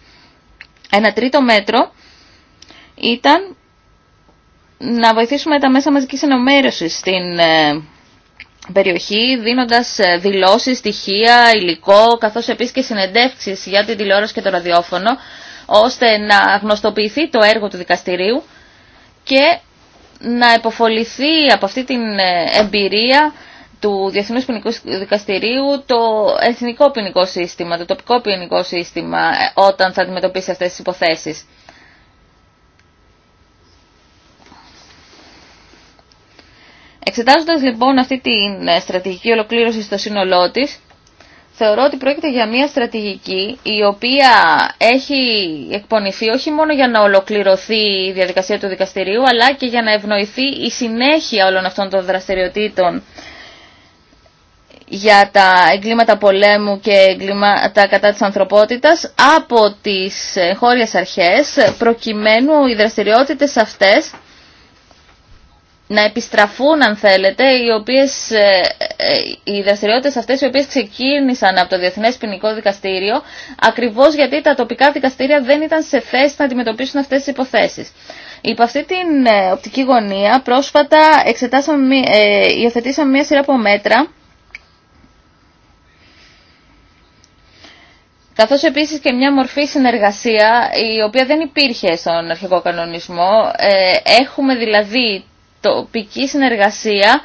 Ένα τρίτο μέτρο ήταν να βοηθήσουμε τα μέσα μαζικής ενημέρωσης στην ε, περιοχή δίνοντας ε, δηλώσεις, στοιχεία, υλικό καθώς επίσης και συνεντεύξεις για την τηλεόραση και το ραδιόφωνο ώστε να γνωστοποιηθεί το έργο του δικαστηρίου και να εποφοληθεί από αυτή την εμπειρία του Διεθνούς Ποινικού Δικαστηρίου το εθνικό ποινικό σύστημα, το τοπικό ποινικό σύστημα ε, όταν θα αντιμετωπίσει αυτές τις υποθέσεις. Εξετάζοντας λοιπόν αυτή τη ε, στρατηγική ολοκλήρωση στο σύνολό της, θεωρώ ότι πρόκειται για μια στρατηγική η οποία έχει εκπονηθεί όχι μόνο για να ολοκληρωθεί η διαδικασία του δικαστηρίου, αλλά και για να ευνοηθεί η συνέχεια όλων αυτών των δραστηριοτήτων για τα εγκλήματα πολέμου και εγκλήματα κατά της ανθρωπότητας από τις χώριες αρχές προκειμένου οι δραστηριότητες αυτές να επιστραφούν αν θέλετε οι, οποίες, ε, ε, οι δραστηριότητες αυτές οι οποίες ξεκίνησαν από το Διεθνές Ποινικό Δικαστήριο ακριβώς γιατί τα τοπικά δικαστήρια δεν ήταν σε θέση να αντιμετωπίσουν αυτές τις υποθέσεις. Υπό αυτή την ε, οπτική γωνία πρόσφατα υιοθετήσαμε μια σειρά από μέτρα καθώς επίσης και μια μορφή συνεργασία η οποία δεν υπήρχε στον αρχικό κανονισμό. Ε, έχουμε δηλαδή τοπική συνεργασία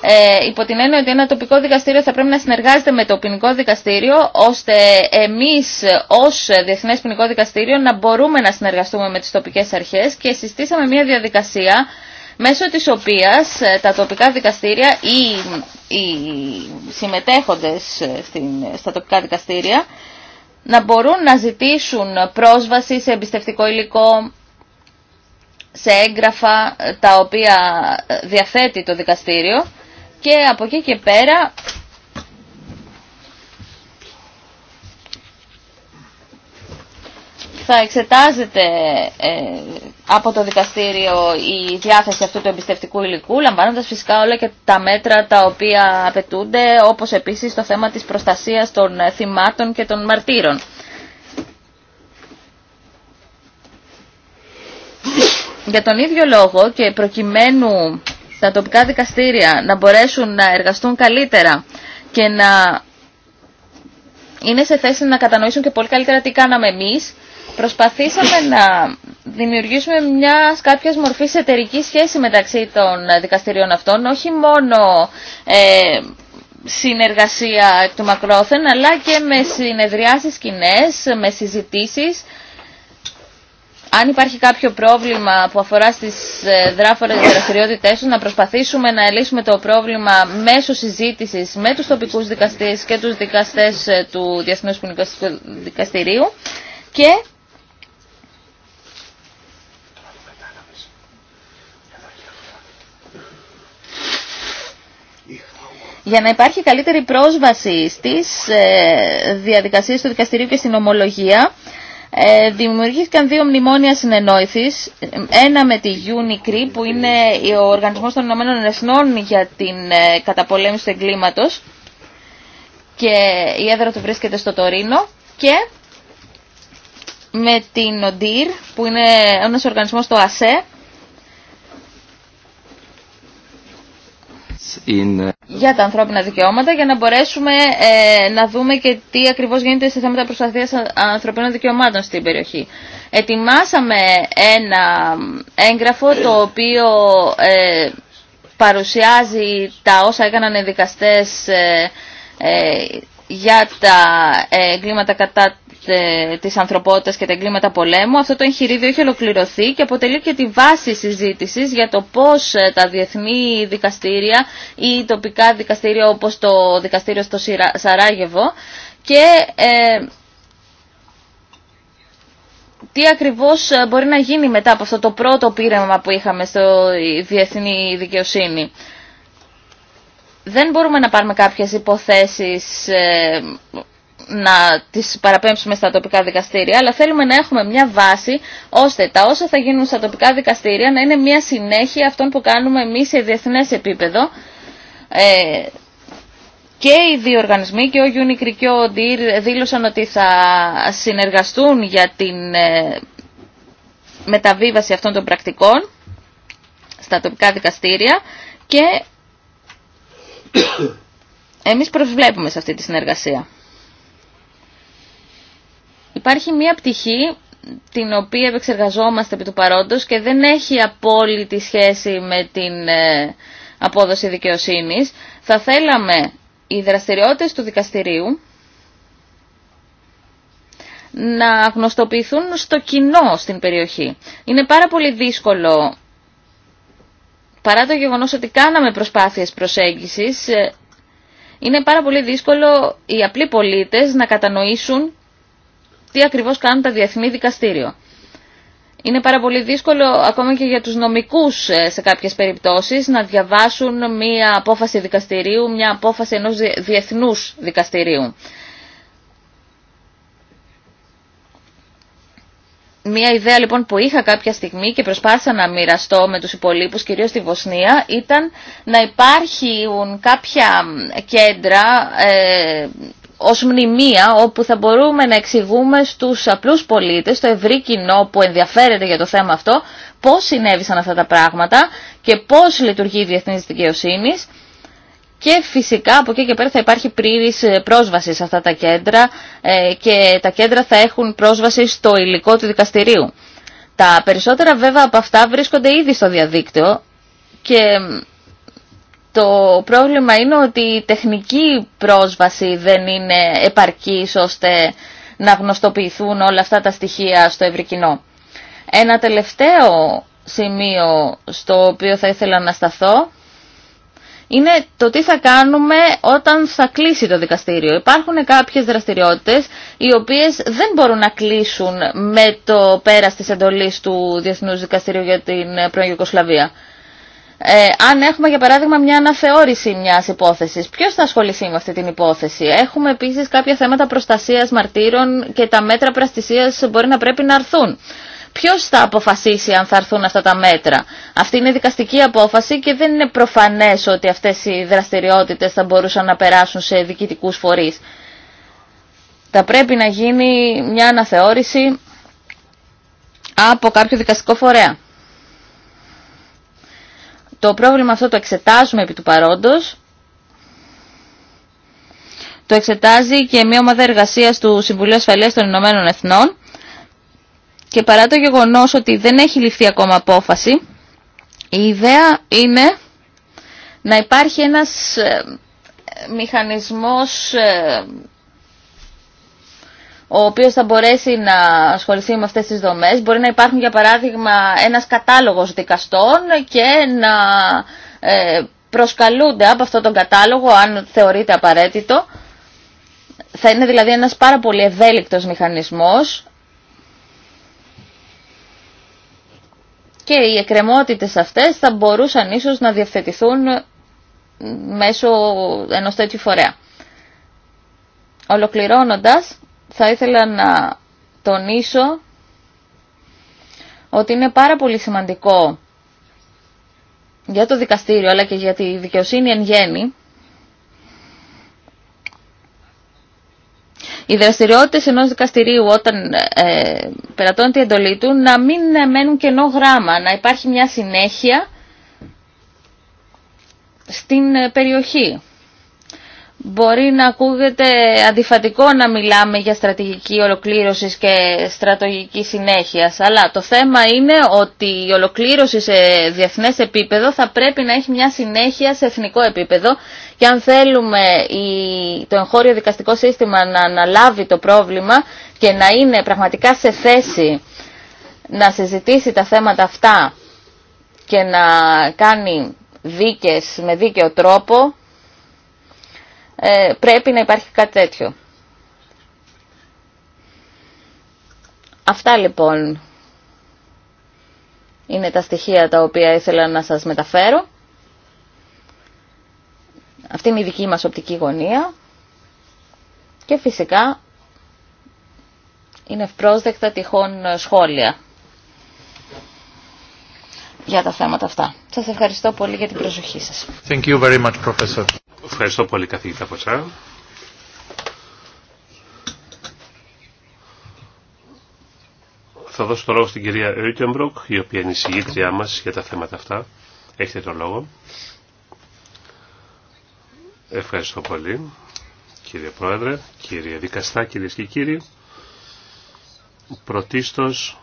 ε, υπό την έννοια ότι ένα τοπικό δικαστήριο θα πρέπει να συνεργάζεται με το ποινικό δικαστήριο, ώστε εμείς ως Διεθνές Ποινικό Δικαστήριο να μπορούμε να συνεργαστούμε με τις τοπικές αρχές και συστήσαμε μια διαδικασία μέσω της οποίας ε, τα τοπικά δικαστήρια ή οι συμμετέχοντες στα τοπικά δικαστήρια να μπορούν να ζητήσουν πρόσβαση σε εμπιστευτικό υλικό, σε έγγραφα ε, τα οποία ε, διαθέτει το δικαστήριο και από εκεί και πέρα θα εξετάζεται ε, από το δικαστήριο η διάθεση αυτού του εμπιστευτικού υλικού, λαμβάνοντας φυσικά όλα και τα μέτρα τα οποία απαιτούνται, όπως επίσης το θέμα της προστασίας των θυμάτων και των μαρτύρων. Για τον ίδιο λόγο και προκειμένου τα τοπικά δικαστήρια να μπορέσουν να εργαστούν καλύτερα και να είναι σε θέση να κατανοήσουν και πολύ καλύτερα τι κάναμε εμείς, Προσπαθήσαμε να δημιουργήσουμε μια κάποια μορφή εταιρική σχέση μεταξύ των δικαστηριών αυτών, όχι μόνο ε, συνεργασία του μακρόθεν, αλλά και με συνεδριάσεις κοινέ, με συζητήσεις. Αν υπάρχει κάποιο πρόβλημα που αφορά στις ε, δράφορες δραστηριότητε του, να προσπαθήσουμε να λύσουμε το πρόβλημα μέσω συζήτησης με τους τοπικούς δικαστές και τους δικαστές ε, του Διεθνούς Ποινικού Δικαστηρίου και για να υπάρχει καλύτερη πρόσβαση στις ε, διαδικασίες του δικαστηρίου και στην ομολογία, ε, δημιουργήθηκαν δύο μνημόνια συνεννόηθης, ένα με τη UNICRI που είναι ο Οργανισμός των Ηνωμένων Εθνών για την ε, καταπολέμηση του εγκλήματος και η έδρα του βρίσκεται στο Τωρίνο και με την ODIR που είναι ένας οργανισμός στο ΑΣΕ Uh, για τα ανθρώπινα δικαιώματα για να μπορέσουμε ε, να δούμε και τι ακριβώς γίνεται σε θέματα προστασίας ανθρωπίνων δικαιωμάτων στην περιοχή. Ετοιμάσαμε ένα έγγραφο το οποίο ε, παρουσιάζει τα όσα έκαναν οι δικαστές ε, για τα ε, εγκλήματα κατά ε, τη ανθρωπότητα και τα εγκλήματα πολέμου. Αυτό το εγχειρίδιο έχει ολοκληρωθεί και αποτελεί και τη βάση συζήτηση για το πώς ε, τα διεθνή δικαστήρια ή τοπικά δικαστήρια όπως το δικαστήριο στο Σαράγεβο και ε, τι ακριβώς μπορεί να γίνει μετά από αυτό το πρώτο πείραμα που είχαμε στο διεθνή δικαιοσύνη δεν μπορούμε να πάρουμε κάποιες υποθέσεις ε, να τις παραπέμψουμε στα τοπικά δικαστήρια, αλλά θέλουμε να έχουμε μια βάση ώστε τα όσα θα γίνουν στα τοπικά δικαστήρια να είναι μια συνέχεια αυτών που κάνουμε εμείς σε διεθνές επίπεδο. Ε, και οι δύο οργανισμοί και ο Γιούνικρη και ο Ντύρ δήλωσαν ότι θα συνεργαστούν για την ε, μεταβίβαση αυτών των πρακτικών στα τοπικά δικαστήρια και εμείς προσβλέπουμε σε αυτή τη συνεργασία. Υπάρχει μία πτυχή την οποία επεξεργαζόμαστε επί του παρόντος και δεν έχει απόλυτη σχέση με την ε, απόδοση δικαιοσύνης. Θα θέλαμε οι δραστηριότητες του δικαστηρίου να γνωστοποιηθούν στο κοινό στην περιοχή. Είναι πάρα πολύ δύσκολο παρά το γεγονός ότι κάναμε προσπάθειες προσέγγισης, ε, είναι πάρα πολύ δύσκολο οι απλοί πολίτες να κατανοήσουν τι ακριβώς κάνουν τα διεθνή δικαστήριο. Είναι πάρα πολύ δύσκολο ακόμα και για τους νομικούς ε, σε κάποιες περιπτώσεις να διαβάσουν μία απόφαση δικαστηρίου, μία απόφαση ενός διεθνούς δικαστηρίου. Μία ιδέα λοιπόν που είχα κάποια στιγμή και προσπάθησα να μοιραστώ με τους υπολείπους, κυρίως στη Βοσνία, ήταν να υπάρχουν κάποια κέντρα ε, ως μνημεία όπου θα μπορούμε να εξηγούμε στους απλούς πολίτες, στο ευρύ κοινό που ενδιαφέρεται για το θέμα αυτό, πώς συνέβησαν αυτά τα πράγματα και πώς λειτουργεί η διεθνής δικαιοσύνη και φυσικά από εκεί και πέρα θα υπάρχει πλήρης ε, πρόσβαση σε αυτά τα κέντρα ε, και τα κέντρα θα έχουν πρόσβαση στο υλικό του δικαστηρίου. Τα περισσότερα βέβαια από αυτά βρίσκονται ήδη στο διαδίκτυο και το πρόβλημα είναι ότι η τεχνική πρόσβαση δεν είναι επαρκής ώστε να γνωστοποιηθούν όλα αυτά τα στοιχεία στο ευρύ Ένα τελευταίο σημείο στο οποίο θα ήθελα να σταθώ είναι το τι θα κάνουμε όταν θα κλείσει το δικαστήριο. Υπάρχουν κάποιες δραστηριότητες οι οποίες δεν μπορούν να κλείσουν με το πέρας της εντολής του Διεθνούς Δικαστηρίου για την πρώην Ε, αν έχουμε για παράδειγμα μια αναθεώρηση μιας υπόθεσης, ποιος θα ασχοληθεί με αυτή την υπόθεση. Έχουμε επίσης κάποια θέματα προστασίας μαρτύρων και τα μέτρα πραστησία μπορεί να πρέπει να αρθούν ποιος θα αποφασίσει αν θα έρθουν αυτά τα μέτρα. Αυτή είναι δικαστική απόφαση και δεν είναι προφανές ότι αυτές οι δραστηριότητες θα μπορούσαν να περάσουν σε διοικητικούς φορείς. Θα πρέπει να γίνει μια αναθεώρηση από κάποιο δικαστικό φορέα. Το πρόβλημα αυτό το εξετάζουμε επί του παρόντος. Το εξετάζει και μια ομάδα εργασία του Συμβουλίου Ασφαλείας των Ηνωμένων Εθνών και παρά το γεγονός ότι δεν έχει ληφθεί ακόμα απόφαση, η ιδέα είναι να υπάρχει ένας ε, μηχανισμός ε, ο οποίος θα μπορέσει να ασχοληθεί με αυτές τις δομές. Μπορεί να υπάρχουν για παράδειγμα ένας κατάλογος δικαστών και να ε, προσκαλούνται από αυτόν τον κατάλογο αν θεωρείται απαραίτητο. Θα είναι δηλαδή ένας πάρα πολύ ευέλικτος μηχανισμός και οι εκκρεμότητες αυτές θα μπορούσαν ίσως να διευθετηθούν μέσω ενός τέτοιου φορέα. Ολοκληρώνοντας, θα ήθελα να τονίσω ότι είναι πάρα πολύ σημαντικό για το δικαστήριο αλλά και για τη δικαιοσύνη εν γέννη οι δραστηριότητε ενό δικαστηρίου όταν ε, περατώνεται η εντολή του να μην μένουν κενό γράμμα, να υπάρχει μια συνέχεια στην ε, περιοχή. Μπορεί να ακούγεται αντιφατικό να μιλάμε για στρατηγική ολοκλήρωση και στρατογική συνέχεια, αλλά το θέμα είναι ότι η ολοκλήρωση σε διεθνέ επίπεδο θα πρέπει να έχει μια συνέχεια σε εθνικό επίπεδο και αν θέλουμε το εγχώριο δικαστικό σύστημα να αναλάβει το πρόβλημα και να είναι πραγματικά σε θέση να συζητήσει τα θέματα αυτά και να κάνει δίκες με δίκαιο τρόπο, ε, πρέπει να υπάρχει κάτι τέτοιο. Αυτά λοιπόν είναι τα στοιχεία τα οποία ήθελα να σας μεταφέρω. Αυτή είναι η δική μας οπτική γωνία και φυσικά είναι ευπρόσδεκτα τυχόν σχόλια για τα θέματα αυτά. Σας ευχαριστώ πολύ για την προσοχή σας. Thank you very much, Ευχαριστώ πολύ καθηγητά Ποτσά. Θα δώσω το λόγο στην κυρία Ρίτεμπρουκ, η οποία είναι η συγγήτριά μας για τα θέματα αυτά. Έχετε το λόγο. Ευχαριστώ πολύ, κύριε Πρόεδρε, κύριε Δικαστά, κυρίες και κύριοι. Πρωτίστως,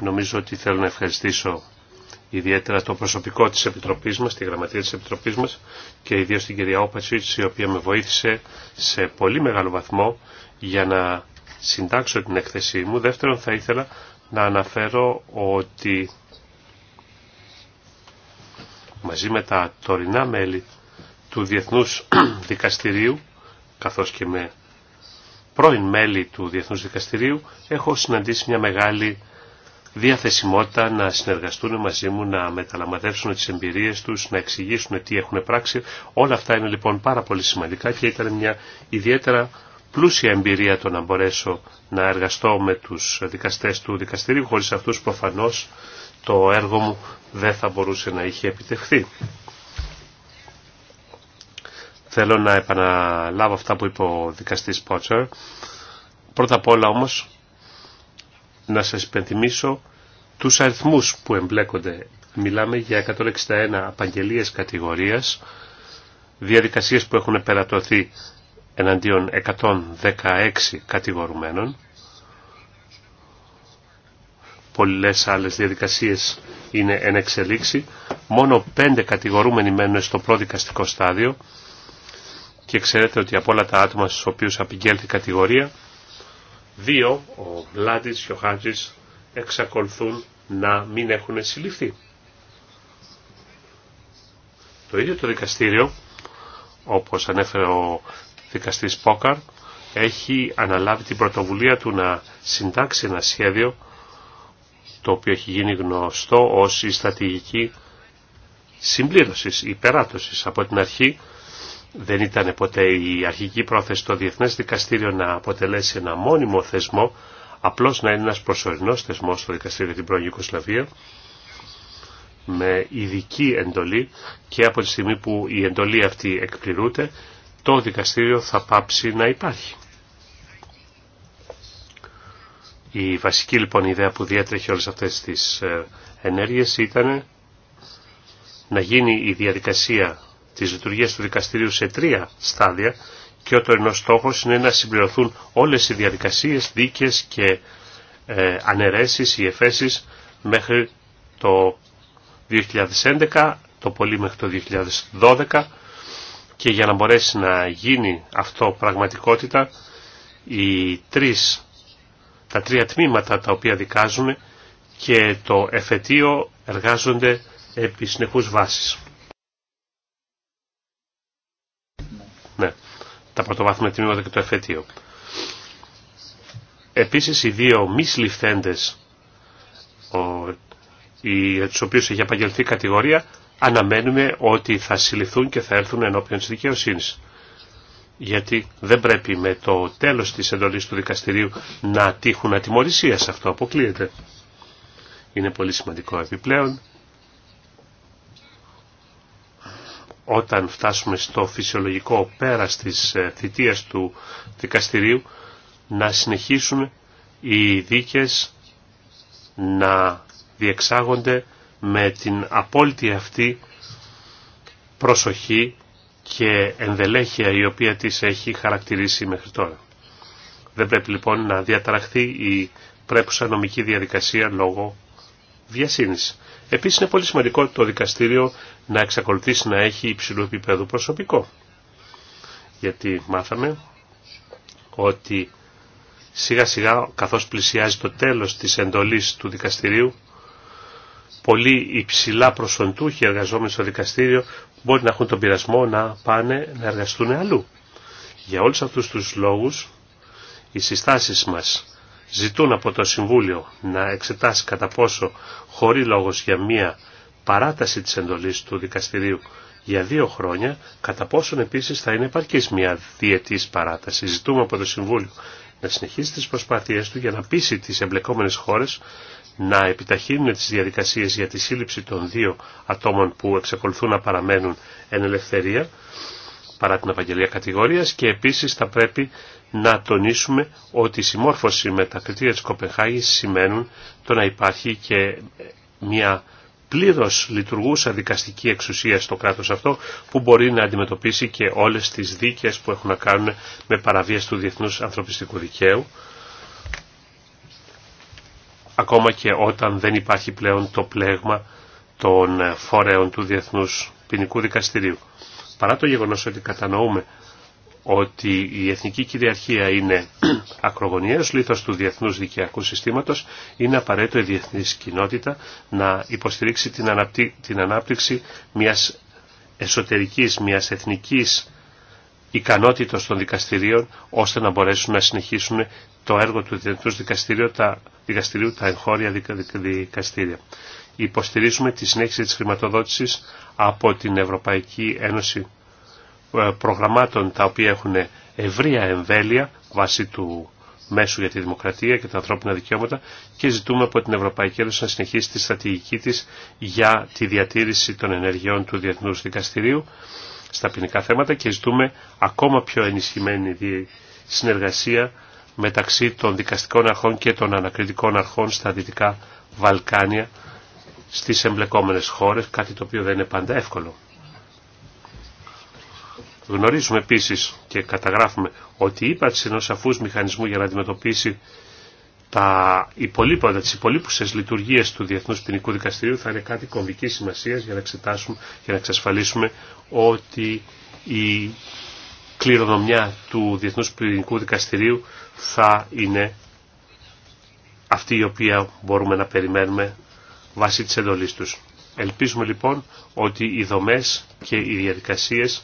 νομίζω ότι θέλω να ευχαριστήσω ιδιαίτερα το προσωπικό της Επιτροπής μας, τη γραμματεία της Επιτροπής μας και ιδίως την κυρία Όπατσίτση, η οποία με βοήθησε σε πολύ μεγάλο βαθμό για να συντάξω την έκθεσή μου. Δεύτερον θα ήθελα να αναφέρω ότι μαζί με τα τωρινά μέλη του Διεθνούς Δικαστηρίου καθώς και με πρώην μέλη του Διεθνούς Δικαστηρίου έχω συναντήσει μια μεγάλη διαθεσιμότητα να συνεργαστούν μαζί μου, να μεταλαμματεύσουν τις εμπειρίες τους, να εξηγήσουν τι έχουν πράξει. Όλα αυτά είναι λοιπόν πάρα πολύ σημαντικά και ήταν μια ιδιαίτερα πλούσια εμπειρία το να μπορέσω να εργαστώ με τους δικαστές του δικαστηρίου. Χωρίς αυτούς προφανώς το έργο μου δεν θα μπορούσε να είχε επιτευχθεί. Θέλω να επαναλάβω αυτά που είπε ο δικαστής Πότσερ. Πρώτα απ' όλα όμως να σας υπενθυμίσω τους αριθμούς που εμπλέκονται. Μιλάμε για 161 απαγγελίες κατηγορίας, διαδικασίες που έχουν περατωθεί εναντίον 116 κατηγορουμένων, πολλές άλλες διαδικασίες είναι εν εξελίξη, μόνο 5 κατηγορούμενοι μένουν στο προδικαστικό στάδιο και ξέρετε ότι από όλα τα άτομα στους οποίους κατηγορία, δύο, ο Μλάντιτς και ο εξακολουθούν να μην έχουν συλληφθεί. Το ίδιο το δικαστήριο, όπως ανέφερε ο δικαστής Πόκαρ, έχει αναλάβει την πρωτοβουλία του να συντάξει ένα σχέδιο το οποίο έχει γίνει γνωστό ως η στρατηγική συμπλήρωσης, υπεράτωσης. Από την αρχή δεν ήταν ποτέ η αρχική πρόθεση το Διεθνές Δικαστήριο να αποτελέσει ένα μόνιμο θεσμό, απλώς να είναι ένας προσωρινός θεσμός στο Δικαστήριο την πρώην με ειδική εντολή και από τη στιγμή που η εντολή αυτή εκπληρούται, το δικαστήριο θα πάψει να υπάρχει. Η βασική λοιπόν ιδέα που διέτρεχε όλες αυτές τις ε, ενέργειες ήταν να γίνει η διαδικασία τις λειτουργίε του δικαστηρίου σε τρία στάδια και ο τωρινός στόχος είναι να συμπληρωθούν όλες οι διαδικασίες, δίκες και ε, ή εφέσεις μέχρι το 2011, το πολύ μέχρι το 2012 και για να μπορέσει να γίνει αυτό πραγματικότητα οι τρεις, τα τρία τμήματα τα οποία δικάζουν και το εφετείο εργάζονται επί συνεχούς βάσης. Ναι, τα πρωτοβάθμια τμήματα και το εφετείο. Επίση, οι δύο μη συλληφθέντε για τους οποίους έχει απαγγελθεί κατηγορία αναμένουμε ότι θα συλληφθούν και θα έρθουν ενώπιον τη δικαιοσύνη. Γιατί δεν πρέπει με το τέλο της εντολής του δικαστηρίου να τύχουν ατιμορρησία. Αυτό αποκλείεται. Είναι πολύ σημαντικό επιπλέον όταν φτάσουμε στο φυσιολογικό πέρας της ε, θητείας του δικαστηρίου να συνεχίσουν οι δίκες να διεξάγονται με την απόλυτη αυτή προσοχή και ενδελέχεια η οποία της έχει χαρακτηρίσει μέχρι τώρα. Δεν πρέπει λοιπόν να διαταραχθεί η πρέπουσα νομική διαδικασία λόγω βιασύνης. Επίσης είναι πολύ σημαντικό το δικαστήριο να εξακολουθήσει να έχει υψηλού επίπεδου προσωπικό. Γιατί μάθαμε ότι σιγά σιγά καθώς πλησιάζει το τέλος της εντολής του δικαστηρίου πολύ υψηλά προσοντούχοι εργαζόμενοι στο δικαστήριο μπορεί να έχουν τον πειρασμό να πάνε να εργαστούν αλλού. Για όλους αυτούς τους λόγους οι συστάσεις μας ζητούν από το Συμβούλιο να εξετάσει κατά πόσο χωρί λόγος για μία παράταση της εντολής του δικαστηρίου για δύο χρόνια, κατά πόσον επίσης θα είναι επαρκής μια διετής παράταση. Ζητούμε από το Συμβούλιο να συνεχίσει τις προσπάθειές του για να πείσει τις εμπλεκόμενες χώρες να επιταχύνουν τις διαδικασίες για τη σύλληψη των δύο ατόμων που εξακολουθούν να παραμένουν εν ελευθερία παρά την απαγγελία κατηγορίας και επίσης θα πρέπει να τονίσουμε ότι η συμμόρφωση με τα κριτήρια της Κοπενχάγης σημαίνουν το να υπάρχει και μια πλήρως λειτουργούσα δικαστική εξουσία στο κράτος αυτό που μπορεί να αντιμετωπίσει και όλες τις δίκες που έχουν να κάνουν με παραβίαση του διεθνούς ανθρωπιστικού δικαίου ακόμα και όταν δεν υπάρχει πλέον το πλέγμα των φορέων του Διεθνούς Ποινικού Δικαστηρίου. Παρά το γεγονός ότι κατανοούμε ότι η εθνική κυριαρχία είναι ακρογωνιαίος λίθος του διεθνούς δικαιακού συστήματος, είναι απαραίτητο η διεθνής κοινότητα να υποστηρίξει την, ανάπτυξη μιας εσωτερικής, μιας εθνικής ικανότητας των δικαστηρίων, ώστε να μπορέσουν να συνεχίσουν το έργο του διεθνούς δικαστηρίου, τα, εγχώρια δικαστήρια. Υποστηρίζουμε τη συνέχιση της χρηματοδότησης από την Ευρωπαϊκή Ένωση προγραμμάτων τα οποία έχουν ευρεία εμβέλεια βάσει του μέσου για τη δημοκρατία και τα ανθρώπινα δικαιώματα και ζητούμε από την Ευρωπαϊκή Ένωση να συνεχίσει τη στρατηγική της για τη διατήρηση των ενεργειών του Διεθνούς Δικαστηρίου στα ποινικά θέματα και ζητούμε ακόμα πιο ενισχυμένη συνεργασία μεταξύ των δικαστικών αρχών και των ανακριτικών αρχών στα Δυτικά Βαλκάνια στις εμπλεκόμενες χώρες, κάτι το οποίο δεν είναι πάντα εύκολο. Γνωρίζουμε επίσης και καταγράφουμε ότι η ύπαρξη ενός σαφούς μηχανισμού για να αντιμετωπίσει τα υπολείποντα, τις υπολείπουσες λειτουργίες του Διεθνούς Ποινικού Δικαστηρίου θα είναι κάτι κομβική σημασία για να εξετάσουμε και να εξασφαλίσουμε ότι η κληρονομιά του Διεθνούς Ποινικού Δικαστηρίου θα είναι αυτή η οποία μπορούμε να περιμένουμε βάσει της εντολής τους. Ελπίζουμε λοιπόν ότι οι δομές και οι διαδικασίες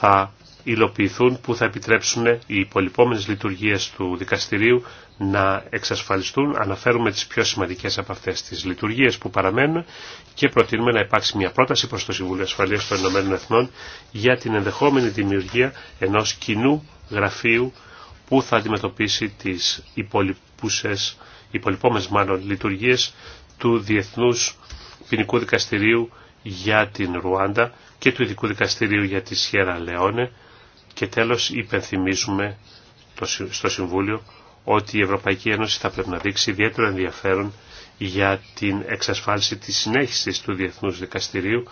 θα υλοποιηθούν που θα επιτρέψουν οι υπολοιπόμενες λειτουργίες του δικαστηρίου να εξασφαλιστούν. Αναφέρουμε τις πιο σημαντικές από αυτές τις λειτουργίες που παραμένουν και προτείνουμε να υπάρξει μια πρόταση προς το Συμβούλιο Ασφαλείας των Ηνωμένων Εθνών για την ενδεχόμενη δημιουργία ενός κοινού γραφείου που θα αντιμετωπίσει τις υπολοιπόμενες μάλλον λειτουργίες του Διεθνούς Ποινικού Δικαστηρίου για την Ρουάντα και του Ειδικού Δικαστηρίου για τη Σιέρα Λεόνε και τέλος υπενθυμίζουμε στο Συμβούλιο ότι η Ευρωπαϊκή Ένωση θα πρέπει να δείξει ιδιαίτερο ενδιαφέρον για την εξασφάλιση της συνέχισης του Διεθνούς Δικαστηρίου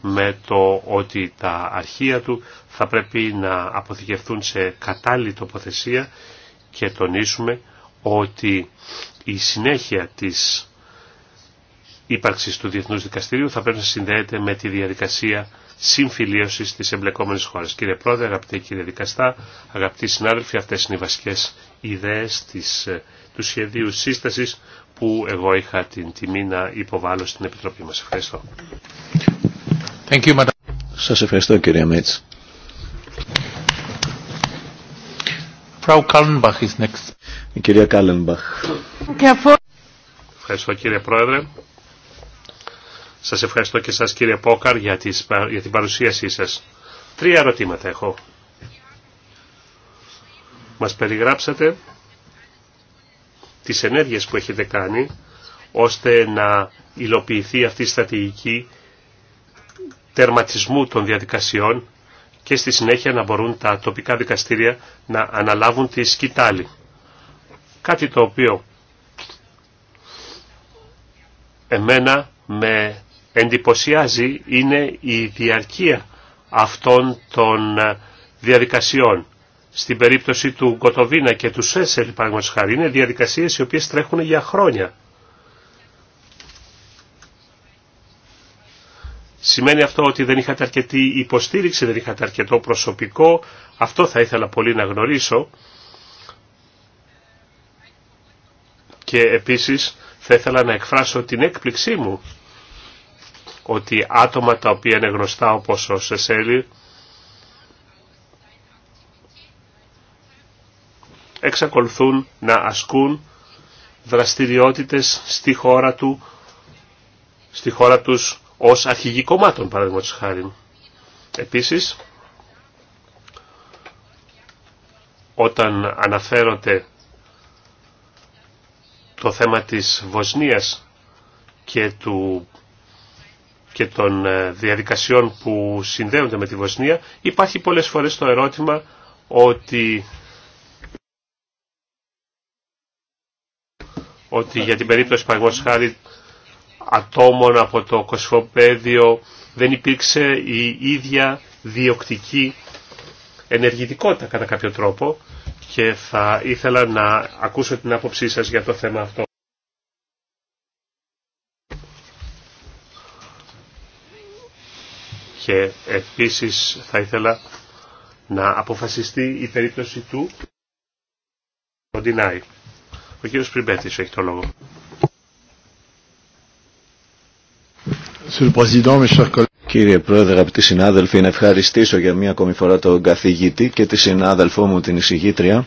με το ότι τα αρχεία του θα πρέπει να αποθηκευτούν σε κατάλληλη τοποθεσία και τονίσουμε ότι η συνέχεια της ύπαρξη του διεθνού Δικαστηρίου θα πρέπει να συνδέεται με τη διαδικασία συμφιλίωση στις εμπλεκόμενη χώρες. Κύριε Πρόεδρε, αγαπητέ κύριε Δικαστά, αγαπητοί συνάδελφοι, αυτέ είναι οι βασικέ ιδέε ε, του σχεδίου σύσταση που εγώ είχα την τιμή να υποβάλω στην Επιτροπή μα. Ευχαριστώ. Thank Σας ευχαριστώ κύριε Μέτς. Η κυρία Κάλενμπαχ. Ευχαριστώ κύριε Πρόεδρε. Σας ευχαριστώ και σας κύριε Πόκαρ για την παρουσίασή σας. Τρία ερωτήματα έχω. Μας περιγράψατε τις ενέργειες που έχετε κάνει ώστε να υλοποιηθεί αυτή η στρατηγική τερματισμού των διαδικασιών και στη συνέχεια να μπορούν τα τοπικά δικαστήρια να αναλάβουν τη σκητάλη. Κάτι το οποίο εμένα με εντυπωσιάζει είναι η διαρκεία αυτών των ε, διαδικασιών. Στην περίπτωση του Κοτοβίνα και του Σέσελ, παραδείγματος χάρη, είναι διαδικασίες οι οποίες τρέχουν για χρόνια. Σημαίνει αυτό ότι δεν είχατε αρκετή υποστήριξη, δεν είχατε αρκετό προσωπικό. Αυτό θα ήθελα πολύ να γνωρίσω. Και επίσης θα ήθελα να εκφράσω την έκπληξή μου ότι άτομα τα οποία είναι γνωστά όπως ο Σεσέλη εξακολουθούν να ασκούν δραστηριότητες στη χώρα του, στη χώρα τους ως αρχηγοί κομμάτων παραδείγματο χάρη. Επίσης, όταν αναφέρονται το θέμα της Βοσνίας και του και των ε, διαδικασιών που συνδέονται με τη Βοσνία, υπάρχει πολλές φορές το ερώτημα ότι, ότι για την περίπτωση παραγωγός χάρη ατόμων από το κοσφοπέδιο δεν υπήρξε η ίδια διοκτική ενεργητικότητα κατά κάποιο τρόπο και θα ήθελα να ακούσω την άποψή σας για το θέμα αυτό. και επίσης θα ήθελα να αποφασιστεί η περίπτωση του Κοντινάη. Ο κύριος Πριμπέτης έχει το λόγο. Κύριε Πρόεδρε, αγαπητοί συνάδελφοι, να ευχαριστήσω για μία ακόμη φορά τον καθηγητή και τη συνάδελφό μου την εισηγήτρια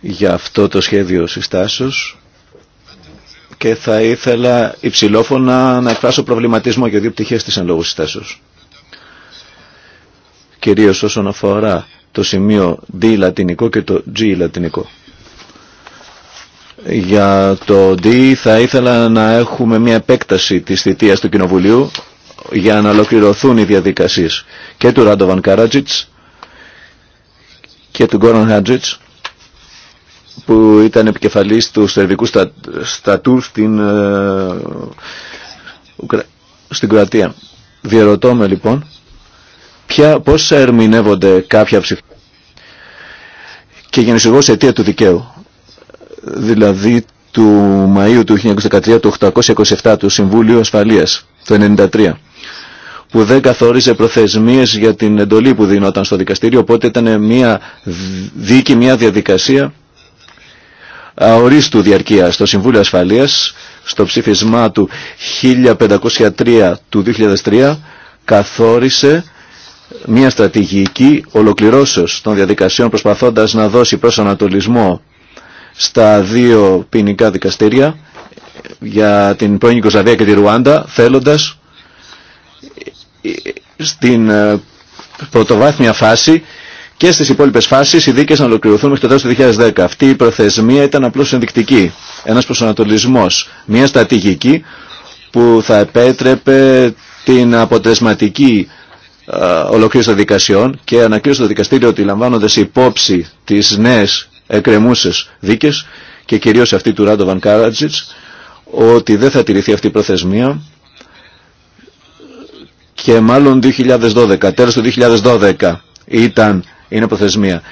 για αυτό το σχέδιο συστάσεως και θα ήθελα υψηλόφωνα να εκφράσω προβληματισμό για δύο πτυχές της εν λόγω συστάσεως. Κυρίως όσον αφορά το σημείο D λατινικό και το G λατινικό. Για το D θα ήθελα να έχουμε μια επέκταση της θητείας του Κοινοβουλίου για να ολοκληρωθούν οι διαδικασίες και του Ράντοβαν Καράτζιτς και του Γκόραν Χάτζιτς που ήταν επικεφαλής του Σερβικού Στατού στην, ε, στην Κροατία. Διερωτώ με λοιπόν ποια, πώς ερμηνεύονται κάποια ψηφία και σε αιτία του δικαίου. Δηλαδή του Μαΐου του 1913 του 827 του Συμβούλιο Ασφαλείας το 1993 που δεν καθόριζε προθεσμίες για την εντολή που δίνονταν στο δικαστήριο οπότε ήταν μια δίκη, μια διαδικασία αορίστου διαρκεία στο Συμβούλιο Ασφαλείας στο ψήφισμά του 1503 του 2003 καθόρισε μια στρατηγική ολοκληρώσεως των διαδικασιών προσπαθώντας να δώσει προσανατολισμό στα δύο ποινικά δικαστήρια για την πρώην Ιγκοσλαβία και τη Ρουάντα θέλοντας στην ε, πρωτοβάθμια φάση και στις υπόλοιπες φάσεις οι δίκε να ολοκληρωθούν μέχρι το τέλος του 2010. Αυτή η προθεσμία ήταν απλώς ενδεικτική, ένας προσανατολισμός, μια στρατηγική που θα επέτρεπε την αποτελεσματική ε, ολοκλήρωση των δικασιών και ανακοίνωσε το δικαστήριο ότι λαμβάνοντας υπόψη τις νέες εκκρεμούσες δίκες και κυρίως αυτή του Ράντο Βαν Κάρατζιτς ότι δεν θα τηρηθεί αυτή η προθεσμία και μάλλον 2012, τέλος του 2012 ήταν είναι προθεσμία.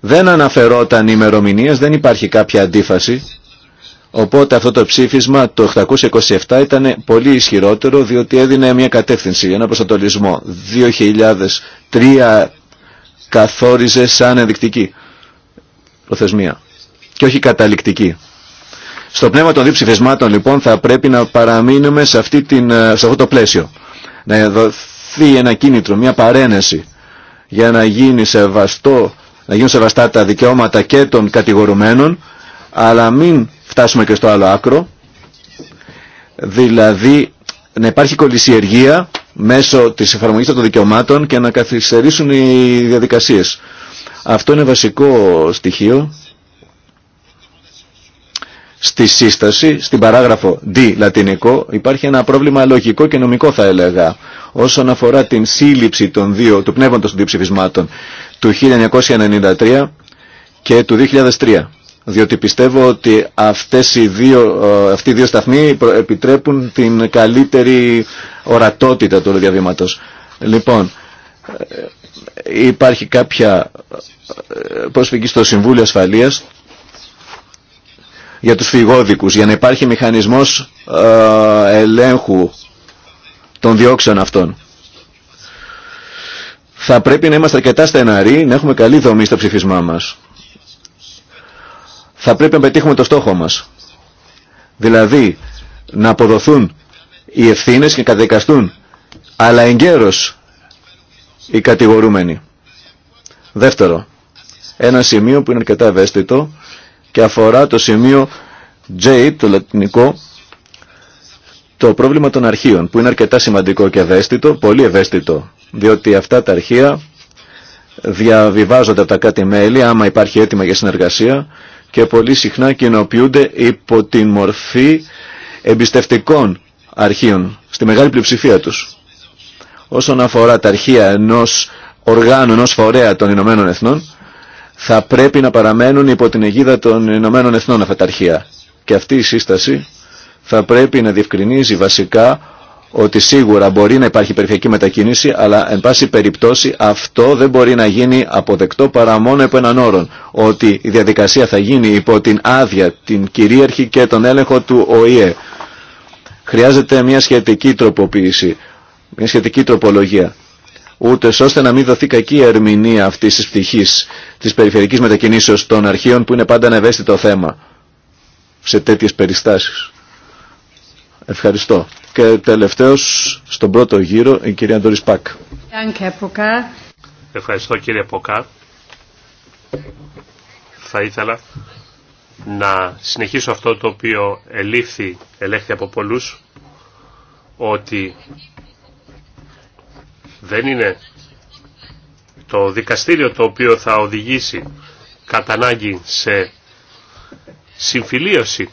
Δεν αναφερόταν ημερομηνίες, δεν υπάρχει κάποια αντίφαση. Οπότε αυτό το ψήφισμα το 827 ήταν πολύ ισχυρότερο διότι έδινε μια κατεύθυνση, ένα προστατολισμό 2003 καθόριζε σαν ενδεικτική προθεσμία και όχι καταληκτική. Στο πνεύμα των δύο ψηφισμάτων λοιπόν θα πρέπει να παραμείνουμε σε, αυτή την, ε, σε αυτό το πλαίσιο. Να δοθεί ένα κίνητρο, μια παρένεση για να, γίνει σεβαστό, να γίνουν σεβαστά τα δικαιώματα και των κατηγορουμένων, αλλά μην φτάσουμε και στο άλλο άκρο, δηλαδή να υπάρχει κολλησιεργία μέσω της εφαρμογής των δικαιωμάτων και να καθυστερήσουν οι διαδικασίες. Αυτό είναι βασικό στοιχείο στη σύσταση, στην παράγραφο D λατινικό, υπάρχει ένα πρόβλημα λογικό και νομικό θα έλεγα όσον αφορά την σύλληψη των δύο, του πνεύματος των δύο του 1993 και του 2003. Διότι πιστεύω ότι αυτές οι δύο, ε, αυτοί οι δύο σταθμοί επιτρέπουν την καλύτερη ορατότητα του διαβήματος. Λοιπόν, ε, υπάρχει κάποια ε, προσφυγή στο Συμβούλιο Ασφαλείας για τους φυγόδικους, για να υπάρχει μηχανισμός ελέγχου των διώξεων αυτών. Θα πρέπει να είμαστε αρκετά στεναροί, να έχουμε καλή δομή στο ψηφισμά μας. Θα πρέπει να πετύχουμε το στόχο μας. Δηλαδή, να αποδοθούν οι ευθύνε και καταδικαστούν, αλλά εγκαίρως οι κατηγορούμενοι. Δεύτερο, ένα σημείο που είναι αρκετά ευαίσθητο και αφορά το σημείο J, το λατινικό, το πρόβλημα των αρχείων, που είναι αρκετά σημαντικό και ευαίσθητο, πολύ ευαίσθητο, διότι αυτά τα αρχεία διαβιβάζονται από τα κάτι μέλη, άμα υπάρχει αίτημα για συνεργασία, και πολύ συχνά κοινοποιούνται υπό την μορφή εμπιστευτικών αρχείων, στη μεγάλη πλειοψηφία τους. Όσον αφορά τα αρχεία ενός οργάνου, ενός φορέα των Ηνωμένων Εθνών, θα πρέπει να παραμένουν υπό την αιγίδα των Ηνωμένων Εθνών αυτά τα αρχεία. Και αυτή η σύσταση θα πρέπει να διευκρινίζει βασικά ότι σίγουρα μπορεί να υπάρχει περιφερειακή μετακίνηση, αλλά εν πάση περιπτώσει αυτό δεν μπορεί να γίνει αποδεκτό παρά μόνο από έναν όρο. Ότι η διαδικασία θα γίνει υπό την άδεια, την κυρίαρχη και τον έλεγχο του ΟΗΕ. Χρειάζεται μια σχετική τροποποίηση, μια σχετική τροπολογία. Ούτε ώστε να μην δοθεί κακή ερμηνεία αυτή τη πτυχή τη περιφερειακή μετακινήσεω των αρχείων που είναι πάντα ένα ευαίσθητο θέμα σε τέτοιε περιστάσει. Ευχαριστώ. Και τελευταίος στον πρώτο γύρο η κυρία Ντόρις Πακ. Ευχαριστώ κύριε Ποκά. Θα ήθελα να συνεχίσω αυτό το οποίο ελήφθη, ελέγχθη από πολλούς, ότι δεν είναι το δικαστήριο το οποίο θα οδηγήσει κατά ανάγκη σε συμφιλίωση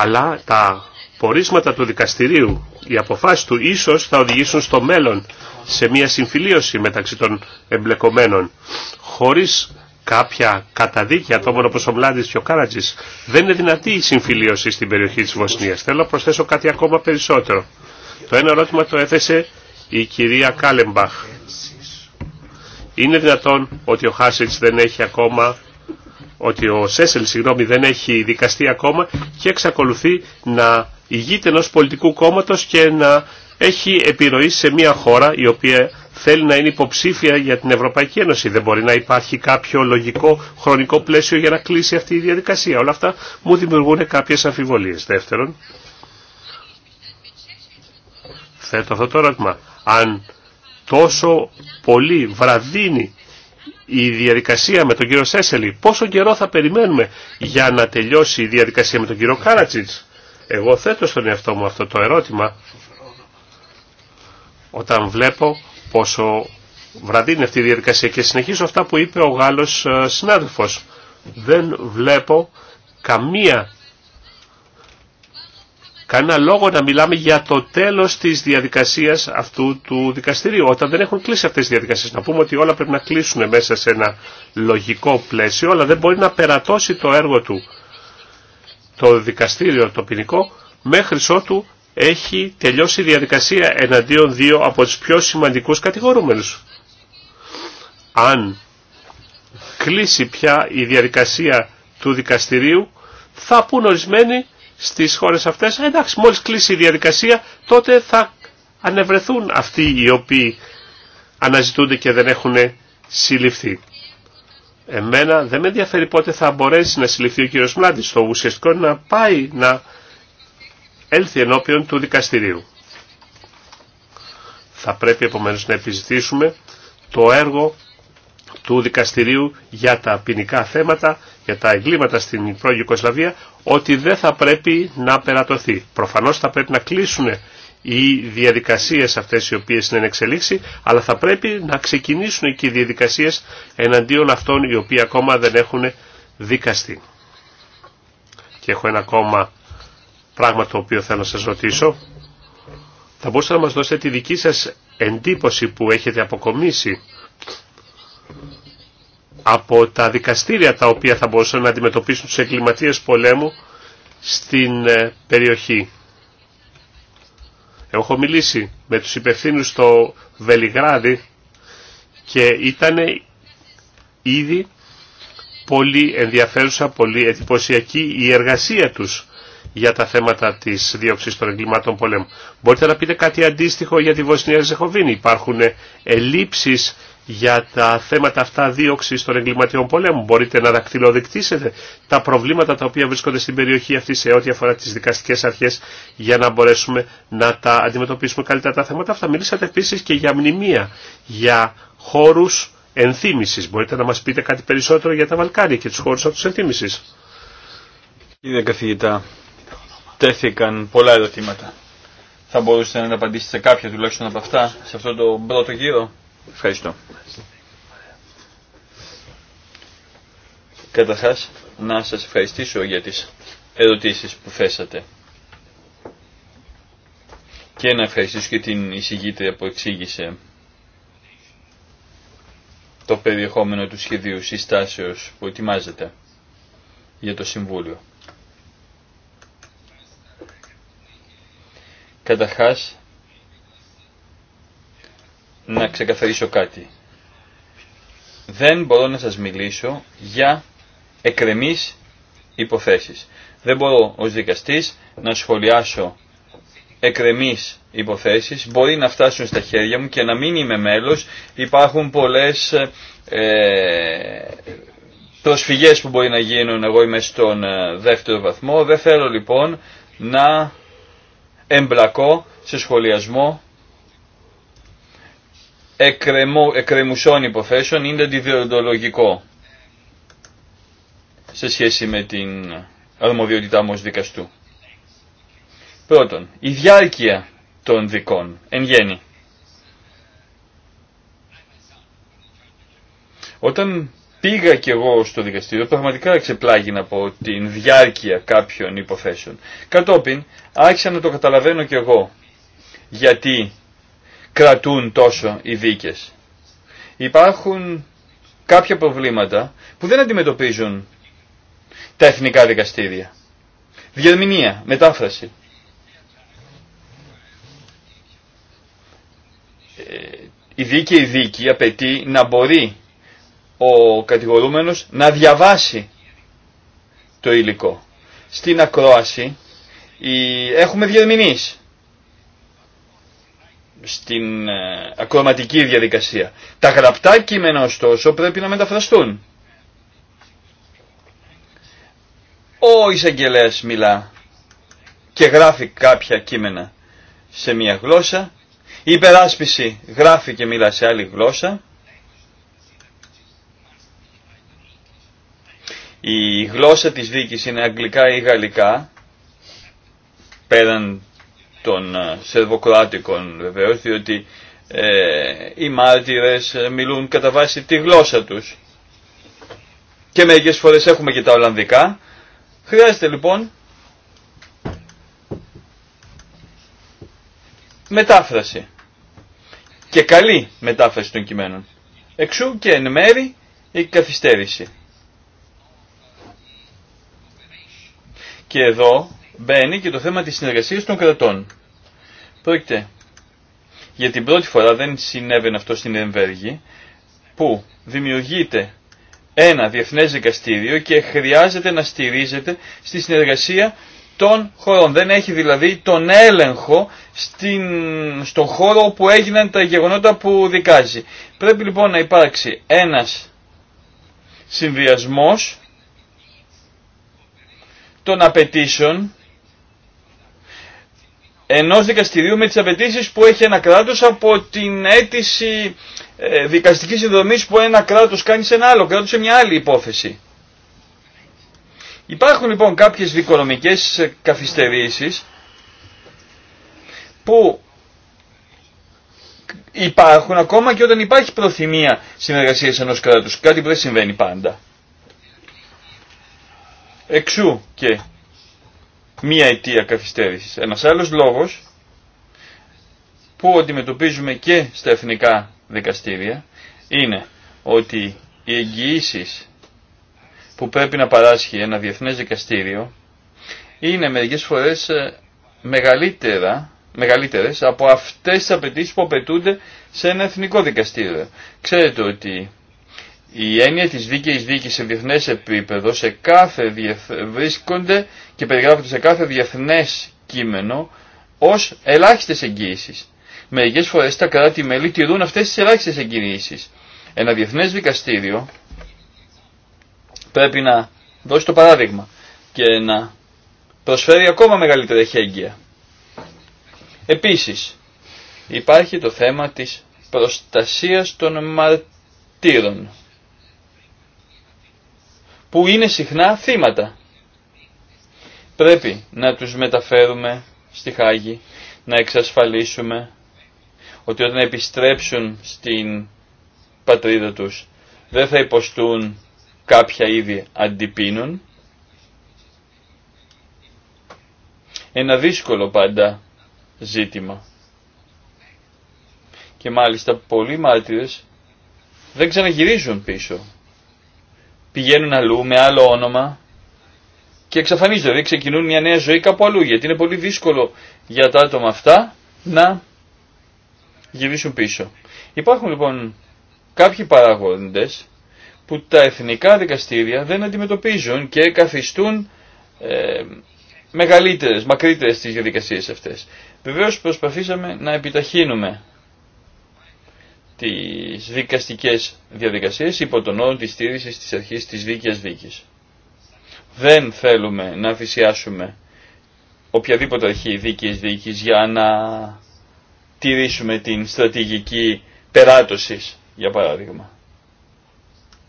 αλλά τα πορίσματα του δικαστηρίου, οι αποφάση του ίσως θα οδηγήσουν στο μέλλον σε μια συμφιλίωση μεταξύ των εμπλεκομένων, χωρίς κάποια καταδίκη ατόμων όπως ο Μλάντης και ο Κάρατζης. Δεν είναι δυνατή η συμφιλίωση στην περιοχή της Βοσνίας. Θέλω να προσθέσω κάτι ακόμα περισσότερο. Το ένα ερώτημα το έθεσε η κυρία Κάλεμπαχ. Είναι δυνατόν ότι ο Χάσιτς δεν έχει ακόμα ότι ο Σέσελ συγγνώμη, δεν έχει δικαστεί ακόμα και εξακολουθεί να ηγείται ενό πολιτικού κόμματος και να έχει επιρροή σε μια χώρα η οποία θέλει να είναι υποψήφια για την Ευρωπαϊκή Ένωση. Δεν μπορεί να υπάρχει κάποιο λογικό χρονικό πλαίσιο για να κλείσει αυτή η διαδικασία. Όλα αυτά μου δημιουργούν κάποιες αμφιβολίες. Δεύτερον, θέτω αυτό το ερώτημα. Αν τόσο πολύ βραδύνει η διαδικασία με τον κύριο Σέσελη. Πόσο καιρό θα περιμένουμε για να τελειώσει η διαδικασία με τον κύριο Κάρατζιτς. Εγώ θέτω στον εαυτό μου αυτό το ερώτημα όταν βλέπω πόσο βραδύ είναι αυτή η διαδικασία και συνεχίζω αυτά που είπε ο Γάλλος ε, συνάδελφος. Δεν βλέπω καμία κανένα λόγο να μιλάμε για το τέλος της διαδικασίας αυτού του δικαστηρίου, όταν δεν έχουν κλείσει αυτές τις διαδικασίες. Να πούμε ότι όλα πρέπει να κλείσουν μέσα σε ένα λογικό πλαίσιο, αλλά δεν μπορεί να περατώσει το έργο του το δικαστήριο το ποινικό, μέχρι ότου έχει τελειώσει η διαδικασία εναντίον δύο από τους πιο σημαντικούς κατηγορούμενους. Αν κλείσει πια η διαδικασία του δικαστηρίου, θα πούν ορισμένοι στις χώρες αυτές, ε, εντάξει, μόλις κλείσει η διαδικασία, τότε θα ανεβρεθούν αυτοί οι οποίοι αναζητούνται και δεν έχουν συλληφθεί. Εμένα δεν με ενδιαφέρει πότε θα μπορέσει να συλληφθεί ο κύριος Μλάντης. Το ουσιαστικό να πάει να έλθει ενώπιον του δικαστηρίου. Θα πρέπει επομένως να επιζητήσουμε το έργο του δικαστηρίου για τα ποινικά θέματα για τα εγκλήματα στην πρώην Ιουκοσλαβία ότι δεν θα πρέπει να περατωθεί. Προφανώς θα πρέπει να κλείσουν οι διαδικασίες αυτές οι οποίες είναι εξελίξη, αλλά θα πρέπει να ξεκινήσουν και οι διαδικασίες εναντίον αυτών οι οποίοι ακόμα δεν έχουν δικαστεί. Και έχω ένα ακόμα πράγμα το οποίο θέλω να σας ρωτήσω. Θα μπορούσατε να μας δώσετε τη δική σας εντύπωση που έχετε αποκομίσει από τα δικαστήρια τα οποία θα μπορούσαν να αντιμετωπίσουν τους εγκληματίες πολέμου στην ε, περιοχή. Έχω μιλήσει με τους υπευθύνους στο Βελιγράδι και ήταν ήδη πολύ ενδιαφέρουσα, πολύ εντυπωσιακή η εργασία τους για τα θέματα της δίωξης των εγκλημάτων πολέμου. Μπορείτε να πείτε κάτι αντίστοιχο για τη Βοσνία Ζεχοβίνη. Υπάρχουν ε, ελλείψεις για τα θέματα αυτά δίωξη των εγκληματιών πολέμων. Μπορείτε να δακτυλοδεικτήσετε τα προβλήματα τα οποία βρίσκονται στην περιοχή αυτή σε ό,τι αφορά τι δικαστικέ αρχέ για να μπορέσουμε να τα αντιμετωπίσουμε καλύτερα τα θέματα αυτά. Μιλήσατε επίση και για μνημεία, για χώρου ενθύμηση. Μπορείτε να μα πείτε κάτι περισσότερο για τα Βαλκάνια και του χώρου αυτού ενθύμηση. Κύριε καθηγητά, τέθηκαν πολλά ερωτήματα. Θα μπορούσατε να απαντήσετε σε κάποια τουλάχιστον από αυτά σε αυτό το πρώτο γύρο. Ευχαριστώ. Καταρχάς, να σας ευχαριστήσω για τις ερωτήσεις που θέσατε. Και να ευχαριστήσω και την εισηγήτρια που εξήγησε το περιεχόμενο του σχεδίου συστάσεως που ετοιμάζεται για το Συμβούλιο. Καταρχάς, να ξεκαθαρίσω κάτι. Δεν μπορώ να σας μιλήσω για εκρεμείς υποθέσεις. Δεν μπορώ ως δικαστής να σχολιάσω εκρεμείς υποθέσεις. Μπορεί να φτάσουν στα χέρια μου και να μην είμαι μέλος. Υπάρχουν πολλές ε, προσφυγές που μπορεί να γίνουν. Εγώ είμαι στον ε, δεύτερο βαθμό. Δεν θέλω λοιπόν να εμπλακώ σε σχολιασμό εκκρεμουσών υποθέσεων είναι αντιδιοντολογικό σε σχέση με την αρμοδιότητά μου ως δικαστού. Πρώτον, η διάρκεια των δικών, εν γέννη. Όταν πήγα κι εγώ στο δικαστήριο, πραγματικά ξεπλάγινα από την διάρκεια κάποιων υποθέσεων. Κατόπιν άρχισα να το καταλαβαίνω κι εγώ. Γιατί κρατούν τόσο οι δίκες. Υπάρχουν κάποια προβλήματα που δεν αντιμετωπίζουν τα εθνικά δικαστήρια. Διερμηνία, μετάφραση. Ε, η δίκαιη δίκη απαιτεί να μπορεί ο κατηγορούμενος να διαβάσει το υλικό. Στην ακρόαση έχουμε διερμηνείς στην ε, ακροματική διαδικασία. Τα γραπτά κείμενα ωστόσο πρέπει να μεταφραστούν. Ο εισαγγελέα μιλά και γράφει κάποια κείμενα σε μία γλώσσα. Η υπεράσπιση γράφει και μιλά σε άλλη γλώσσα. Η γλώσσα της δίκης είναι αγγλικά ή γαλλικά, πέραν των ε, Σερβοκράτικων βεβαίως, διότι ε, οι μάρτυρες ε, μιλούν κατά βάση τη γλώσσα τους. Και μερικές φορές έχουμε και τα Ολλανδικά. Χρειάζεται λοιπόν μετάφραση. Και καλή μετάφραση των κειμένων. Εξού και εν μέρη η καθυστέρηση. Και εδώ μπαίνει και το θέμα της συνεργασίας των κρατών. Πρόκειται για την πρώτη φορά δεν συνέβαινε αυτό στην Εμβέργη, που δημιουργείται ένα διεθνές δικαστήριο και χρειάζεται να στηρίζεται στη συνεργασία των χωρών. Δεν έχει δηλαδή τον έλεγχο στην, στον χώρο όπου έγιναν τα γεγονότα που δικάζει. Πρέπει λοιπόν να υπάρξει ένας συνδυασμός των απαιτήσεων ενός δικαστηρίου με τις απαιτήσει που έχει ένα κράτο από την αίτηση ε, δικαστική συνδρομή που ένα κράτο κάνει σε ένα άλλο κράτο, σε μια άλλη υπόθεση. Υπάρχουν λοιπόν κάποιες δικονομικέ καθυστερήσει που υπάρχουν ακόμα και όταν υπάρχει προθυμία συνεργασίας ενός κράτους. Κάτι που δεν συμβαίνει πάντα. Εξού και μία αιτία καθυστέρησης. Ένας άλλος λόγος που αντιμετωπίζουμε και στα εθνικά δικαστήρια είναι ότι οι εγγυήσει που πρέπει να παράσχει ένα διεθνές δικαστήριο είναι μερικές φορές ε, μεγαλύτερα, μεγαλύτερες από αυτές τις απαιτήσει που απαιτούνται σε ένα εθνικό δικαστήριο. Ξέρετε ότι η έννοια της δίκαιης δίκης σε διεθνές επίπεδο κάθε διεθ... βρίσκονται και περιγράφονται σε κάθε διεθνές κείμενο ως ελάχιστες εγγύησεις. Μερικές φορές τα κράτη-μέλη τηρούν αυτές τις ελάχιστες εγγυήσεις. Ένα διεθνές δικαστήριο πρέπει να δώσει το παράδειγμα και να προσφέρει ακόμα μεγαλύτερη εχέγγυα. Επίσης, υπάρχει το θέμα της προστασίας των μαρτύρων που είναι συχνά θύματα. Πρέπει να τους μεταφέρουμε στη Χάγη, να εξασφαλίσουμε ότι όταν επιστρέψουν στην πατρίδα τους δεν θα υποστούν κάποια είδη αντιπίνων. Ένα δύσκολο πάντα ζήτημα. Και μάλιστα πολλοί μάρτυρες δεν ξαναγυρίζουν πίσω πηγαίνουν αλλού με άλλο όνομα και εξαφανίζονται, δηλαδή ξεκινούν μια νέα ζωή κάπου αλλού γιατί είναι πολύ δύσκολο για τα άτομα αυτά να γυρίσουν πίσω. Υπάρχουν λοιπόν κάποιοι παράγοντες που τα εθνικά δικαστήρια δεν αντιμετωπίζουν και καθιστούν ε, μεγαλύτερες, μακρύτερες τις διαδικασίες αυτές. Βεβαίως προσπαθήσαμε να επιταχύνουμε τις δικαστικές διαδικασίες υπό τον όρο της στήριξης της αρχής της δίκαιας δίκης. Δεν θέλουμε να αφησιάσουμε οποιαδήποτε αρχή δίκαιης δίκης για να τηρήσουμε την στρατηγική περάτωσης, για παράδειγμα.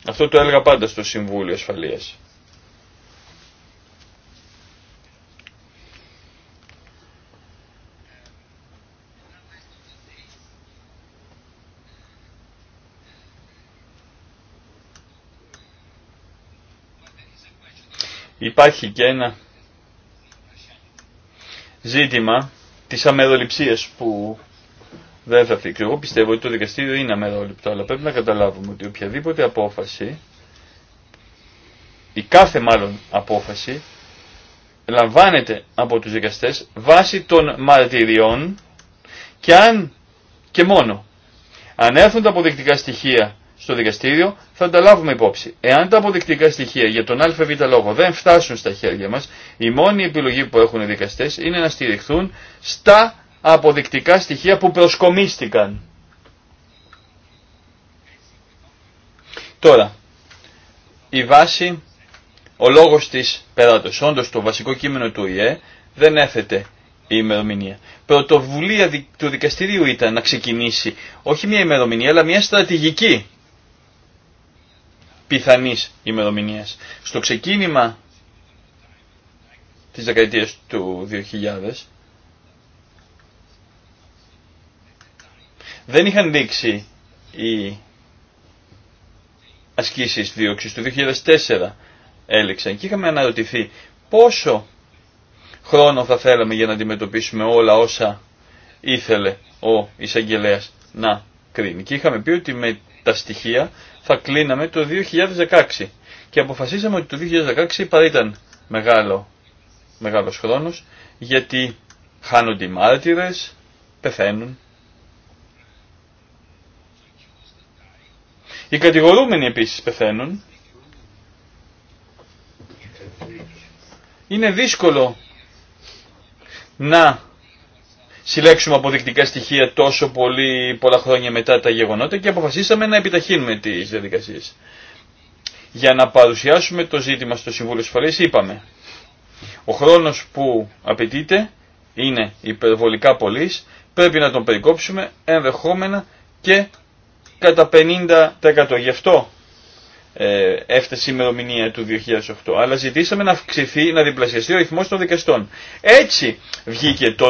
Αυτό το έλεγα πάντα στο Συμβούλιο Ασφαλείας. υπάρχει και ένα ζήτημα της αμεροληψίας που δεν θα φύγει. Εγώ πιστεύω ότι το δικαστήριο είναι αμερόληπτο, αλλά πρέπει να καταλάβουμε ότι οποιαδήποτε απόφαση, η κάθε μάλλον απόφαση, λαμβάνεται από τους δικαστές βάσει των μαρτυριών και αν και μόνο. Αν έρθουν τα αποδεικτικά στοιχεία στο δικαστήριο θα τα λάβουμε υπόψη. Εάν τα αποδεικτικά στοιχεία για τον ΑΒ λόγο δεν φτάσουν στα χέρια μας, η μόνη επιλογή που έχουν οι δικαστές είναι να στηριχθούν στα αποδεικτικά στοιχεία που προσκομίστηκαν. Τώρα, η βάση, ο λόγος της περάτωσης, όντως το βασικό κείμενο του ΙΕ δεν έθετε η ημερομηνία. Πρωτοβουλία του δικαστηρίου ήταν να ξεκινήσει όχι μια ημερομηνία αλλά μια στρατηγική πιθανής ημερομηνίας. Στο ξεκίνημα της δεκαετίας του 2000 δεν είχαν δείξει οι ασκήσεις δίωξης. Το 2004 έλεξαν και είχαμε αναρωτηθεί πόσο χρόνο θα θέλαμε για να αντιμετωπίσουμε όλα όσα ήθελε ο εισαγγελέα να κρίνει. Και είχαμε πει ότι με τα στοιχεία θα κλείναμε το 2016 και αποφασίσαμε ότι το 2016 παρά ήταν μεγάλο, μεγάλος χρόνος γιατί χάνονται οι μάρτυρες, πεθαίνουν. Οι κατηγορούμενοι επίσης πεθαίνουν. Είναι δύσκολο να συλλέξουμε αποδεικτικά στοιχεία τόσο πολύ πολλά χρόνια μετά τα γεγονότα και αποφασίσαμε να επιταχύνουμε τις διαδικασίες. Για να παρουσιάσουμε το ζήτημα στο Συμβούλιο Ασφαλείας είπαμε ο χρόνος που απαιτείται είναι υπερβολικά πολύ, πρέπει να τον περικόψουμε ενδεχόμενα και κατά 50%. Γι' αυτό ε, έφτασε η ημερομηνία του 2008, αλλά ζητήσαμε να αυξηθεί, να διπλασιαστεί ο ρυθμός των δικαστών. Έτσι βγήκε το,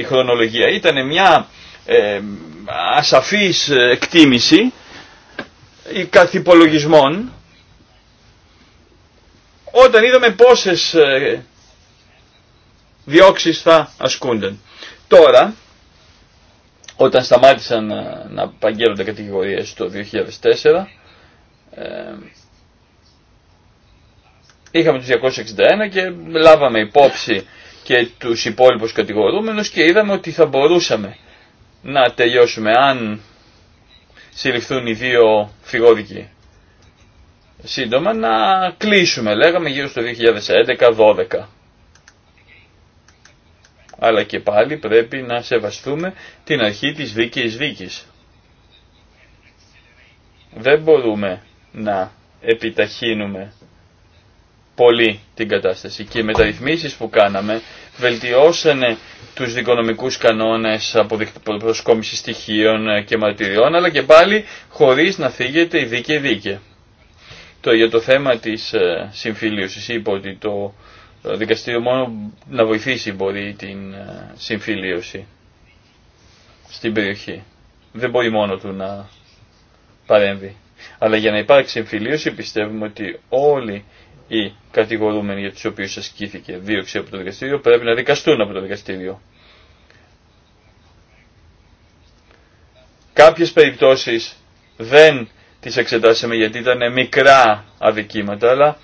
η, χρονολογία. Ήταν μια ε, ασαφής εκτίμηση καθυπολογισμών όταν είδαμε πόσες ε, διώξεις θα ασκούνται Τώρα, όταν σταμάτησαν ε, να, να κατηγορίες το 2004, ε, είχαμε τους 261 και λάβαμε υπόψη και τους υπόλοιπους κατηγορούμενους και είδαμε ότι θα μπορούσαμε να τελειώσουμε αν συλληφθούν οι δύο φυγόδικοι. Σύντομα να κλείσουμε, λέγαμε γύρω στο 2011-12. Αλλά και πάλι πρέπει να σεβαστούμε την αρχή της δίκης δίκης. Δεν μπορούμε να επιταχύνουμε πολύ την κατάσταση και οι μεταρρυθμίσεις που κάναμε βελτιώσανε τους δικονομικούς κανόνες προσκόμιση στοιχείων και μαρτυριών αλλά και πάλι χωρίς να φύγεται η δίκαιη Το, για το θέμα της ε, συμφιλίωσης είπα ότι το ε, δικαστήριο μόνο να βοηθήσει μπορεί την ε, συμφιλίωση στην περιοχή. Δεν μπορεί μόνο του να παρέμβει. Αλλά για να υπάρξει εμφυλίωση πιστεύουμε ότι όλοι οι κατηγορούμενοι για τους οποίους ασκήθηκε δίωξη από το δικαστήριο πρέπει να δικαστούν από το δικαστήριο. Κάποιες περιπτώσεις δεν τις εξετάσαμε γιατί ήταν μικρά αδικήματα, αλλά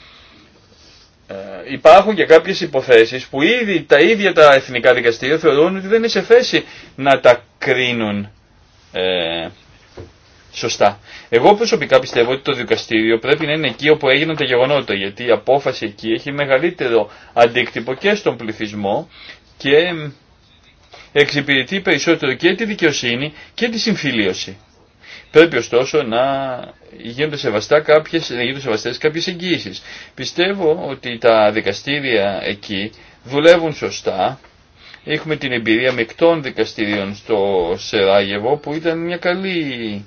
ε, υπάρχουν και κάποιες υποθέσεις που ήδη τα ίδια τα εθνικά δικαστήρια θεωρούν ότι δεν είναι σε θέση να τα κρίνουν ε, σωστά. Εγώ προσωπικά πιστεύω ότι το δικαστήριο πρέπει να είναι εκεί όπου έγιναν τα γεγονότα, γιατί η απόφαση εκεί έχει μεγαλύτερο αντίκτυπο και στον πληθυσμό και εξυπηρετεί περισσότερο και τη δικαιοσύνη και τη συμφιλίωση. Πρέπει ωστόσο να γίνονται, σεβαστά κάποιες, να γίνονται σεβαστές κάποιες εγγύησεις. Πιστεύω ότι τα δικαστήρια εκεί δουλεύουν σωστά. Έχουμε την εμπειρία μεκτών δικαστηρίων στο Σεράγεβο που ήταν μια καλή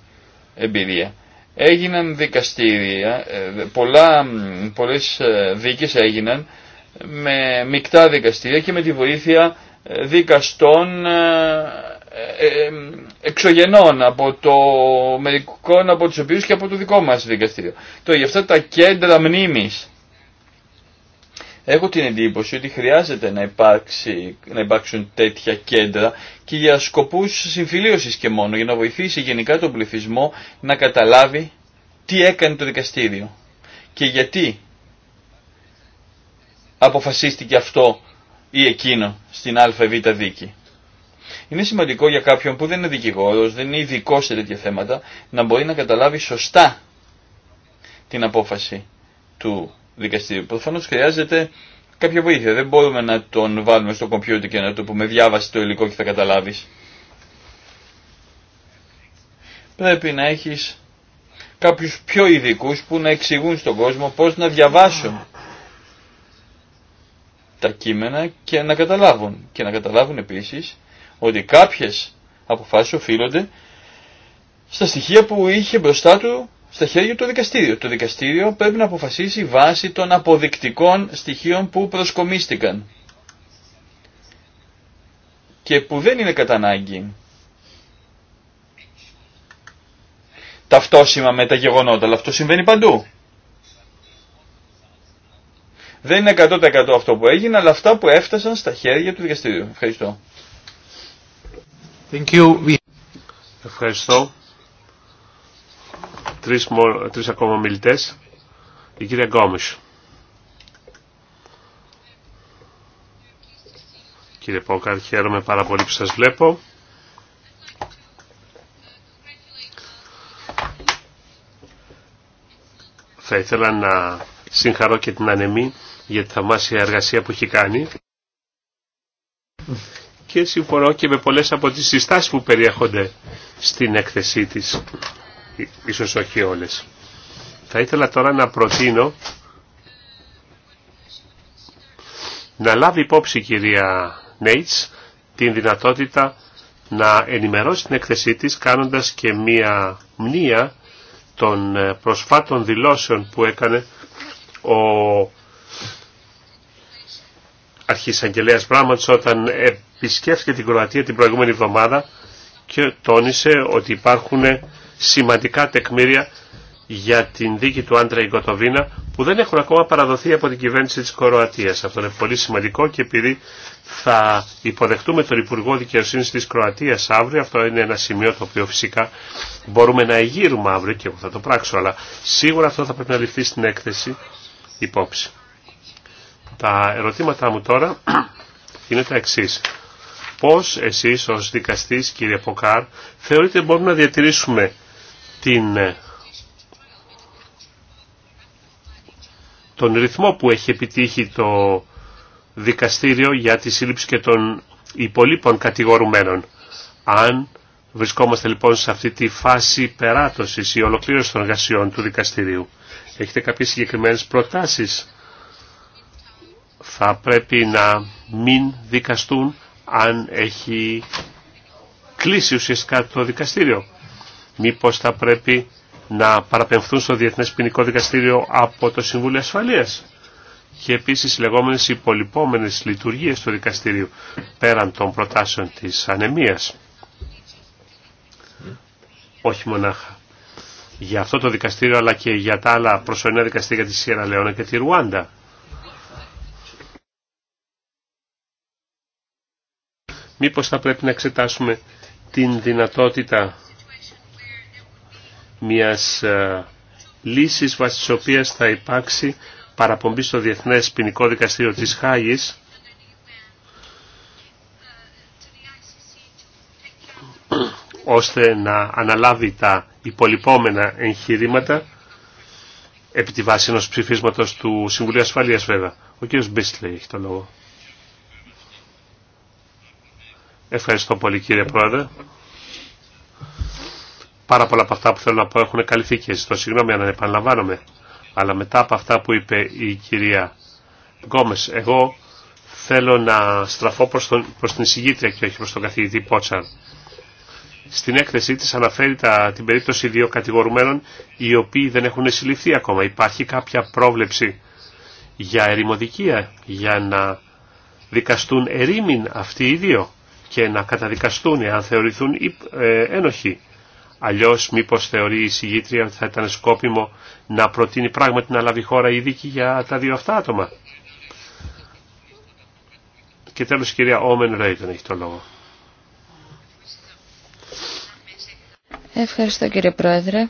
εμπειρία. Έγιναν δικαστήρια, ε, πολλά, πολλές ε, δίκες έγιναν με μεικτά δικαστήρια και με τη βοήθεια ε, δικαστών εξωγενών από το μερικών από τους οποίους και από το δικό μας δικαστήριο. Τώρα για αυτά τα κέντρα μνήμης Έχω την εντύπωση ότι χρειάζεται να, υπάρξει, να υπάρξουν τέτοια κέντρα και για σκοπούς συμφιλίωσης και μόνο, για να βοηθήσει γενικά τον πληθυσμό να καταλάβει τι έκανε το δικαστήριο και γιατί αποφασίστηκε αυτό ή εκείνο στην ΑΒ δίκη. Είναι σημαντικό για κάποιον που δεν είναι δικηγόρος, δεν είναι ειδικό σε τέτοια θέματα, να μπορεί να καταλάβει σωστά την απόφαση του δικαστήριο. Προφανώ χρειάζεται κάποια βοήθεια. Δεν μπορούμε να τον βάλουμε στο κομπιούτερ και να του πούμε διάβασε το υλικό και θα καταλάβει. Πρέπει να έχει κάποιου πιο ειδικού που να εξηγούν στον κόσμο πώ να διαβάσουν τα κείμενα και να καταλάβουν. Και να καταλάβουν επίσης ότι κάποιες αποφάσεις οφείλονται στα στοιχεία που είχε μπροστά του στα χέρια του δικαστήριου. Το δικαστήριο πρέπει να αποφασίσει βάσει των αποδεικτικών στοιχείων που προσκομίστηκαν και που δεν είναι κατά ανάγκη Ταυτόσιμα με τα γεγονότα, αλλά αυτό συμβαίνει παντού. Δεν είναι 100% αυτό που έγινε, αλλά αυτά που έφτασαν στα χέρια του δικαστήριου. Ευχαριστώ. Thank you. Ευχαριστώ τρεις, τρεις ακόμα μιλητές. Η κυρία Γκόμης. Κύριε Πόκαρ, χαίρομαι πάρα πολύ που σας βλέπω. Θα ήθελα να συγχαρώ και την Ανεμή για τη θαυμάσια εργασία που έχει κάνει και συμφωνώ και με πολλές από τις συστάσεις που περιέχονται στην έκθεσή της ίσως όχι όλες. Θα ήθελα τώρα να προτείνω να λάβει υπόψη η κυρία Νέιτς την δυνατότητα να ενημερώσει την εκθεσή της κάνοντας και μία μνήα των ε, προσφάτων δηλώσεων που έκανε ο αρχισαγγελέας Μπράματς όταν επισκέφθηκε την Κροατία την προηγούμενη εβδομάδα και τόνισε ότι υπάρχουν σημαντικά τεκμήρια για την δίκη του Άντρα Ιγκοτοβίνα που δεν έχουν ακόμα παραδοθεί από την κυβέρνηση της Κροατίας. Αυτό είναι πολύ σημαντικό και επειδή θα υποδεχτούμε τον Υπουργό Δικαιοσύνης της Κροατίας αύριο, αυτό είναι ένα σημείο το οποίο φυσικά μπορούμε να εγείρουμε αύριο και εγώ θα το πράξω, αλλά σίγουρα αυτό θα πρέπει να ληφθεί στην έκθεση υπόψη. Τα ερωτήματά μου τώρα είναι τα εξή. Πώς εσείς ως δικαστής κύριε Ποκάρ θεωρείτε μπορούμε να διατηρήσουμε ε, τον ρυθμό που έχει επιτύχει το δικαστήριο για τη σύλληψη και των υπολείπων κατηγορουμένων. Αν βρισκόμαστε λοιπόν σε αυτή τη φάση περάτωσης ή ολοκλήρωση των εργασιών του δικαστηρίου, έχετε κάποιες συγκεκριμένες προτάσεις. Θα πρέπει να μην δικαστούν αν έχει κλείσει ουσιαστικά το δικαστήριο μήπως θα πρέπει να παραπεμφθούν στο Διεθνές Ποινικό Δικαστήριο από το Συμβούλιο Ασφαλείας και επίσης οι λεγόμενες υπολοιπόμενες λειτουργίες του δικαστηρίου πέραν των προτάσεων της ανεμίας. Όχι μονάχα για αυτό το δικαστήριο αλλά και για τα άλλα προσωρινά δικαστήρια της Σιέρα και τη Ρουάντα. Μήπως θα πρέπει να εξετάσουμε την δυνατότητα μιας ε, λύσης βάσει της οποίας θα υπάρξει παραπομπή στο Διεθνές Ποινικό Δικαστήριο της Χάγης ώστε να αναλάβει τα υπολοιπόμενα εγχειρήματα επί τη βάση ενός ψηφίσματος του Συμβουλίου Ασφαλείας βέβαια. Ο κ. Μπίστλε έχει το λόγο. Ευχαριστώ πολύ κύριε Πρόεδρε. Πάρα πολλά από αυτά που θέλω να πω έχουν καλυφθεί και ζητώ συγγνώμη αν επαναλαμβάνομαι. Αλλά μετά από αυτά που είπε η κυρία Γκόμες, εγώ θέλω να στραφώ προς, τον, προς την εισηγήτρια και όχι προς τον καθηγητή Πότσαρ. Στην έκθεσή της αναφέρει τα, την περίπτωση δύο κατηγορουμένων οι οποίοι δεν έχουν συλληφθεί ακόμα. Υπάρχει κάποια πρόβλεψη για ερημοδικία, για να δικαστούν ερήμην αυτοί οι δύο και να καταδικαστούν εάν θεωρηθούν ε, ένοχοι. Αλλιώς μήπως θεωρεί η συγγήτρια ότι θα ήταν σκόπιμο να προτείνει πράγματι να λάβει χώρα η δίκη για τα δύο αυτά άτομα. Και τέλος η κυρία Όμεν Ρέιτον έχει το λόγο. Ευχαριστώ κύριε Πρόεδρε.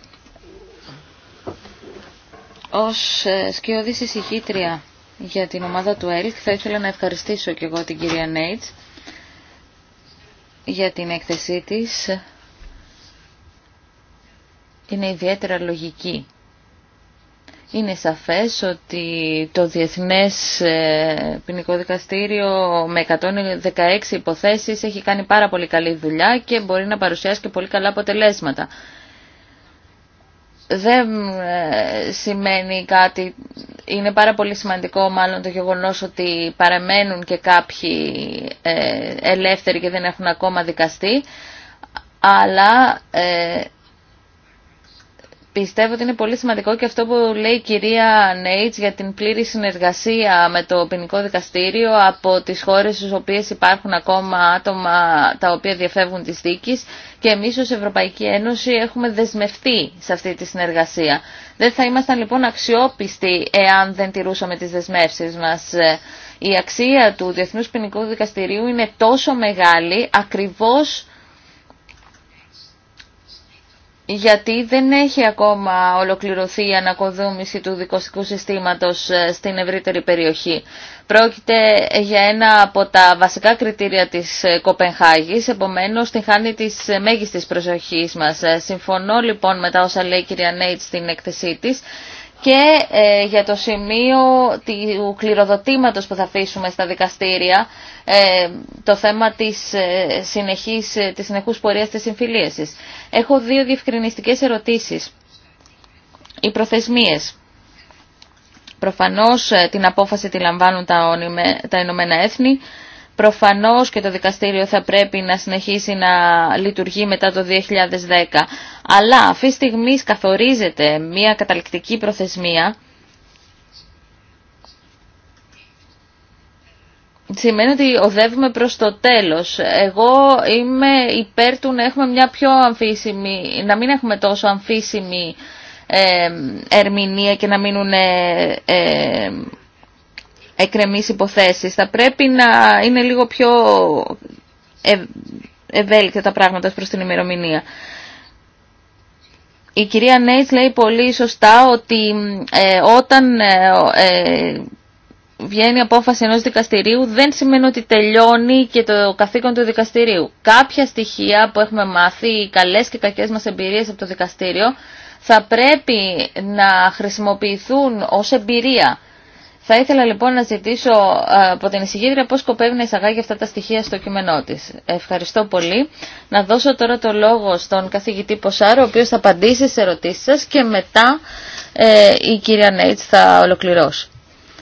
Ως ε, σκιώδης εισηγήτρια για την ομάδα του ΕΛΚ θα ήθελα να ευχαριστήσω και εγώ την κυρία Νέιτς για την έκθεσή της είναι ιδιαίτερα λογική. Είναι σαφές ότι το Διεθνές ε, Ποινικό Δικαστήριο με 116 υποθέσεις έχει κάνει πάρα πολύ καλή δουλειά και μπορεί να παρουσιάσει και πολύ καλά αποτελέσματα. Δεν ε, σημαίνει κάτι, είναι πάρα πολύ σημαντικό μάλλον το γεγονός ότι παραμένουν και κάποιοι ε, ελεύθεροι και δεν έχουν ακόμα δικαστεί, αλλά Πιστεύω ότι είναι πολύ σημαντικό και αυτό που λέει η κυρία Νέιτς για την πλήρη συνεργασία με το ποινικό δικαστήριο από τις χώρες στις οποίες υπάρχουν ακόμα άτομα τα οποία διαφεύγουν της δίκης και εμείς ως Ευρωπαϊκή Ένωση έχουμε δεσμευτεί σε αυτή τη συνεργασία. Δεν θα ήμασταν λοιπόν αξιόπιστοι εάν δεν τηρούσαμε τις δεσμεύσεις μας. Η αξία του Διεθνούς Ποινικού Δικαστηρίου είναι τόσο μεγάλη ακριβώς γιατί δεν έχει ακόμα ολοκληρωθεί η ανακοδόμηση του δικοστικού συστήματος ε, στην ευρύτερη περιοχή. Πρόκειται για ένα από τα βασικά κριτήρια της ε, Κοπενχάγης, επομένως την χάνει της ε, μέγιστης προσοχής μας. Συμφωνώ λοιπόν με τα όσα λέει η κυρία Νέιτ στην έκθεσή της και ε, για το σημείο του κληροδοτήματος που θα αφήσουμε στα δικαστήρια ε, το θέμα της, ε, συνεχής, της συνεχούς πορείας της Έχω δύο διευκρινιστικές ερωτήσεις. Οι προθεσμίες. Προφανώς την απόφαση τη λαμβάνουν τα, τα Ηνωμένα Έθνη. Προφανώς και το δικαστήριο θα πρέπει να συνεχίσει να λειτουργεί μετά το 2010. Αλλά αυτή τη στιγμή καθορίζεται μια καταληκτική προθεσμία. Σημαίνει ότι οδεύουμε προς το τέλος. Εγώ είμαι υπέρ του να έχουμε μια πιο αμφίσιμη, να μην έχουμε τόσο αμφίσιμη ε, ερμηνεία και να μείνουν ε, ε εκρεμείς υποθέσεις. Θα πρέπει να είναι λίγο πιο ευ... ευέλικτα τα πράγματα προς την ημερομηνία. Η κυρία Νέιτς λέει πολύ σωστά ότι ε, όταν ε, ε, βγαίνει η απόφαση ενός δικαστηρίου δεν σημαίνει ότι τελειώνει και το καθήκον του δικαστηρίου. Κάποια στοιχεία που έχουμε μάθει, οι καλές και κακές μας εμπειρίες από το δικαστήριο, θα πρέπει να χρησιμοποιηθούν ως εμπειρία θα ήθελα λοιπόν να ζητήσω ε, από την εισηγήτρια πώς σκοπεύει να εισαγάγει αυτά τα στοιχεία στο κείμενό της. Ευχαριστώ πολύ. Να δώσω τώρα το λόγο στον καθηγητή Ποσάρο, ο οποίος θα απαντήσει σε ερωτήσεις σας και μετά ε, η κυρία Νέιτς θα ολοκληρώσει.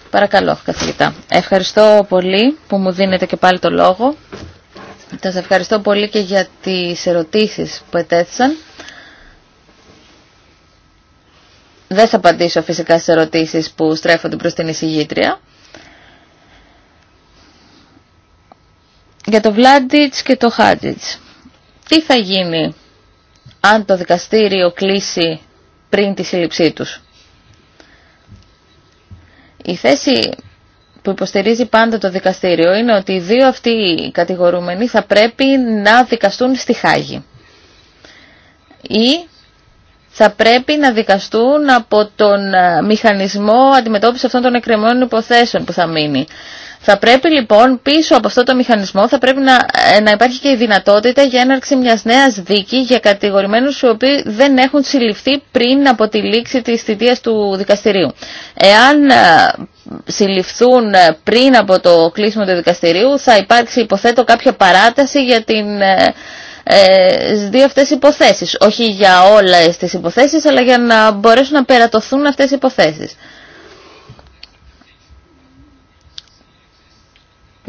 Παρακαλώ, καθηγητά. Ευχαριστώ πολύ που μου δίνετε και πάλι το λόγο. σας ευχαριστώ πολύ και για τις ερωτήσεις που ετέθησαν. Δεν θα απαντήσω φυσικά στις ερωτήσεις που στρέφονται προς την εισηγήτρια. Για το Βλάντιτς και το Χάτζιτς. Τι θα γίνει αν το δικαστήριο κλείσει πριν τη σύλληψή τους. Η θέση που υποστηρίζει πάντα το δικαστήριο είναι ότι οι δύο αυτοί οι κατηγορούμενοι θα πρέπει να δικαστούν στη Χάγη. Ή θα πρέπει να δικαστούν από τον ε, μηχανισμό αντιμετώπισης αυτών των εκκρεμών υποθέσεων που θα μείνει. Θα πρέπει λοιπόν πίσω από αυτό το μηχανισμό θα πρέπει να, ε, να υπάρχει και η δυνατότητα για έναρξη μιας νέας δίκη για κατηγορημένους οι οποίοι δεν έχουν συλληφθεί πριν από τη λήξη της θητείας του δικαστηρίου. Εάν ε, συλληφθούν πριν από το κλείσιμο του δικαστηρίου θα υπάρξει υποθέτω κάποια παράταση για την στις ε, δύο αυτές υποθέσεις. Όχι για όλα τις υποθέσεις, αλλά για να μπορέσουν να περατωθούν αυτές οι υποθέσεις.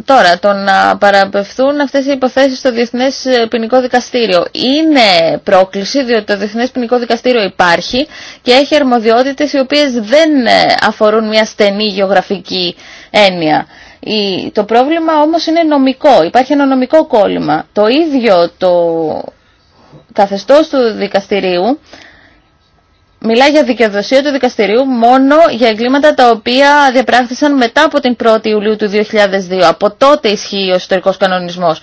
Τώρα, το να παραπευθούν αυτές οι υποθέσεις στο Διεθνές Ποινικό Δικαστήριο είναι πρόκληση, διότι το Διεθνές Ποινικό Δικαστήριο υπάρχει και έχει αρμοδιότητες οι οποίες δεν ε, αφορούν μια στενή γεωγραφική έννοια. Το πρόβλημα όμως είναι νομικό. Υπάρχει ένα νομικό κόλλημα. Το ίδιο το καθεστώς του δικαστηρίου μιλάει για δικαιοδοσία του δικαστηρίου μόνο για εγκλήματα τα οποία διαπράχθησαν μετά από την 1η Ιουλίου του 2002. Από τότε ισχύει ο ιστορικός κανονισμός.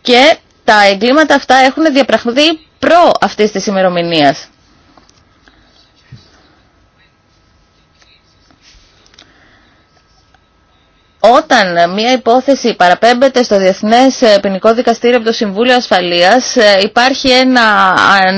Και τα εγκλήματα αυτά έχουν διαπραχθεί προ αυτής της ημερομηνίας. Όταν μια υπόθεση παραπέμπεται στο Διεθνές ε, Ποινικό Δικαστήριο από το Συμβούλιο Ασφαλείας ε, υπάρχει ένα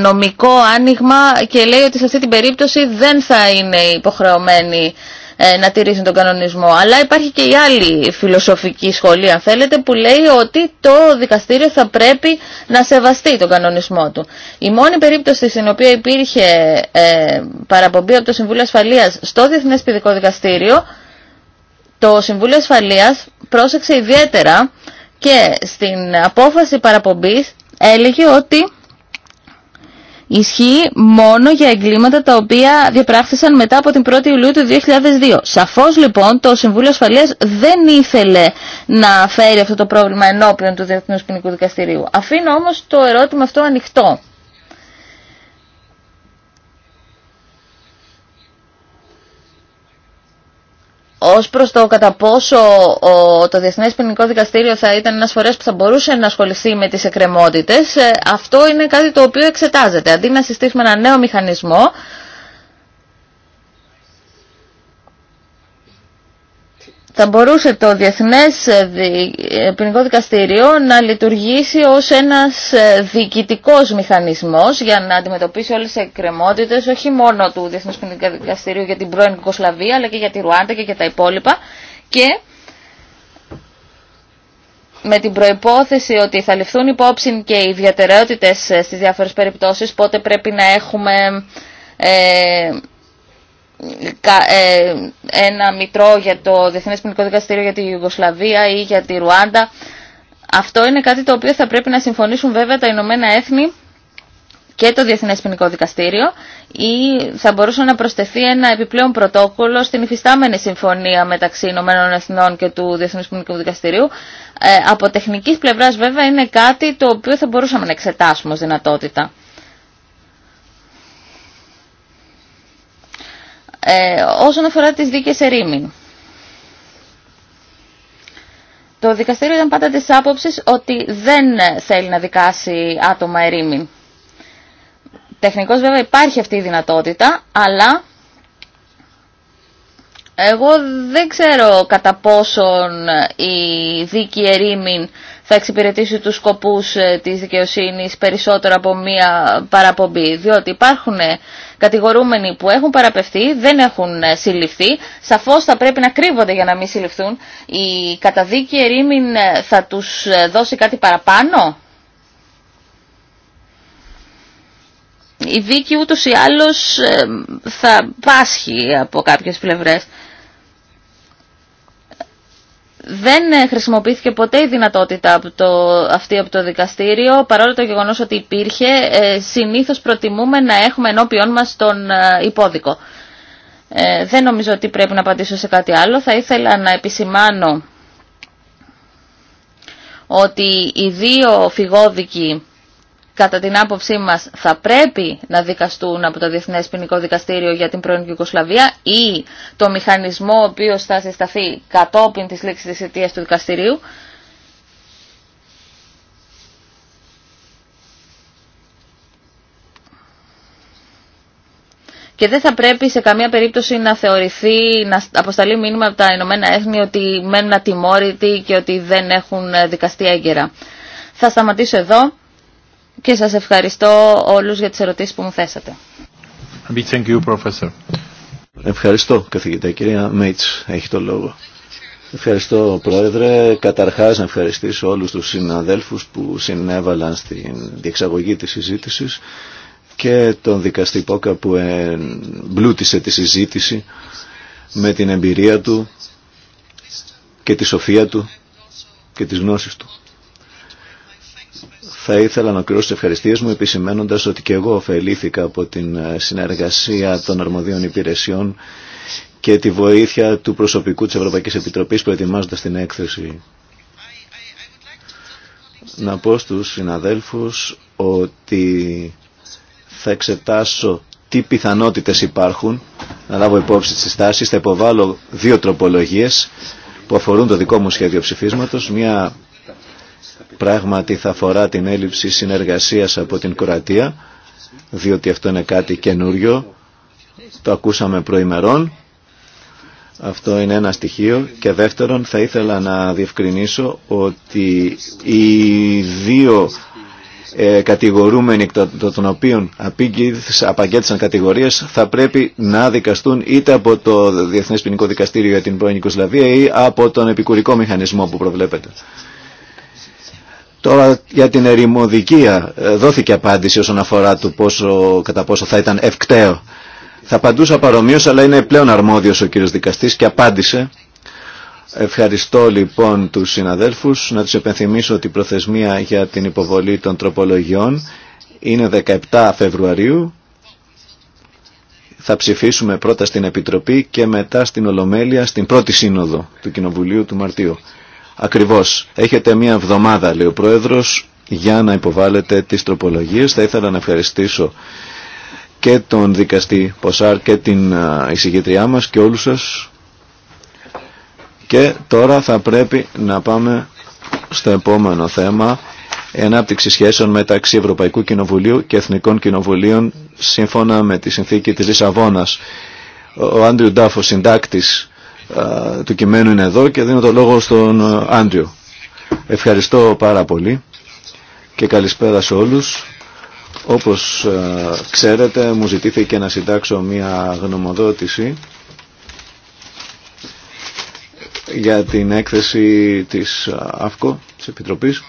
νομικό άνοιγμα και λέει ότι σε αυτή την περίπτωση δεν θα είναι υποχρεωμένη ε, να τηρήσουν τον κανονισμό. Αλλά υπάρχει και η άλλη φιλοσοφική σχολή, αν θέλετε, που λέει ότι το δικαστήριο θα πρέπει να σεβαστεί τον κανονισμό του. Η μόνη περίπτωση στην οποία υπήρχε ε, παραπομπή από το Συμβούλιο Ασφαλείας στο Διεθνές Ποινικό Δικαστήριο το Συμβούλιο Ασφαλείας πρόσεξε ιδιαίτερα και στην απόφαση παραπομπής έλεγε ότι ισχύει μόνο για εγκλήματα τα οποία διαπράχθησαν μετά από την 1η Ιουλίου του 2002. Σαφώς λοιπόν το Συμβούλιο Ασφαλείας δεν ήθελε να φέρει αυτό το πρόβλημα ενώπιον του Διεθνούς Ποινικού Δικαστηρίου. Αφήνω όμως το ερώτημα αυτό ανοιχτό. Ως προς το κατά πόσο το Διεθνές Ποινικό Δικαστήριο θα ήταν ένας φορέας που θα μπορούσε να ασχοληθεί με τις εκκρεμότητε, ε, αυτό είναι κάτι το οποίο εξετάζεται. Αντί να συστήσουμε ένα νέο μηχανισμό, θα μπορούσε το Διεθνές ε, ε, Ποινικό Δικαστήριο να λειτουργήσει ως ένας ε, διοικητικός μηχανισμός για να αντιμετωπίσει όλες τις εκκρεμότητες όχι μόνο του Διεθνούς Ποινικού Δικαστηρίου για την πρώην Κοσλαβία αλλά και για τη Ρουάντα και για τα υπόλοιπα και με την προϋπόθεση ότι θα ληφθούν υπόψη και οι ιδιαιτερότητες στις διάφορες περιπτώσεις πότε πρέπει να έχουμε... Ε, ένα μητρό για το Διεθνές Ποινικό Δικαστήριο για τη Ιουγκοσλαβία ή για τη Ρουάντα. Αυτό είναι κάτι το οποίο θα πρέπει να συμφωνήσουν βέβαια τα Ηνωμένα Έθνη και το Διεθνές Ποινικό Δικαστήριο ή θα μπορούσε να προσθεθεί ένα επιπλέον πρωτόκολλο στην υφιστάμενη συμφωνία μεταξύ Ηνωμένων Εθνών και του Διεθνούς Ποινικού Δικαστηρίου. Ε, από τεχνικής πλευράς βέβαια είναι κάτι το οποίο θα μπορούσαμε να εξετάσουμε ως δυνατότητα. Ε, όσον αφορά τις δίκες ερήμην. Το δικαστήριο ήταν πάντα της άποψης ότι δεν θέλει να δικάσει άτομα ερήμην. Τεχνικώς βέβαια υπάρχει αυτή η δυνατότητα, αλλά εγώ δεν ξέρω κατά πόσον η δίκη ερήμην θα εξυπηρετήσει τους σκοπούς ε, της δικαιοσύνης περισσότερο από μία παραπομπή. Διότι υπάρχουν ε, κατηγορούμενοι που έχουν παραπευθεί, δεν έχουν ε, συλληφθεί. Σαφώς θα πρέπει να κρύβονται για να μην συλληφθούν. Η καταδίκη ερήμην θα τους δώσει κάτι παραπάνω. Η δίκη ούτως ή άλλως θα πάσχει από κάποιες πλευρές δεν ε, χρησιμοποιήθηκε ποτέ η δυνατότητα από το, αυτή από το δικαστήριο, παρόλο το γεγονός ότι υπήρχε, ε, συνήθως προτιμούμε να έχουμε ενώπιόν μας τον ε, υπόδικο. δεν νομίζω ότι πρέπει να απαντήσω σε κάτι άλλο. Θα ήθελα να επισημάνω ότι οι δύο φυγόδικοι κατά την άποψή μας θα πρέπει να δικαστούν από το Διεθνές Ποινικό Δικαστήριο για την πρώην Ιουγκοσλαβία ή το μηχανισμό ο οποίος θα συσταθεί κατόπιν της λήξης της αιτίας του δικαστηρίου. Και δεν θα πρέπει σε καμία περίπτωση να θεωρηθεί, να αποσταλεί μήνυμα από τα Ηνωμένα Έθνη ότι μένουν ατιμόρυτοι και ότι δεν έχουν δικαστεί έγκαιρα. Θα σταματήσω εδώ και σας ευχαριστώ όλους για τις ερωτήσεις που μου θέσατε. you, Ευχαριστώ καθηγητά. Κυρία Μέιτς έχει το λόγο. Ευχαριστώ Πρόεδρε. Καταρχάς να ευχαριστήσω όλους τους συναδέλφους που συνέβαλαν στην διεξαγωγή της συζήτησης και τον δικαστή Πόκα που εμπλούτησε τη συζήτηση με την εμπειρία του και τη σοφία του και τις γνώσεις του. Θα ήθελα να ολοκληρώσω τι ευχαριστίε μου επισημένοντα ότι και εγώ ωφελήθηκα από την ε, συνεργασία των αρμοδίων υπηρεσιών και τη βοήθεια του προσωπικού της Ευρωπαϊκής Επιτροπής προετοιμάζοντας την έκθεση. Να πω στους συναδέλφους ότι θα εξετάσω τι πιθανότητες υπάρχουν, να λάβω υπόψη τις τάσεις, θα υποβάλω δύο τροπολογίες που αφορούν το δικό μου σχέδιο ψηφίσματος, μια πράγματι θα αφορά την έλλειψη συνεργασίας από την Κροατία, διότι αυτό είναι κάτι καινούριο, το ακούσαμε προημερών. Αυτό είναι ένα στοιχείο. Και δεύτερον, θα ήθελα να διευκρινίσω ότι οι δύο ε, κατηγορούμενοι των οποίων απαγγέλθησαν κατηγορίες θα πρέπει να δικαστούν είτε από το Διεθνές Ποινικό Δικαστήριο για την πρώην ή από τον επικουρικό μηχανισμό που προβλέπεται. Τώρα για την ερημοδικία ε, δόθηκε απάντηση όσον αφορά του πόσο, κατά πόσο θα ήταν ευκταίο. Θα απαντούσα παρομοίως αλλά είναι πλέον αρμόδιος ο κύριος δικαστής και απάντησε. Ευχαριστώ λοιπόν τους συναδέλφους. Να τους επενθυμίσω ότι η προθεσμία για την υποβολή των τροπολογιών είναι 17 Φεβρουαρίου. Θα ψηφίσουμε πρώτα στην Επιτροπή και μετά στην Ολομέλεια στην πρώτη σύνοδο του Κοινοβουλίου του Μαρτίου. Ακριβώς. Έχετε μία εβδομάδα, λέει ο Πρόεδρος, για να υποβάλλετε τις τροπολογίες. Θα ήθελα να ευχαριστήσω και τον δικαστή Ποσάρ και την εισηγητριά μας και όλους σας. Και τώρα θα πρέπει να πάμε στο επόμενο θέμα ενάπτυξη σχέσεων μεταξύ Ευρωπαϊκού Κοινοβουλίου και Εθνικών Κοινοβουλίων σύμφωνα με τη συνθήκη της Λισαβόνας. Ο Άντριου Ντάφο συντάκτης του κειμένου είναι εδώ και δίνω το λόγο στον ε, Άντριο. Ευχαριστώ πάρα πολύ και καλησπέρα σε όλους. Όπως ε, ξέρετε μου ζητήθηκε να συντάξω μία γνωμοδότηση για την έκθεση της ε, ΑΦΚΟ, της Επιτροπής.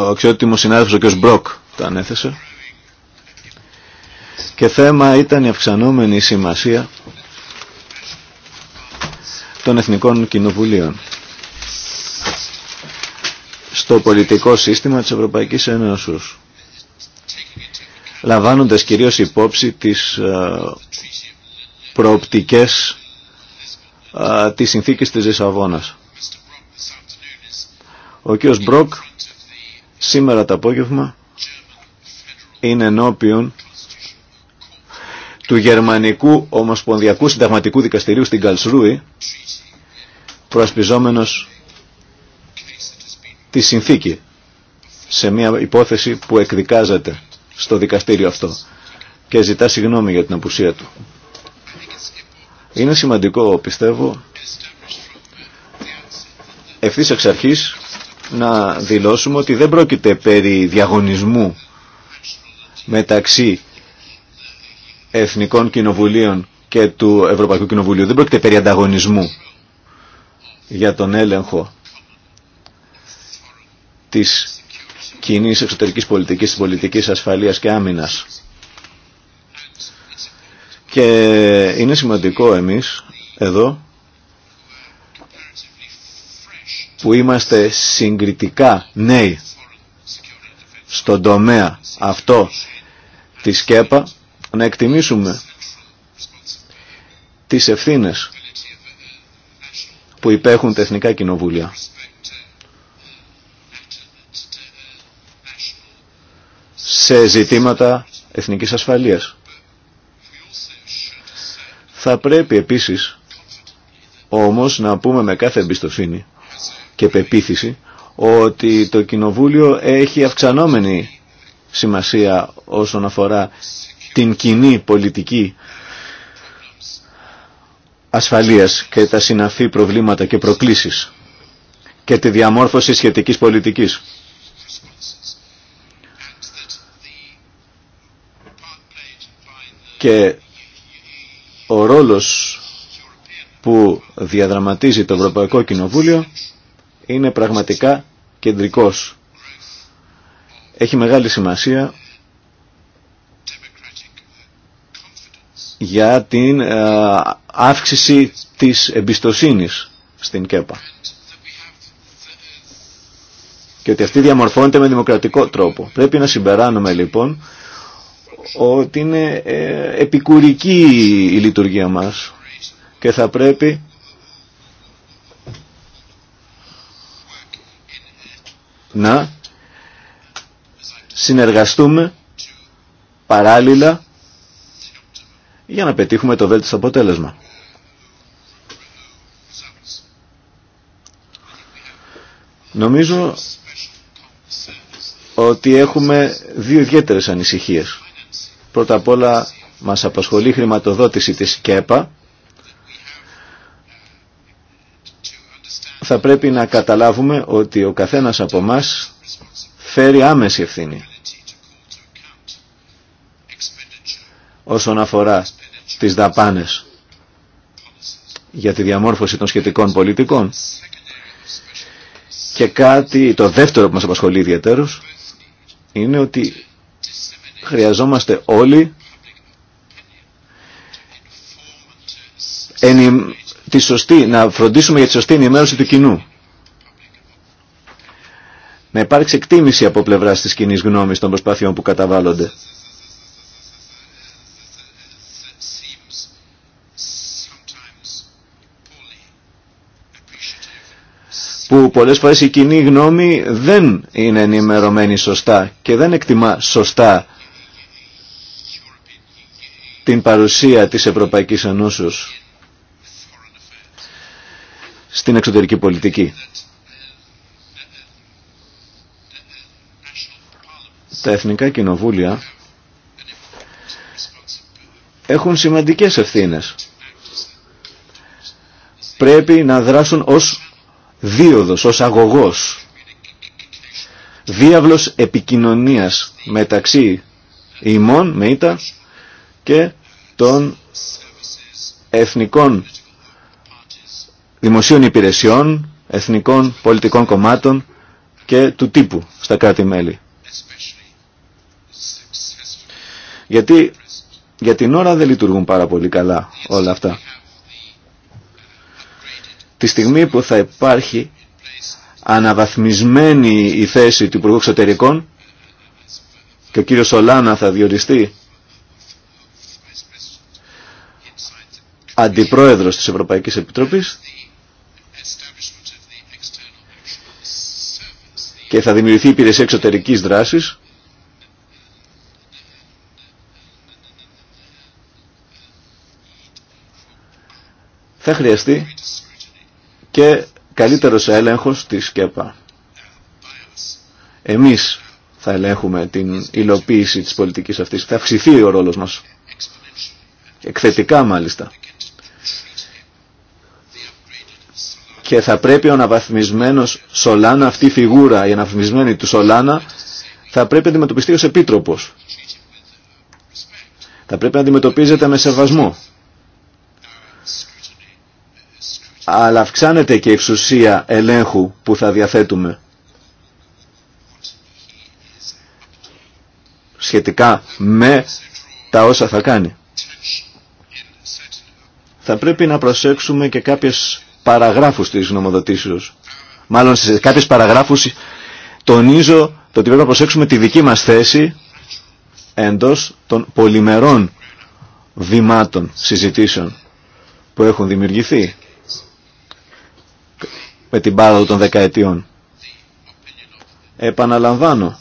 Ο αξιότιμος συνάδελφος ο κ. Μπροκ τα ανέθεσε και θέμα ήταν η αυξανόμενη σημασία των Εθνικών Κοινοβουλίων στο πολιτικό σύστημα της Ευρωπαϊκής Ένωσης λαμβάνοντας κυρίως υπόψη τις ε, προοπτικές ε, της συνθήκης της Λισαβόνας. Ο κ. Μπροκ σήμερα το απόγευμα είναι ενώπιον του Γερμανικού Ομοσπονδιακού Συνταγματικού Δικαστηρίου στην Καλσρούη, προασπιζόμενος τη συνθήκη σε μια υπόθεση που εκδικάζεται στο δικαστήριο αυτό και ζητά συγγνώμη για την απουσία του. Είναι σημαντικό, πιστεύω, ευθύς εξ αρχής να δηλώσουμε ότι δεν πρόκειται περί διαγωνισμού μεταξύ Εθνικών Κοινοβουλίων και του Ευρωπαϊκού Κοινοβουλίου. Δεν πρόκειται περί ανταγωνισμού για τον έλεγχο της κοινή εξωτερικής πολιτικής, της πολιτικής ασφαλείας και άμυνας. Και είναι σημαντικό εμείς εδώ που είμαστε συγκριτικά νέοι στον τομέα αυτό της ΚΕΠΑ να εκτιμήσουμε τις ευθύνες που υπέχουν τα εθνικά κοινοβούλια. σε ζητήματα εθνικής ασφαλείας. Θα πρέπει επίσης όμως να πούμε με κάθε εμπιστοσύνη και πεποίθηση ότι το Κοινοβούλιο έχει αυξανόμενη σημασία όσον αφορά την κοινή πολιτική ασφαλείας και τα συναφή προβλήματα και προκλήσεις και τη διαμόρφωση σχετικής πολιτικής. Και ο ρόλος που διαδραματίζει το Ευρωπαϊκό Κοινοβούλιο είναι πραγματικά κεντρικός. Έχει μεγάλη σημασία για την ε, αύξηση της εμπιστοσύνης στην ΚΕΠΑ. Και ότι αυτή διαμορφώνεται με δημοκρατικό τρόπο. Πρέπει να συμπεράνουμε λοιπόν ότι είναι ε, επικουρική η λειτουργία μας και θα πρέπει να συνεργαστούμε παράλληλα για να πετύχουμε το βέλτιστο αποτέλεσμα. Νομίζω ότι έχουμε δύο ιδιαίτερες ανησυχίες. Πρώτα απ' όλα μας απασχολεί η χρηματοδότηση της ΚΕΠΑ. Θα πρέπει να καταλάβουμε ότι ο καθένας από μας φέρει άμεση ευθύνη. όσον αφορά τις δαπάνες για τη διαμόρφωση των σχετικών πολιτικών. Και κάτι, το δεύτερο που μας απασχολεί ιδιαίτερος, είναι ότι χρειαζόμαστε όλοι τη σωστή, να φροντίσουμε για τη σωστή ενημέρωση του κοινού. Να υπάρξει εκτίμηση από πλευράς της κοινή γνώμης των προσπάθειών που καταβάλλονται. που πολλές φορές η κοινή γνώμη δεν είναι ενημερωμένη σωστά και δεν εκτιμά σωστά την παρουσία της Ευρωπαϊκής Ενώσεως στην εξωτερική πολιτική. Τα εθνικά κοινοβούλια έχουν σημαντικές ευθύνες. Πρέπει να δράσουν ως δίωδος, ως αγωγός, διάβλος επικοινωνίας μεταξύ ημών, με ήτα και των εθνικών δημοσίων υπηρεσιών, εθνικών πολιτικών κομμάτων και του τύπου στα κράτη-μέλη. Γιατί για την ώρα δεν λειτουργούν πάρα πολύ καλά όλα αυτά. Τη στιγμή που θα υπάρχει αναβαθμισμένη η θέση του Υπουργού Εξωτερικών και ο κύριος Σολάνα θα διοριστεί αντιπρόεδρος της Ευρωπαϊκής Επιτροπής και θα δημιουργηθεί υπηρεσία εξωτερικής δράσης θα χρειαστεί και καλύτερος έλεγχος της ΚΕΠΑ. Εμείς θα ελέγχουμε την υλοποίηση της πολιτικής αυτής. Θα αυξηθεί ο ρόλος μας. Εκθετικά μάλιστα. Και θα πρέπει ο αναβαθμισμένος Σολάνα, αυτή η φιγούρα, η αναβαθμισμένη του Σολάνα, θα πρέπει να αντιμετωπιστεί ως επίτροπος. Θα πρέπει να αντιμετωπίζεται με σεβασμό. αλλά αυξάνεται και η εξουσία ελέγχου που θα διαθέτουμε. σχετικά με τα όσα θα κάνει. Θα πρέπει να προσέξουμε και κάποιες παραγράφους της νομοδοτήσεως. Μάλλον σε κάποιες παραγράφους τονίζω το ότι πρέπει να προσέξουμε τη δική μας θέση εντός των πολυμερών βημάτων συζητήσεων που έχουν δημιουργηθεί με την πάροδο των δεκαετιών. Επαναλαμβάνω.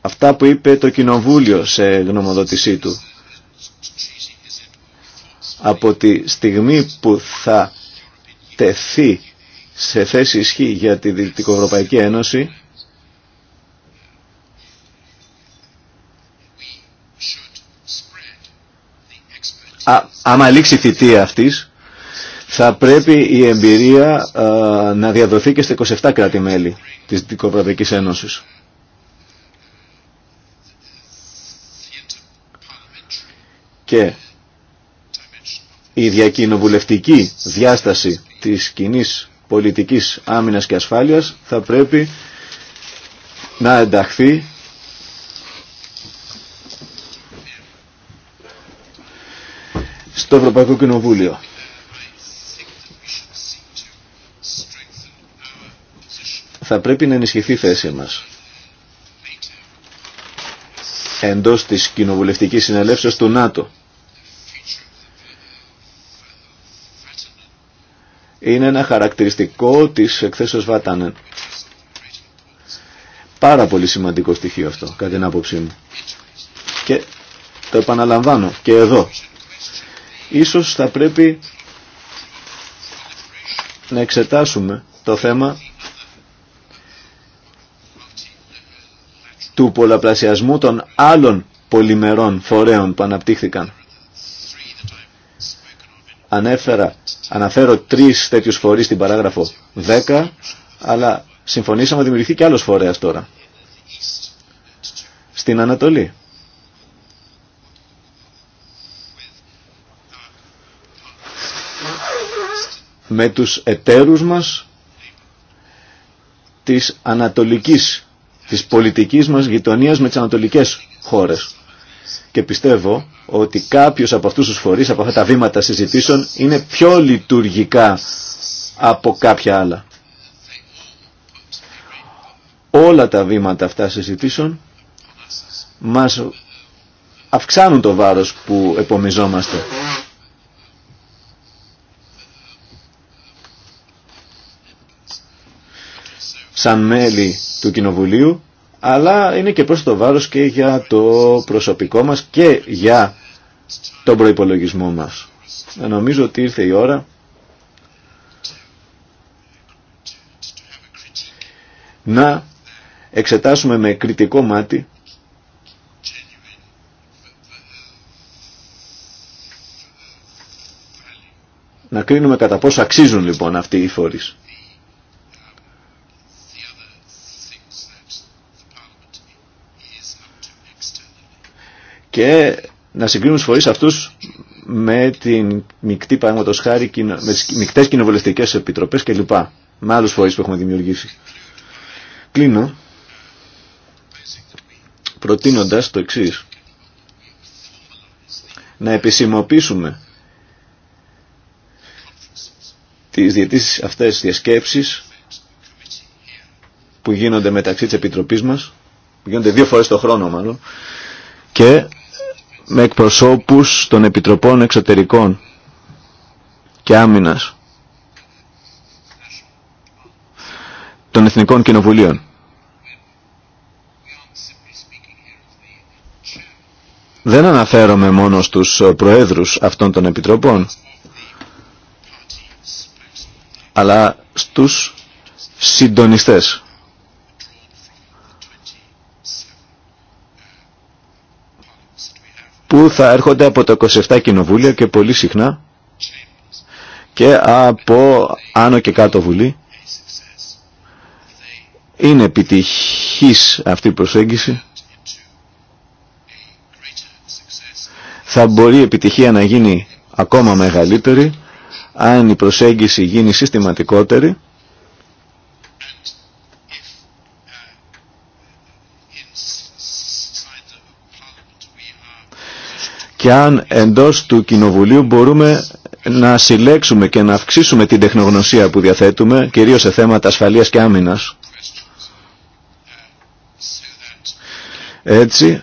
Αυτά που είπε το Κοινοβούλιο σε γνωμοδότησή του. Από τη στιγμή που θα τεθεί σε θέση ισχύ για τη Δυτικοευρωπαϊκή Ένωση, άμα λήξει η θητεία αυτής, θα πρέπει η εμπειρία να διαδοθεί και στα 27 κράτη-μέλη της Δικοπροδικής Ένωσης. Και η διακοινοβουλευτική διάσταση της κοινή πολιτικής άμυνας και ασφάλειας θα πρέπει να ενταχθεί στο Ευρωπαϊκό Κοινοβούλιο. θα πρέπει να ενισχυθεί η θέση μας εντός της κοινοβουλευτικής συνελεύσεως του ΝΑΤΟ. Είναι ένα χαρακτηριστικό της εκθέσεως Βάτανεν. Πάρα πολύ σημαντικό στοιχείο αυτό, κατά την άποψή μου. Και το επαναλαμβάνω και εδώ. Ίσως θα πρέπει να εξετάσουμε το θέμα του πολλαπλασιασμού των άλλων πολυμερών φορέων που αναπτύχθηκαν. Ανέφερα, αναφέρω τρεις τέτοιους φορείς στην παράγραφο 10, αλλά συμφωνήσαμε να δημιουργηθεί και άλλος φορέας τώρα. Στην Ανατολή. Με τους εταίρους μας της Ανατολικής της πολιτικής μας γειτονίας με τις ανατολικές χώρες. Και πιστεύω ότι κάποιος από αυτούς τους φορείς, από αυτά τα βήματα συζητήσεων, είναι πιο λειτουργικά από κάποια άλλα. Όλα τα βήματα αυτά συζητήσεων μας αυξάνουν το βάρος που επομιζόμαστε. σαν μέλη του Κοινοβουλίου, αλλά είναι και προς το βάρος και για το προσωπικό μας και για τον προϋπολογισμό μας. Νομίζω ότι ήρθε η ώρα να εξετάσουμε με κριτικό μάτι να κρίνουμε κατά πόσο αξίζουν λοιπόν αυτοί οι φόρεις. και να συγκρίνουμε τους φορείς αυτούς με την μεικτή παραγματος χάρη, με τις μεικτές κοινοβουλευτικές επιτροπές κλπ. Με άλλους φορείς που έχουμε δημιουργήσει. Κλείνω προτείνοντας το εξή Να επισημοποιήσουμε τις διαιτήσεις αυτές τις διασκέψεις που γίνονται μεταξύ της Επιτροπής μας, που γίνονται δύο φορές το χρόνο μάλλον, και με εκπροσώπους των Επιτροπών Εξωτερικών και Άμυνας των Εθνικών Κοινοβουλίων. Δεν αναφέρομαι μόνο στους προέδρους αυτών των Επιτροπών, αλλά στους συντονιστές που θα έρχονται από τα 27 κοινοβούλια και πολύ συχνά και από άνω και κάτω βουλή. Είναι επιτυχής αυτή η προσέγγιση. Θα μπορεί η επιτυχία να γίνει ακόμα μεγαλύτερη αν η προσέγγιση γίνει συστηματικότερη και αν εντός του Κοινοβουλίου μπορούμε να συλλέξουμε και να αυξήσουμε την τεχνογνωσία που διαθέτουμε, κυρίως σε θέματα ασφαλείας και άμυνας. Έτσι,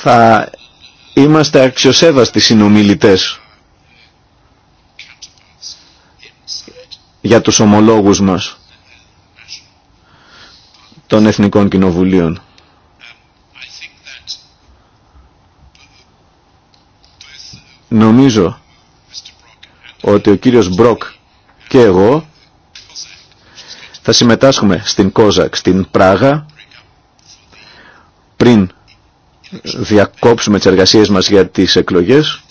θα είμαστε αξιοσέβαστοι συνομιλητές για τους ομολόγους μας των Εθνικών Κοινοβουλίων. Νομίζω ότι ο κύριος Μπροκ και εγώ θα συμμετάσχουμε στην Κόζακ, στην Πράγα, πριν διακόψουμε τις εργασίες μας για τις εκλογές,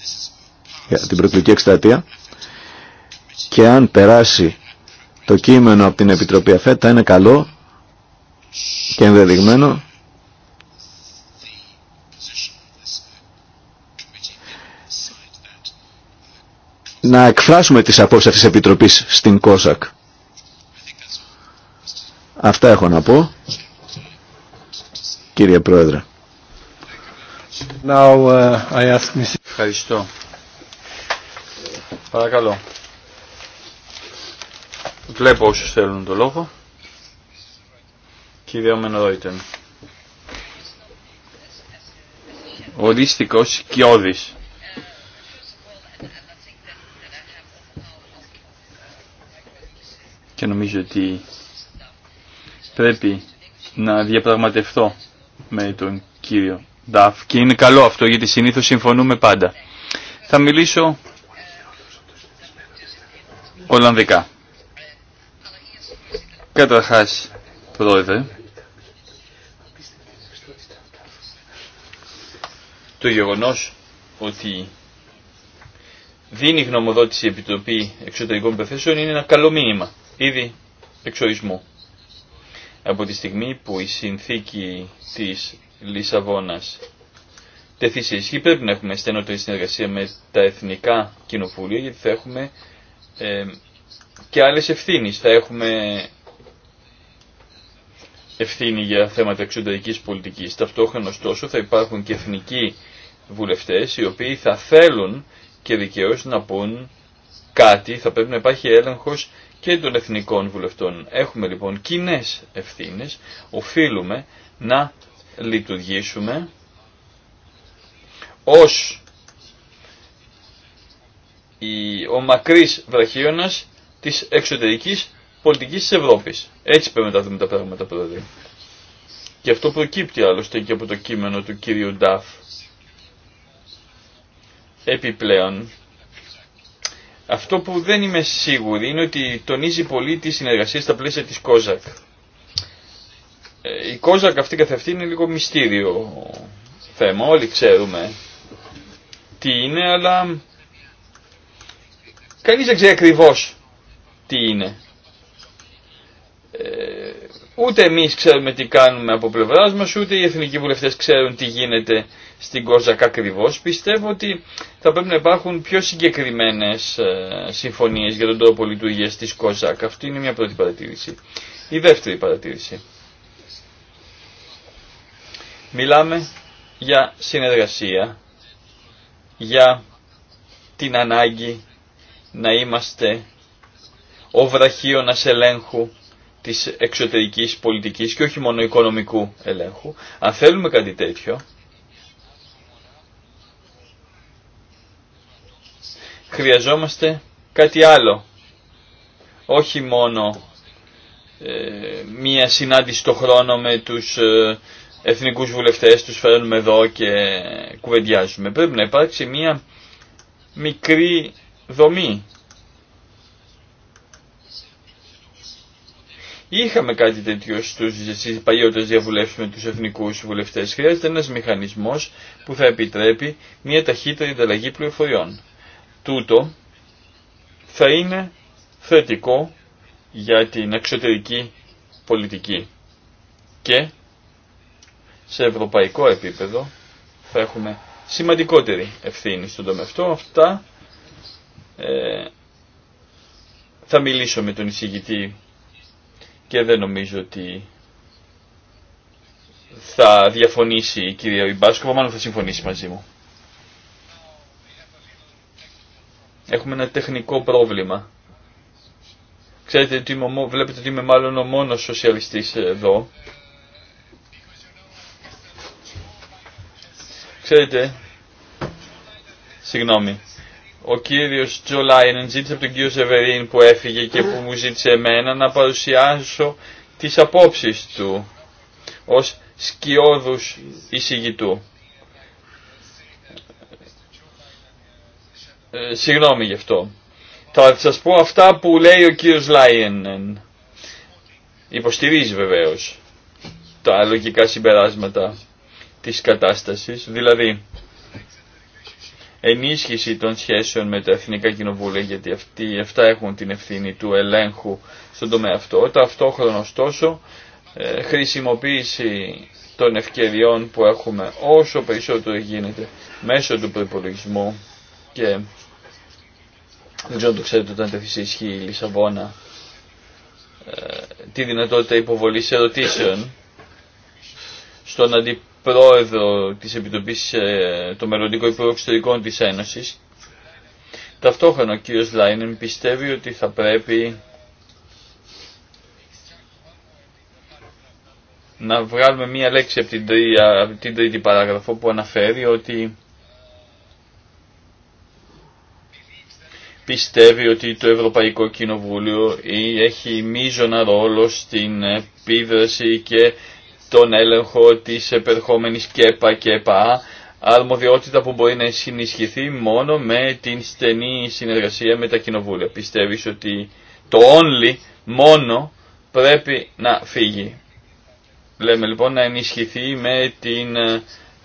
για την προεκλογική εκστρατεία και αν περάσει το κείμενο από την Επιτροπή ΑΦΕΤ θα είναι καλό και ενδεδειγμένο να εκφράσουμε τις απόψεις αυτής της Επιτροπής στην ΚΟΣΑΚ. Αυτά έχω να πω. Κύριε Πρόεδρε. Now, uh, I ask Ευχαριστώ. Παρακαλώ. Βλέπω όσου θέλουν το λόγο. Κύριε Ομενρόιτεν. Ορίστικος όδης. και νομίζω ότι πρέπει να διαπραγματευτώ με τον κύριο Νταφ και είναι καλό αυτό γιατί συνήθως συμφωνούμε πάντα. Θα μιλήσω Ολλανδικά. Καταρχάς, πρόεδρε, το γεγονός ότι δίνει γνωμοδότηση η Επιτροπή Εξωτερικών υπερθέσεων είναι ένα καλό μήνυμα. Ήδη εξορισμού. Από τη στιγμή που η συνθήκη της Λισαβόνας τεθεί σε ισχύ, πρέπει να έχουμε στενότερη συνεργασία με τα εθνικά κοινοβούλια, γιατί θα έχουμε ε, και άλλες ευθύνες. Θα έχουμε ευθύνη για θέματα εξωτερικής πολιτικής. Ταυτόχρονα, ωστόσο, θα υπάρχουν και εθνικοί βουλευτές, οι οποίοι θα θέλουν και δικαίως να πούν κάτι, θα πρέπει να υπάρχει έλεγχος και των εθνικών βουλευτών. Έχουμε λοιπόν κοινέ ευθύνε, οφείλουμε να λειτουργήσουμε ως ο μακρύς βραχίωνας της εξωτερικής πολιτικής της Ευρώπης. Έτσι πρέπει να τα δούμε τα πράγματα πρόεδρε. Και αυτό προκύπτει άλλωστε και από το κείμενο του κύριου Νταφ. Επιπλέον, αυτό που δεν είμαι σίγουρη είναι ότι τονίζει πολύ τη συνεργασία στα πλαίσια της Κόζακ. Ε, η Κόζακ αυτή καθ' αυτή είναι λίγο μυστήριο θέμα, όλοι ξέρουμε τι είναι, αλλά κανείς δεν ξέρει ακριβώς τι είναι. Ε, Ούτε εμεί ξέρουμε τι κάνουμε από πλευρά μα ούτε οι εθνικοί βουλευτέ ξέρουν τι γίνεται στην Κόζακ ακριβώ. Πιστεύω ότι θα πρέπει να υπάρχουν πιο συγκεκριμένες ε, συμφωνίες για τον τρόπο λειτουργία τη Κόζακ. Αυτή είναι μια πρώτη παρατήρηση. Η δεύτερη παρατήρηση. Μιλάμε για συνεργασία, για την ανάγκη να είμαστε ο βραχίωνας ελέγχου της εξωτερικής πολιτικής και όχι μόνο οικονομικού ελέγχου. Αν θέλουμε κάτι τέτοιο, χρειαζόμαστε κάτι άλλο. Όχι μόνο ε, μία συνάντηση το χρόνο με τους ε, εθνικούς βουλευτές, τους φέρνουμε εδώ και κουβεντιάζουμε. Πρέπει να υπάρξει μία μικρή δομή Είχαμε κάτι τέτοιο στους παλιότερες διαβουλεύσεις με τους εθνικούς βουλευτές. Χρειάζεται ένας μηχανισμός που θα επιτρέπει μια ταχύτερη ανταλλαγή πληροφοριών. Τούτο θα είναι θετικό για την εξωτερική πολιτική και σε ευρωπαϊκό επίπεδο θα έχουμε σημαντικότερη ευθύνη στον τομέα αυτό. Αυτά ε, θα μιλήσω με τον εισηγητή και δεν νομίζω ότι θα διαφωνήσει η κυρία Ιμπάσκοβα, μάλλον θα συμφωνήσει μαζί μου. Έχουμε ένα τεχνικό πρόβλημα. Ξέρετε ότι είμαι, βλέπετε ότι είμαι μάλλον ο μόνος σοσιαλιστής εδώ. Ξέρετε, συγγνώμη, ο κύριος Τζολάινεν ζήτησε από τον κύριο Σεβερίν που έφυγε και που μου ζήτησε εμένα να παρουσιάσω τις απόψεις του ως σκιώδους εισηγητού. Ε, συγγνώμη γι' αυτό. Θα σας πω αυτά που λέει ο κύριος Λάιενεν. Υποστηρίζει βεβαίως τα λογικά συμπεράσματα της κατάστασης, δηλαδή ενίσχυση των σχέσεων με τα εθνικά κοινοβούλια, γιατί αυτοί, αυτά έχουν την ευθύνη του ελέγχου στον τομέα αυτό. Ταυτόχρονα ωστόσο, ε, χρησιμοποίηση των ευκαιριών που έχουμε όσο περισσότερο γίνεται μέσω του προπολογισμού και δεν ξέρω αν το ξέρετε όταν τεθεί ισχύ η Λισαβόνα ε, τη δυνατότητα υποβολής ερωτήσεων στον, αντιπρόσωπο πρόεδρο της Επιτροπής ε, των Μελλοντικών Υπουργών Εξωτερικών της Ένωσης. Ταυτόχρονα ο κύριος Λάινεν πιστεύει ότι θα πρέπει να βγάλουμε μία λέξη από την, τρίτη, από την τρίτη παράγραφο που αναφέρει ότι πιστεύει ότι το Ευρωπαϊκό Κοινοβούλιο έχει μείζωνα ρόλο στην επίδραση και τον έλεγχο της επερχόμενης ΚΕΠΑ και ΕΠΑ, αρμοδιότητα που μπορεί να συνισχυθεί μόνο με την στενή συνεργασία με τα κοινοβούλια. Πιστεύεις ότι το only, μόνο, πρέπει να φύγει. Λέμε λοιπόν να ενισχυθεί με την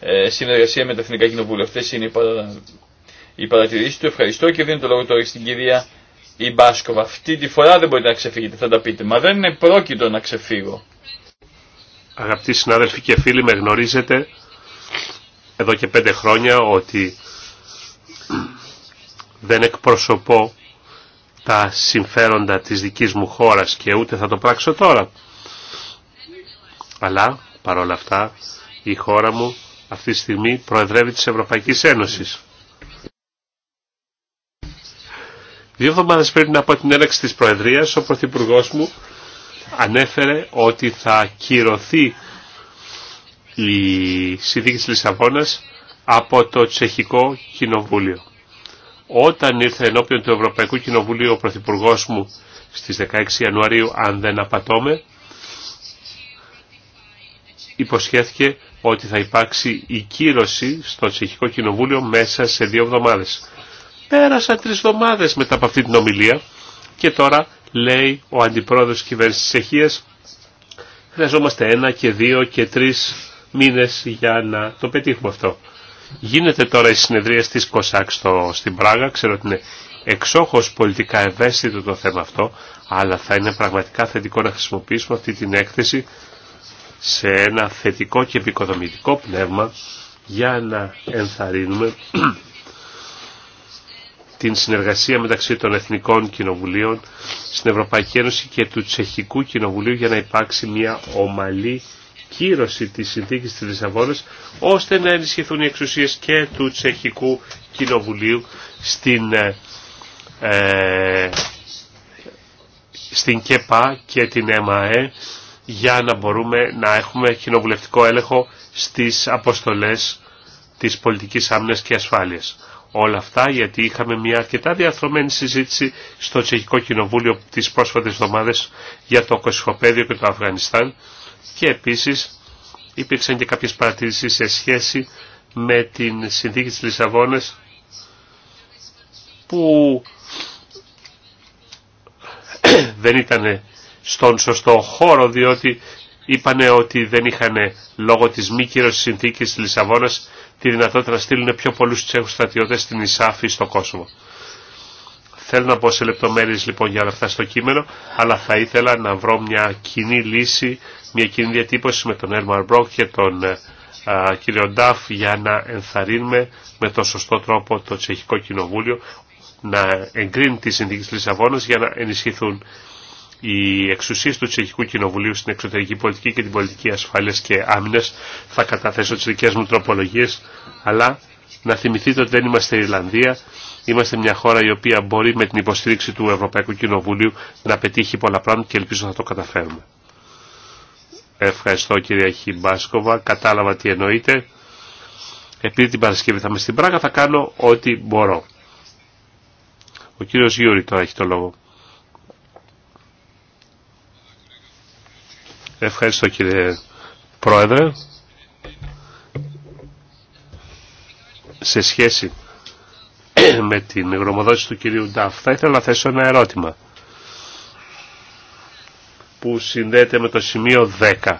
ε, συνεργασία με τα Εθνικά Κοινοβούλια. Αυτές είναι οι, παρα... οι παρατηρήσεις του. Ευχαριστώ και δίνω το λόγο τώρα στην κυρία Ιμπάσκοβα. Αυτή τη φορά δεν μπορείτε να ξεφύγετε, θα τα πείτε. Μα δεν είναι πρόκειτο να ξεφύγω. Αγαπητοί συνάδελφοι και φίλοι, με γνωρίζετε εδώ και πέντε χρόνια ότι δεν εκπροσωπώ τα συμφέροντα της δικής μου χώρας και ούτε θα το πράξω τώρα. Αλλά, παρόλα αυτά, η χώρα μου αυτή τη στιγμή προεδρεύει της Ευρωπαϊκής Ένωσης. Δύο εβδομάδες πριν από την έλεξη της Προεδρίας, ο Πρωθυπουργός μου ανέφερε ότι θα κυρωθεί η συνθήκη της Λισαβόνας από το Τσεχικό Κοινοβούλιο. Όταν ήρθε ενώπιον του Ευρωπαϊκού Κοινοβουλίου ο Πρωθυπουργό μου στις 16 Ιανουαρίου, αν δεν απατώμε, υποσχέθηκε ότι θα υπάρξει η κύρωση στο Τσεχικό Κοινοβούλιο μέσα σε δύο εβδομάδες. Πέρασαν τρεις εβδομάδες μετά από αυτή την ομιλία και τώρα λέει ο αντιπρόεδρος της κυβέρνησης της Αιχίας, χρειαζόμαστε ένα και δύο και τρεις μήνες για να το πετύχουμε αυτό. Γίνεται τώρα η συνεδρία της ΚΟΣΑΚ στο, στην Πράγα, ξέρω ότι είναι εξόχως πολιτικά ευαίσθητο το θέμα αυτό, αλλά θα είναι πραγματικά θετικό να χρησιμοποιήσουμε αυτή την έκθεση σε ένα θετικό και επικοδομητικό πνεύμα για να ενθαρρύνουμε την συνεργασία μεταξύ των Εθνικών Κοινοβουλίων στην Ευρωπαϊκή Ένωση και του Τσεχικού Κοινοβουλίου για να υπάρξει μια ομαλή κύρωση της συνθήκης της Λισαβόνας ώστε να ενισχυθούν οι εξουσίες και του Τσεχικού Κοινοβουλίου στην, ε, ε, στην ΚΕΠΑ και την ΕΜΑΕ για να μπορούμε να έχουμε κοινοβουλευτικό έλεγχο στις αποστολές της πολιτικής άμυνας και ασφάλειας όλα αυτά γιατί είχαμε μια αρκετά διαρθρωμένη συζήτηση στο Τσεχικό Κοινοβούλιο τις πρόσφατες εβδομάδες για το Κωσυχοπαίδιο και το Αφγανιστάν και επίσης υπήρξαν και κάποιες παρατηρήσεις σε σχέση με την συνθήκη της Λισαβόνας που δεν ήταν στον σωστό χώρο διότι είπαν ότι δεν είχαν λόγω της μη κύρωσης συνθήκης της Λισαβόνας τη δυνατότητα να στείλουν πιο πολλούς τσέχους στρατιώτες στην Ισάφη στο κόσμο. Θέλω να πω σε λεπτομέρειες λοιπόν για όλα αυτά στο κείμενο, αλλά θα ήθελα να βρω μια κοινή λύση, μια κοινή διατύπωση με τον Έρμαρ Μπρόκ και τον ε, α, κύριο Ντάφ για να ενθαρρύνουμε με τον σωστό τρόπο το τσεχικό κοινοβούλιο να εγκρίνει τη συνθήκη της Λισαβόνας για να ενισχυθούν οι εξουσίες του Τσεχικού Κοινοβουλίου στην εξωτερική πολιτική και την πολιτική ασφάλεια και άμυνα. Θα καταθέσω τι δικέ μου τροπολογίε, αλλά να θυμηθείτε ότι δεν είμαστε Ιρλανδία. Είμαστε μια χώρα η οποία μπορεί με την υποστήριξη του Ευρωπαϊκού Κοινοβουλίου να πετύχει πολλά πράγματα και ελπίζω θα το καταφέρουμε. Ευχαριστώ κυρία Χιμπάσκοβα. Κατάλαβα τι εννοείτε. Επειδή την Παρασκευή θα είμαι στην Πράγα θα κάνω ό,τι μπορώ. Ο κύριος Γιούρι, τώρα έχει το λόγο. Ευχαριστώ κύριε Πρόεδρε. Σε σχέση με την γνωμοδότηση του κυρίου Νταφ, θα ήθελα να θέσω ένα ερώτημα που συνδέεται με το σημείο 10.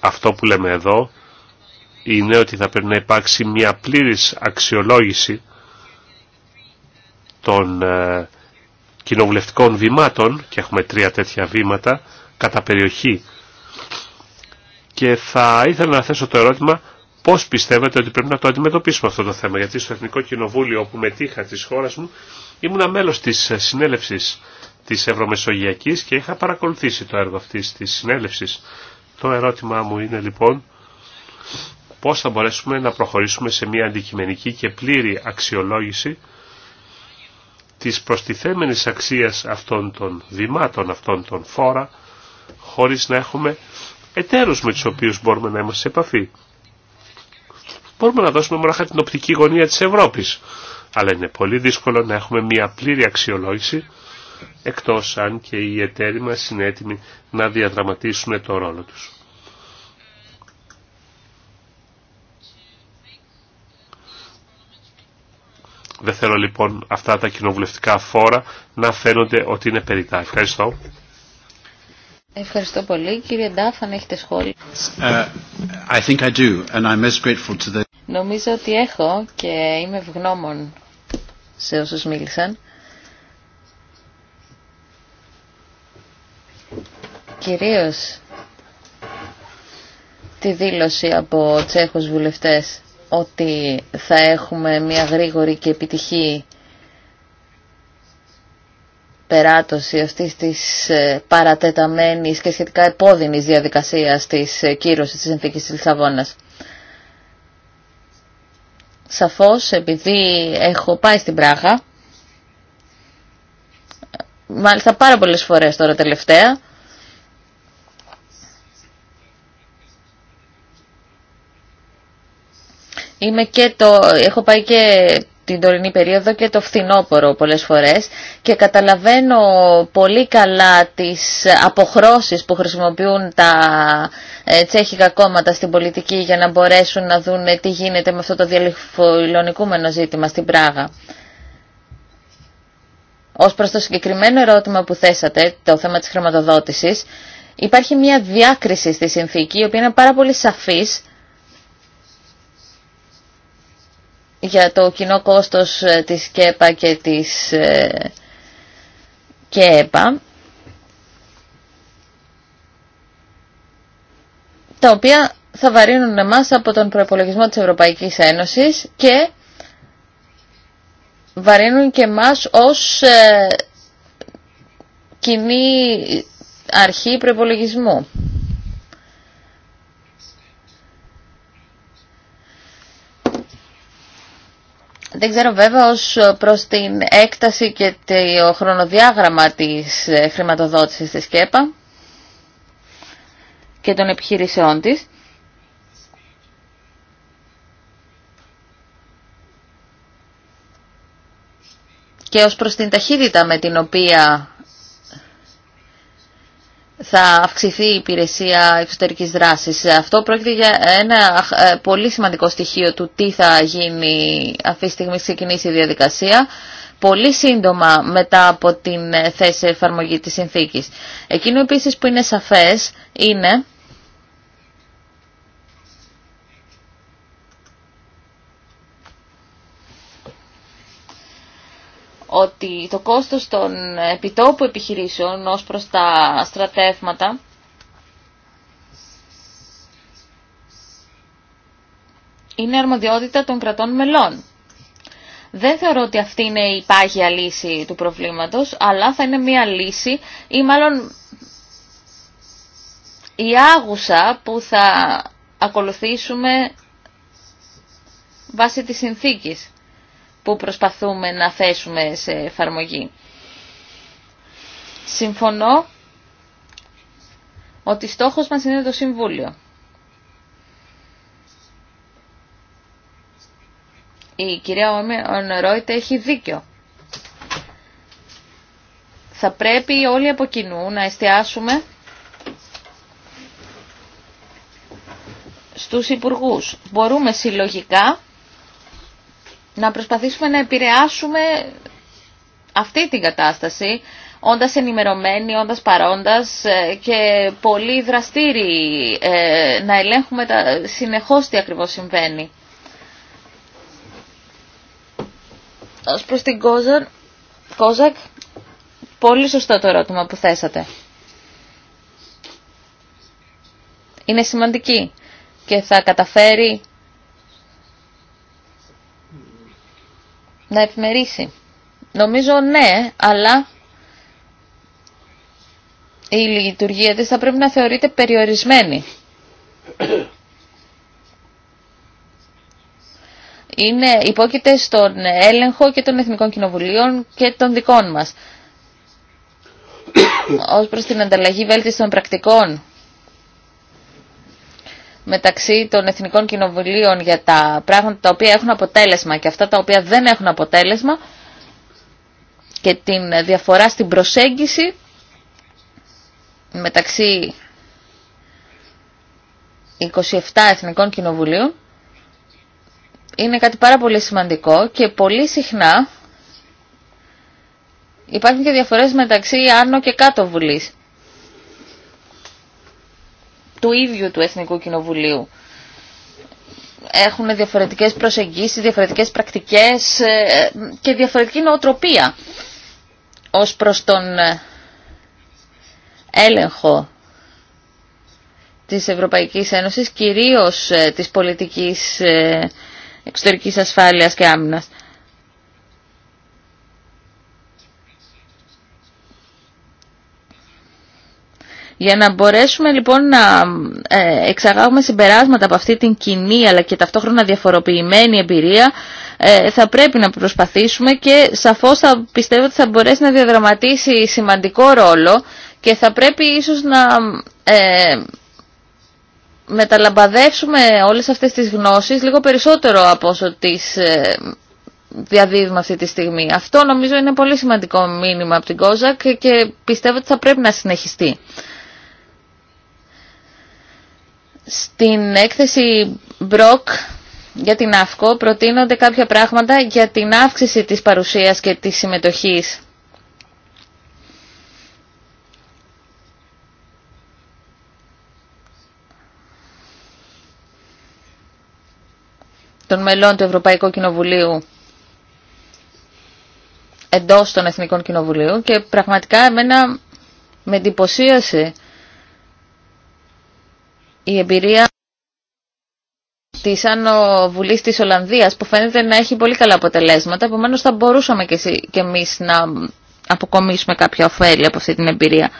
Αυτό που λέμε εδώ είναι ότι θα πρέπει να υπάρξει μια πλήρης αξιολόγηση των ε, κοινοβουλευτικών βημάτων και έχουμε τρία τέτοια βήματα κατά περιοχή. Και θα ήθελα να θέσω το ερώτημα πώς πιστεύετε ότι πρέπει να το αντιμετωπίσουμε αυτό το θέμα. Γιατί στο Εθνικό Κοινοβούλιο όπου μετήχα της χώρας μου ήμουνα μέλος της συνέλευσης της Ευρωμεσογειακής και είχα παρακολουθήσει το έργο αυτής της συνέλευσης. Το ερώτημά μου είναι λοιπόν πώς θα μπορέσουμε να προχωρήσουμε σε μια αντικειμενική και πλήρη αξιολόγηση της προστιθέμενης αξίας αυτών των βημάτων, αυτών των φόρα, χωρίς να έχουμε εταίρους με τους οποίους μπορούμε να είμαστε σε επαφή. Μπορούμε να δώσουμε μονάχα την οπτική γωνία της Ευρώπης, αλλά είναι πολύ δύσκολο να έχουμε μια πλήρη αξιολόγηση, εκτός αν και οι εταίροι μας είναι έτοιμοι να διαδραματίσουν το ρόλο τους. Δεν θέλω λοιπόν αυτά τα κοινοβουλευτικά φόρα να φαίνονται ότι είναι περιτά. Ευχαριστώ. Ευχαριστώ πολύ. Κύριε Ντάφ, αν έχετε σχόλια. Νομίζω ότι έχω και είμαι ευγνώμων σε όσους μίλησαν. Κυρίως τη δήλωση από τσέχους βουλευτές ότι θα έχουμε μια γρήγορη και επιτυχή περάτωση αυτής της ε, παρατεταμένης και σχετικά επώδυνης διαδικασίας της ε, κύρωσης της συνθήκης της Λισαβόνας. Σαφώς, επειδή έχω πάει στην Πράγα, μάλιστα πάρα πολλές φορές τώρα τελευταία, Είμαι και το, έχω πάει και την τωρινή περίοδο και το φθινόπωρο πολλές φορές και καταλαβαίνω πολύ καλά τις αποχρώσεις που χρησιμοποιούν τα ε, τσέχικα κόμματα στην πολιτική για να μπορέσουν να δουν τι γίνεται με αυτό το διαλυφωλονικούμενο ζήτημα στην Πράγα. Ως προς το συγκεκριμένο ερώτημα που θέσατε, το θέμα της χρηματοδότησης, υπάρχει μια διάκριση στη συνθήκη, η οποία είναι πάρα πολύ σαφής για το κοινό κόστος ε, της ΚΕΠΑ και της ε, ΚΕΠΑ τα οποία θα βαρύνουν εμά από τον προπολογισμό της Ευρωπαϊκής Ένωσης και βαρύνουν και εμάς ως ε, κοινή αρχή προπολογισμού. Δεν ξέρω βέβαια ως ε, προς την έκταση και το χρονοδιάγραμμα της ε, χρηματοδότησης της ΚΕΠΑ και των επιχειρήσεών της. Και ως προς την ταχύτητα με την οποία θα αυξηθεί η υπηρεσία εξωτερικής δράσης. Αυτό πρόκειται για ένα ε, πολύ σημαντικό στοιχείο του τι θα γίνει αυτή τη στιγμή ξεκινήσει η διαδικασία πολύ σύντομα μετά από την θέση εφαρμογή της συνθήκης. Εκείνο επίσης που είναι σαφές είναι ότι το κόστος των επιτόπου επιχειρήσεων ως προς τα στρατεύματα είναι αρμοδιότητα των κρατών μελών. Δεν θεωρώ ότι αυτή είναι η πάγια λύση του προβλήματος, αλλά θα είναι μία λύση ή μάλλον η άγουσα που θα ακολουθήσουμε βάσει της συνθήκης που προσπαθούμε να θέσουμε σε εφαρμογή. Συμφωνώ ότι στόχος μας είναι το Συμβούλιο. Η κυρία Ονρόιτε έχει δίκιο. Θα πρέπει όλοι από κοινού να εστιάσουμε στους υπουργούς. Μπορούμε συλλογικά να προσπαθήσουμε να επηρεάσουμε αυτή την κατάσταση, όντας ενημερωμένοι, όντας παρόντας ε, και πολύ δραστήριοι ε, να ελέγχουμε τα, συνεχώς τι ακριβώς συμβαίνει. Ως προς την Κόζακ, πολύ σωστό το ερώτημα που θέσατε. Είναι σημαντική και θα καταφέρει να ευμερίσει. Νομίζω ναι, αλλά η λειτουργία της θα πρέπει να θεωρείται περιορισμένη. Είναι υπόκειται στον έλεγχο και των Εθνικών Κοινοβουλίων και των δικών μας. Ως προς την ανταλλαγή των πρακτικών μεταξύ των Εθνικών Κοινοβουλίων για τα πράγματα τα οποία έχουν αποτέλεσμα και αυτά τα οποία δεν έχουν αποτέλεσμα και την διαφορά στην προσέγγιση μεταξύ 27 Εθνικών Κοινοβουλίων είναι κάτι πάρα πολύ σημαντικό και πολύ συχνά υπάρχουν και διαφορές μεταξύ άνω και κάτω βουλής του ίδιου του Εθνικού Κοινοβουλίου. Έχουν διαφορετικές προσεγγίσεις, διαφορετικές πρακτικές ε, ε, και διαφορετική νοοτροπία ως προς τον ε, έλεγχο της Ευρωπαϊκής Ένωσης, κυρίως της πολιτικής εξωτερικής ασφάλειας και άμυνας. Για να μπορέσουμε λοιπόν να ε, εξαγάγουμε συμπεράσματα από αυτή την κοινή αλλά και ταυτόχρονα διαφοροποιημένη εμπειρία ε, θα πρέπει να προσπαθήσουμε και σαφώς θα πιστεύω ότι θα μπορέσει να διαδραματίσει σημαντικό ρόλο και θα πρέπει ίσως να ε, μεταλαμπαδεύσουμε όλες αυτές τις γνώσεις λίγο περισσότερο από όσο τις ε, διαδίδουμε αυτή τη στιγμή. Αυτό νομίζω είναι πολύ σημαντικό μήνυμα από την Κόζακ και πιστεύω ότι θα πρέπει να συνεχιστεί. Στην έκθεση Μπροκ για την ΑΦΚΟ προτείνονται κάποια πράγματα για την αύξηση της παρουσίας και της συμμετοχής των μελών του Ευρωπαϊκού Κοινοβουλίου εντός των Εθνικών Κοινοβουλίων και πραγματικά εμένα με εντυπωσίασε η εμπειρία της Άνω Βουλή τη Ολλανδία που φαίνεται να έχει πολύ καλά αποτελέσματα, Επομένω θα μπορούσαμε και, εμείς να αποκομίσουμε κάποια ωφέλη από αυτή την εμπειρία.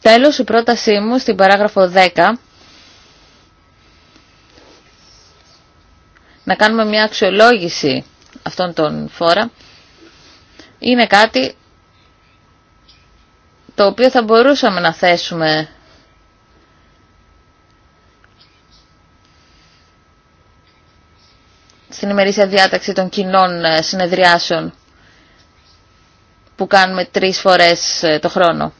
Τέλος, η πρότασή μου στην παράγραφο 10 να κάνουμε μια αξιολόγηση αυτών των φόρα είναι κάτι το οποίο θα μπορούσαμε να θέσουμε στην ημερήσια διάταξη των κοινών ε, συνεδριάσεων που κάνουμε τρεις φορές ε, το χρόνο.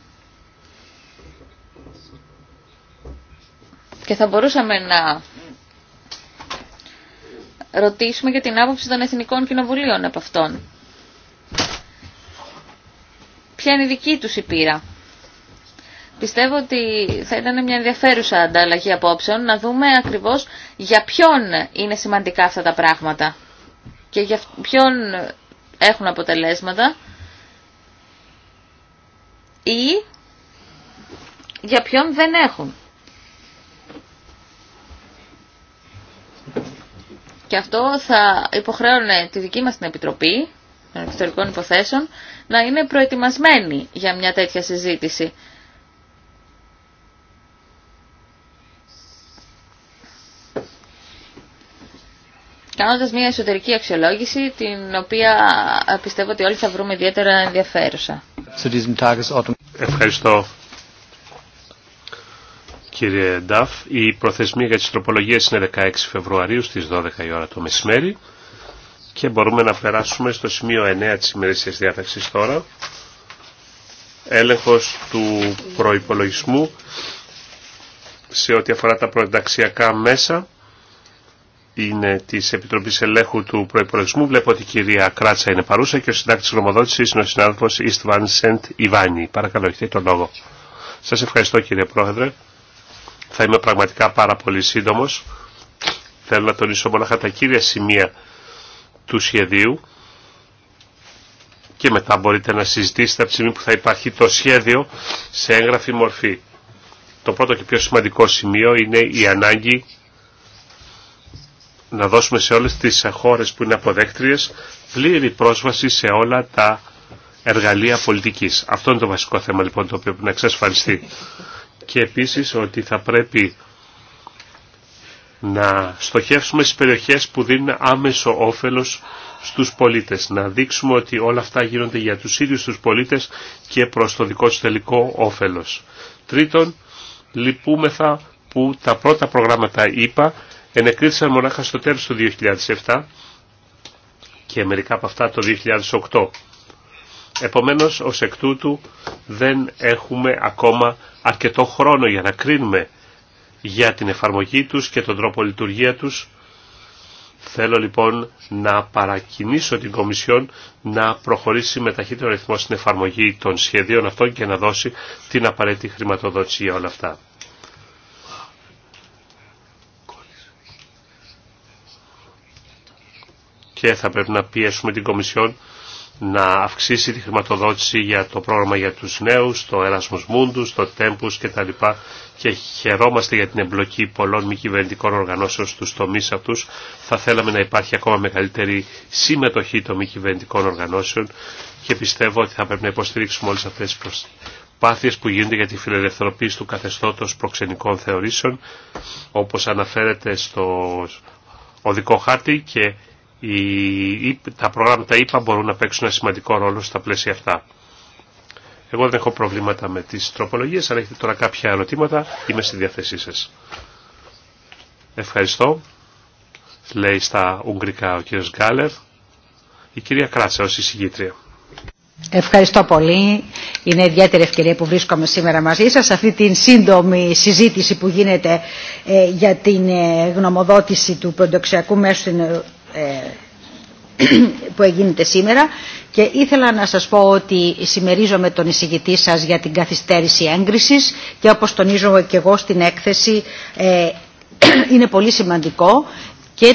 Και θα μπορούσαμε να ρωτήσουμε για την άποψη των Εθνικών Κοινοβουλίων από αυτόν. Ποια είναι η δική τους η πείρα. Πιστεύω ότι θα ήταν μια ενδιαφέρουσα ανταλλαγή απόψεων να δούμε ακριβώς για ποιον είναι σημαντικά αυτά τα πράγματα και για ποιον έχουν αποτελέσματα ή για ποιον δεν έχουν. Και αυτό θα υποχρέωνε τη δική μας την Επιτροπή των Εξωτερικών Υποθέσεων να είναι προετοιμασμένη για μια τέτοια συζήτηση. κάνοντας μια εσωτερική αξιολόγηση, την οποία πιστεύω ότι όλοι θα βρούμε ιδιαίτερα ενδιαφέρουσα. Ευχαριστώ. Κύριε Νταφ, η προθεσμία για τις τροπολογίες είναι 16 Φεβρουαρίου στις 12 η ώρα το μεσημέρι και μπορούμε να περάσουμε στο σημείο 9 της ημερήσιας διάταξης τώρα. Έλεγχος του προϋπολογισμού σε ό,τι αφορά τα προενταξιακά μέσα είναι τη Επιτροπή Ελέγχου του Προπολογισμού. Βλέπω ότι η κυρία Κράτσα είναι παρούσα και ο συντάκτη γνωμοδότηση είναι ο συνάδελφο Ιστβάν Σεντ Ιβάνι. Παρακαλώ, έχετε τον λόγο. Σα ευχαριστώ κύριε Πρόεδρε. Θα είμαι πραγματικά πάρα πολύ σύντομο. Θέλω να τονίσω μόνο τα κύρια σημεία του σχεδίου και μετά μπορείτε να συζητήσετε από τη στιγμή που θα υπάρχει το σχέδιο σε έγγραφη μορφή. Το πρώτο και πιο σημαντικό σημείο είναι η ανάγκη να δώσουμε σε όλες τις χώρες που είναι αποδέκτριες πλήρη πρόσβαση σε όλα τα εργαλεία πολιτικής. Αυτό είναι το βασικό θέμα λοιπόν το οποίο πρέπει να εξασφαλιστεί. Και επίσης ότι θα πρέπει να στοχεύσουμε στις περιοχές που δίνουν άμεσο όφελος στους πολίτες. Να δείξουμε ότι όλα αυτά γίνονται για τους ίδιους τους πολίτες και προς το δικό τους τελικό όφελος. Τρίτον, λυπούμεθα που τα πρώτα προγράμματα είπα ενεκρίθησαν μονάχα στο τέλος του 2007 και μερικά από αυτά το 2008. Επομένως, ως εκ τούτου δεν έχουμε ακόμα αρκετό χρόνο για να κρίνουμε για την εφαρμογή τους και τον τρόπο λειτουργία τους. Θέλω λοιπόν να παρακινήσω την Κομισιόν να προχωρήσει με ταχύτερο ρυθμό στην εφαρμογή των σχεδίων αυτών και να δώσει την απαραίτητη χρηματοδότηση για όλα αυτά. και θα πρέπει να πιέσουμε την Κομισιόν να αυξήσει τη χρηματοδότηση για το πρόγραμμα για τους νέους, το Erasmus Mundus, το Tempus κτλ. Και χαιρόμαστε για την εμπλοκή πολλών μη κυβερνητικών οργανώσεων στους τομείς αυτούς. Θα θέλαμε να υπάρχει ακόμα μεγαλύτερη συμμετοχή των μη κυβερνητικών οργανώσεων και πιστεύω ότι θα πρέπει να υποστηρίξουμε όλες αυτές τις προσπάθειες που γίνονται για τη φιλελευθερωποίηση του καθεστώτος προξενικών θεωρήσεων, όπως αναφέρεται στο οδικό χάρτη και οι, τα προγράμματα ΙΠΑ μπορούν να παίξουν ένα σημαντικό ρόλο στα πλαίσια αυτά. Εγώ δεν έχω προβλήματα με τις τροπολογίες, αλλά έχετε τώρα κάποια ερωτήματα είμαι στη διάθεσή σας. Ευχαριστώ. Λέει στα Ουγγρικά ο κύριος Γκάλερ. Η κυρία Κράτσα ως εισηγήτρια. Ευχαριστώ πολύ. Είναι ιδιαίτερη ευκαιρία που βρίσκομαι σήμερα μαζί σας αυτή την σύντομη συζήτηση που γίνεται ε, για την ε, γνωμοδότηση του πρωτοξιακού μέσου στην ε, που εγίνεται σήμερα και ήθελα να σας πω ότι συμμερίζομαι τον εισηγητή σας για την καθυστέρηση έγκρισης και όπως τονίζω και εγώ στην έκθεση ε, είναι πολύ σημαντικό και,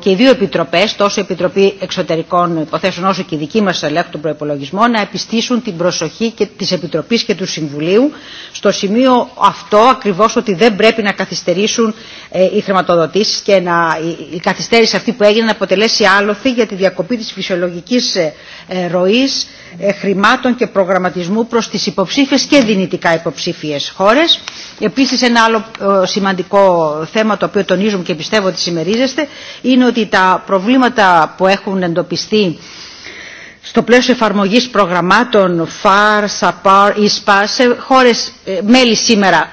και οι δύο επιτροπές, τόσο η Επιτροπή Εξωτερικών Υποθέσεων όσο και η δική μας ελέγχου του προπολογισμού, να επιστήσουν την προσοχή και της Επιτροπής και του Συμβουλίου στο σημείο αυτό ακριβώς ότι δεν πρέπει να καθυστερήσουν ε, οι χρηματοδοτήσεις και να, η, η καθυστέρηση αυτή που έγινε να αποτελέσει άλοθη για τη διακοπή της φυσιολογικής ε, ε ροής ε, χρημάτων και προγραμματισμού προς τις υποψήφιες και δυνητικά υποψήφιες χώρες. Επίσης ένα άλλο ε, σημαντικό θέμα το οποίο τονίζουμε και πιστεύω ότι συμμερίζεστε είναι ότι τα προβλήματα που έχουν εντοπιστεί στο πλαίσιο εφαρμογής προγραμμάτων ΦΑΡ, ΣΑΠΑΡ, ΙΣΠΑ σε χώρες ε, μέλη σήμερα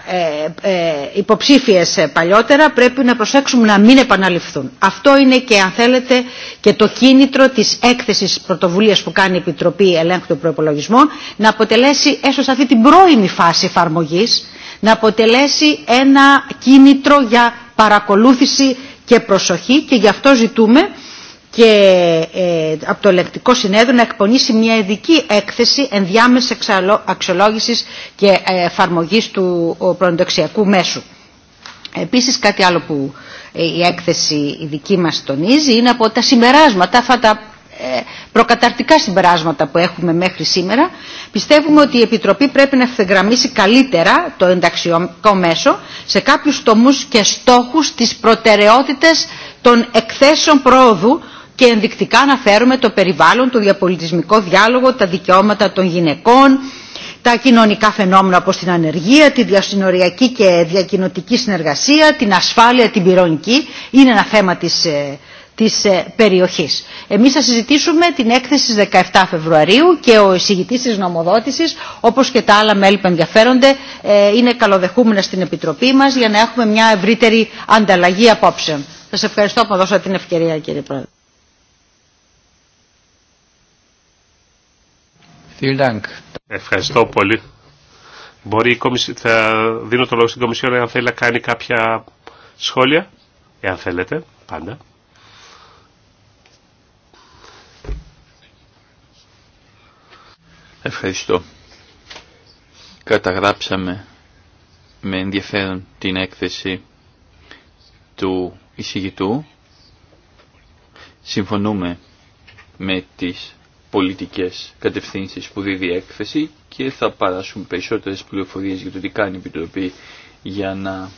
ε, ε, υποψήφιες παλιότερα πρέπει να προσέξουμε να μην επαναληφθούν. Αυτό είναι και αν θέλετε και το κίνητρο της έκθεσης πρωτοβουλίας που κάνει η Επιτροπή Ελέγχου των Προπολογισμών να αποτελέσει έστω αυτή την πρώιμη φάση εφαρμογής να αποτελέσει ένα κίνητρο για παρακολούθηση και προσοχή και γι' αυτό ζητούμε και ε, από το ελεκτικό συνέδριο να εκπονήσει μια ειδική έκθεση ενδιάμεση αξιολόγησης και ε, εφαρμογής του προνοτοξιακού μέσου. Επίσης κάτι άλλο που ε, η έκθεση η δική μας τονίζει είναι από τα συμπεράσματα, αυτά τα ε, προκαταρτικά συμπεράσματα που έχουμε μέχρι σήμερα, πιστεύουμε ότι η Επιτροπή πρέπει να ευθεγραμμίσει καλύτερα το ενταξιωτικό μέσο σε κάποιους τομούς και στόχους της προτεραιότητας των εκθέσεων πρόοδου και ενδεικτικά να φέρουμε το περιβάλλον, το διαπολιτισμικό διάλογο, τα δικαιώματα των γυναικών, τα κοινωνικά φαινόμενα όπως την ανεργία, τη διασυνοριακή και διακοινωτική συνεργασία, την ασφάλεια, την πυρονική. Είναι ένα θέμα της ε, της ε, περιοχής. Εμείς θα συζητήσουμε την έκθεση στις 17 Φεβρουαρίου και ο εισηγητής της νομοδότησης, όπως και τα άλλα μέλη που ενδιαφέρονται, ε, είναι καλοδεχούμενα στην Επιτροπή μας για να έχουμε μια ευρύτερη ανταλλαγή απόψεων. Σας ευχαριστώ που δώσατε την ευκαιρία κύριε Πρόεδρε. Ευχαριστώ πολύ. Μπορεί η Θα δίνω το λόγο στην Κομισιόν αν θέλει να κάνει κάποια σχόλια. Εάν θέλετε, πάντα. Ευχαριστώ. Καταγράψαμε με ενδιαφέρον την έκθεση του εισηγητού. Συμφωνούμε με τις πολιτικές κατευθύνσεις που δίδει η έκθεση και θα παράσουμε περισσότερες πληροφορίες για το τι κάνει η Επιτροπή για να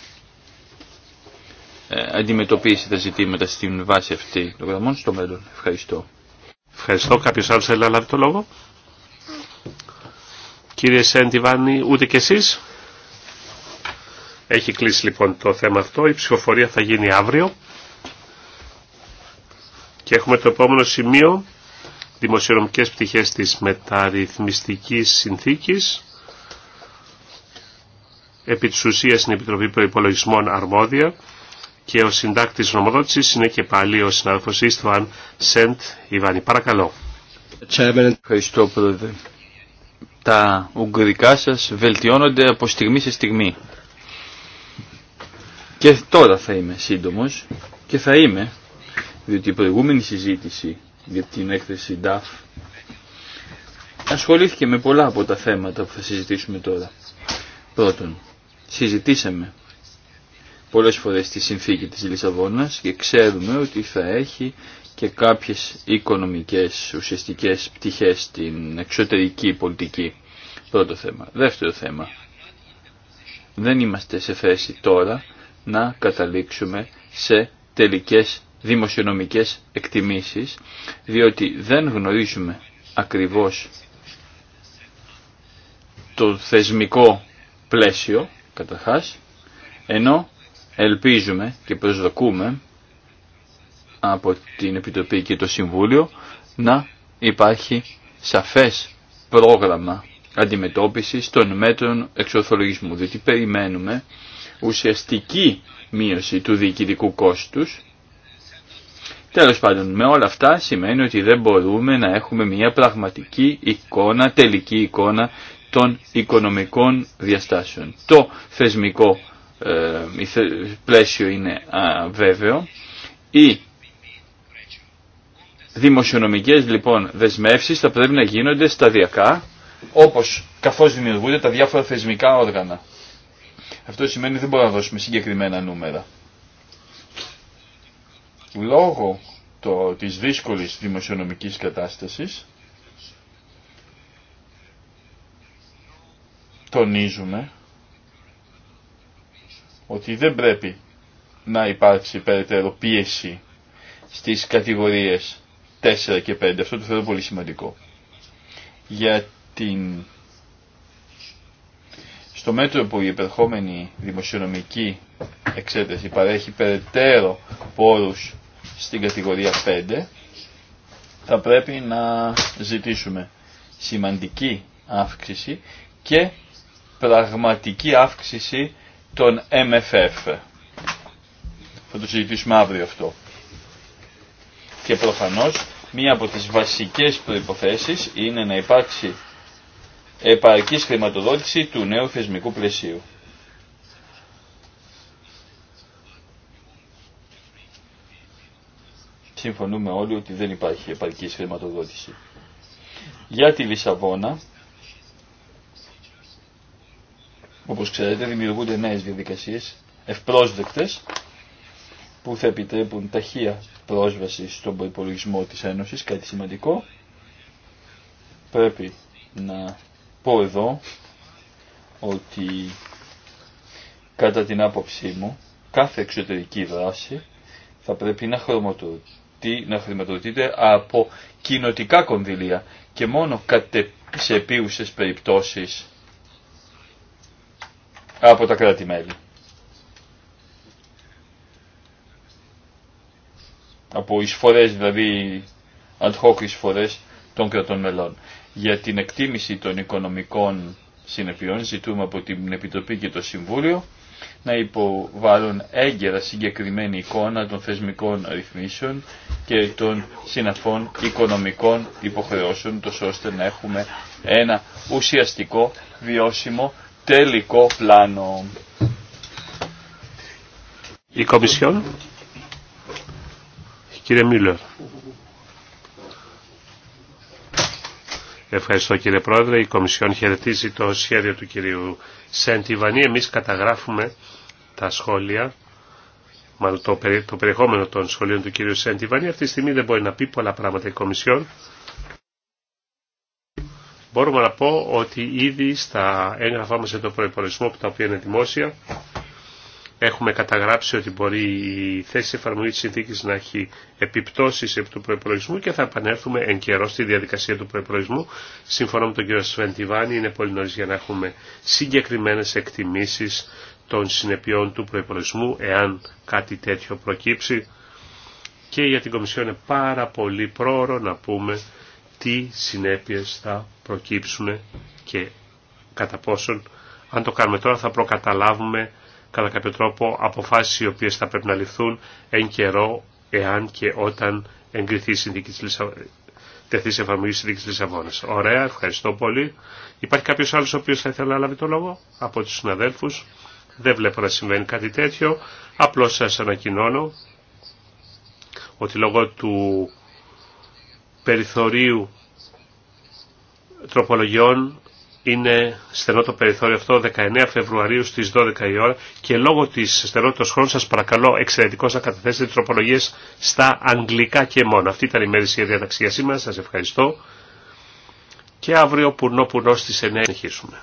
ε, αντιμετωπίσει τα ζητήματα στην βάση αυτή των γραμμών στο μέλλον. Ευχαριστώ. Ευχαριστώ. Κάποιος άλλος θέλει να λάβει το λόγο. Κύριε Σέντιβάνη, ούτε κι εσείς. Έχει κλείσει λοιπόν το θέμα αυτό. Η ψηφοφορία θα γίνει αύριο. Και έχουμε το επόμενο σημείο. Δημοσιονομικές πτυχές της μεταρρυθμιστικής συνθήκης. Επί της ουσίας στην Επιτροπή Προϋπολογισμών Αρμόδια και ο συντάκτης νομοδότησης είναι και πάλι ο συνάδελφος του Σεντ Ιβάνη. Παρακαλώ. Ευχαριστώ πρόεδρε τα ουγγρικά σας βελτιώνονται από στιγμή σε στιγμή. Και τώρα θα είμαι σύντομος και θα είμαι, διότι η προηγούμενη συζήτηση για την έκθεση DAF ασχολήθηκε με πολλά από τα θέματα που θα συζητήσουμε τώρα. Πρώτον, συζητήσαμε πολλές φορές τη συνθήκη της Λισαβόνας και ξέρουμε ότι θα έχει και κάποιες οικονομικές ουσιαστικές πτυχές στην εξωτερική πολιτική. Πρώτο θέμα. Δεύτερο θέμα. Δεν είμαστε σε θέση τώρα να καταλήξουμε σε τελικές δημοσιονομικές εκτιμήσεις, διότι δεν γνωρίζουμε ακριβώς το θεσμικό πλαίσιο, καταρχάς, ενώ ελπίζουμε και προσδοκούμε από την Επιτροπή και το Συμβούλιο να υπάρχει σαφές πρόγραμμα αντιμετώπισης των μέτρων εξορθολογισμού, διότι περιμένουμε ουσιαστική μείωση του διοικητικού κόστους. Τέλος πάντων, με όλα αυτά σημαίνει ότι δεν μπορούμε να έχουμε μια πραγματική εικόνα, τελική εικόνα των οικονομικών διαστάσεων. Το θεσμικό ε, πλαίσιο είναι βέβαιο. Η Δημοσιονομικές λοιπόν δεσμεύσεις θα πρέπει να γίνονται σταδιακά όπως καθώς δημιουργούνται τα διάφορα θεσμικά όργανα. Αυτό σημαίνει δεν μπορούμε να δώσουμε συγκεκριμένα νούμερα. Λόγω τη της δύσκολης δημοσιονομικής κατάστασης τονίζουμε ότι δεν πρέπει να υπάρξει περαιτέρω πίεση στις κατηγορίες 4 και 5. Αυτό το θεωρώ πολύ σημαντικό. Για την... Στο μέτρο που η επερχόμενη δημοσιονομική εξέταση παρέχει περαιτέρω πόρους στην κατηγορία 5, θα πρέπει να ζητήσουμε σημαντική αύξηση και πραγματική αύξηση των MFF. Θα το συζητήσουμε αύριο αυτό. Και προφανώς μία από τις βασικές προϋποθέσεις είναι να υπάρξει επαρκής χρηματοδότηση του νέου θεσμικού πλαισίου. Συμφωνούμε όλοι ότι δεν υπάρχει επαρκής χρηματοδότηση. Για τη Λισαβόνα, όπως ξέρετε, δημιουργούνται νέες διαδικασίες ευπρόσδεκτες που θα επιτρέπουν ταχεία πρόσβαση στον προπολογισμό της Ένωσης, κάτι σημαντικό. Πρέπει να πω εδώ ότι κατά την άποψή μου κάθε εξωτερική δράση θα πρέπει να να χρηματοδοτείται από κοινοτικά κονδυλία και μόνο κατε, σε επίουσες περιπτώσεις από τα κράτη-μέλη. από εισφορές δηλαδή ad hoc εισφορές των κρατών μελών. Για την εκτίμηση των οικονομικών συνεπειών ζητούμε από την Επιτροπή και το Συμβούλιο να υποβάλουν έγκαιρα συγκεκριμένη εικόνα των θεσμικών ρυθμίσεων και των συναφών οικονομικών υποχρεώσεων, τόσο ώστε να έχουμε ένα ουσιαστικό, βιώσιμο, τελικό πλάνο. Κύριε Μίλλερ. Ευχαριστώ κύριε Πρόεδρε. Η Κομισιόν χαιρετίζει το σχέδιο του κυρίου Σεντιβανή. Εμείς καταγράφουμε τα σχόλια, μάλλον το, το περιεχόμενο των σχολείων του κυρίου Σεντιβανή. Αυτή τη στιγμή δεν μπορεί να πει πολλά πράγματα η Κομισιόν. Μπορούμε να πω ότι ήδη στα έγγραφά μας για το προϋπολογισμό που τα οποία είναι δημόσια έχουμε καταγράψει ότι μπορεί η θέση εφαρμογή τη συνθήκη να έχει επιπτώσει επί του προπολογισμού και θα επανέλθουμε εν καιρό στη διαδικασία του προπολογισμού. Σύμφωνα με τον κύριο Σφεντιβάνη είναι πολύ νωρί για να έχουμε συγκεκριμένε εκτιμήσει των συνεπειών του προπολογισμού εάν κάτι τέτοιο προκύψει και για την Κομισιόν είναι πάρα πολύ πρόωρο να πούμε τι συνέπειες θα προκύψουν και κατά πόσον αν το κάνουμε τώρα θα προκαταλάβουμε κατά κάποιο τρόπο αποφάσεις οι οποίες θα πρέπει να ληφθούν εν καιρό εάν και όταν εγκριθεί η συνδίκη της Λισαβόνας. Τεθεί σε εφαρμογή συνδίκη Ωραία, ευχαριστώ πολύ. Υπάρχει κάποιος άλλος ο οποίος θα ήθελε να λάβει το λόγο από τους συναδέλφους. Δεν βλέπω να συμβαίνει κάτι τέτοιο. Απλώς σα ανακοινώνω ότι λόγω του περιθωρίου τροπολογιών είναι στενό το περιθώριο αυτό 19 Φεβρουαρίου στις 12 η ώρα και λόγω της στενότητας χρόνου σας παρακαλώ εξαιρετικώς να καταθέσετε τροπολογίες στα αγγλικά και μόνο. Αυτή ήταν η μέρη διαταξία σήμερα. Σας ευχαριστώ. Και αύριο πουρνό πουνό στις 9 συνεχίσουμε.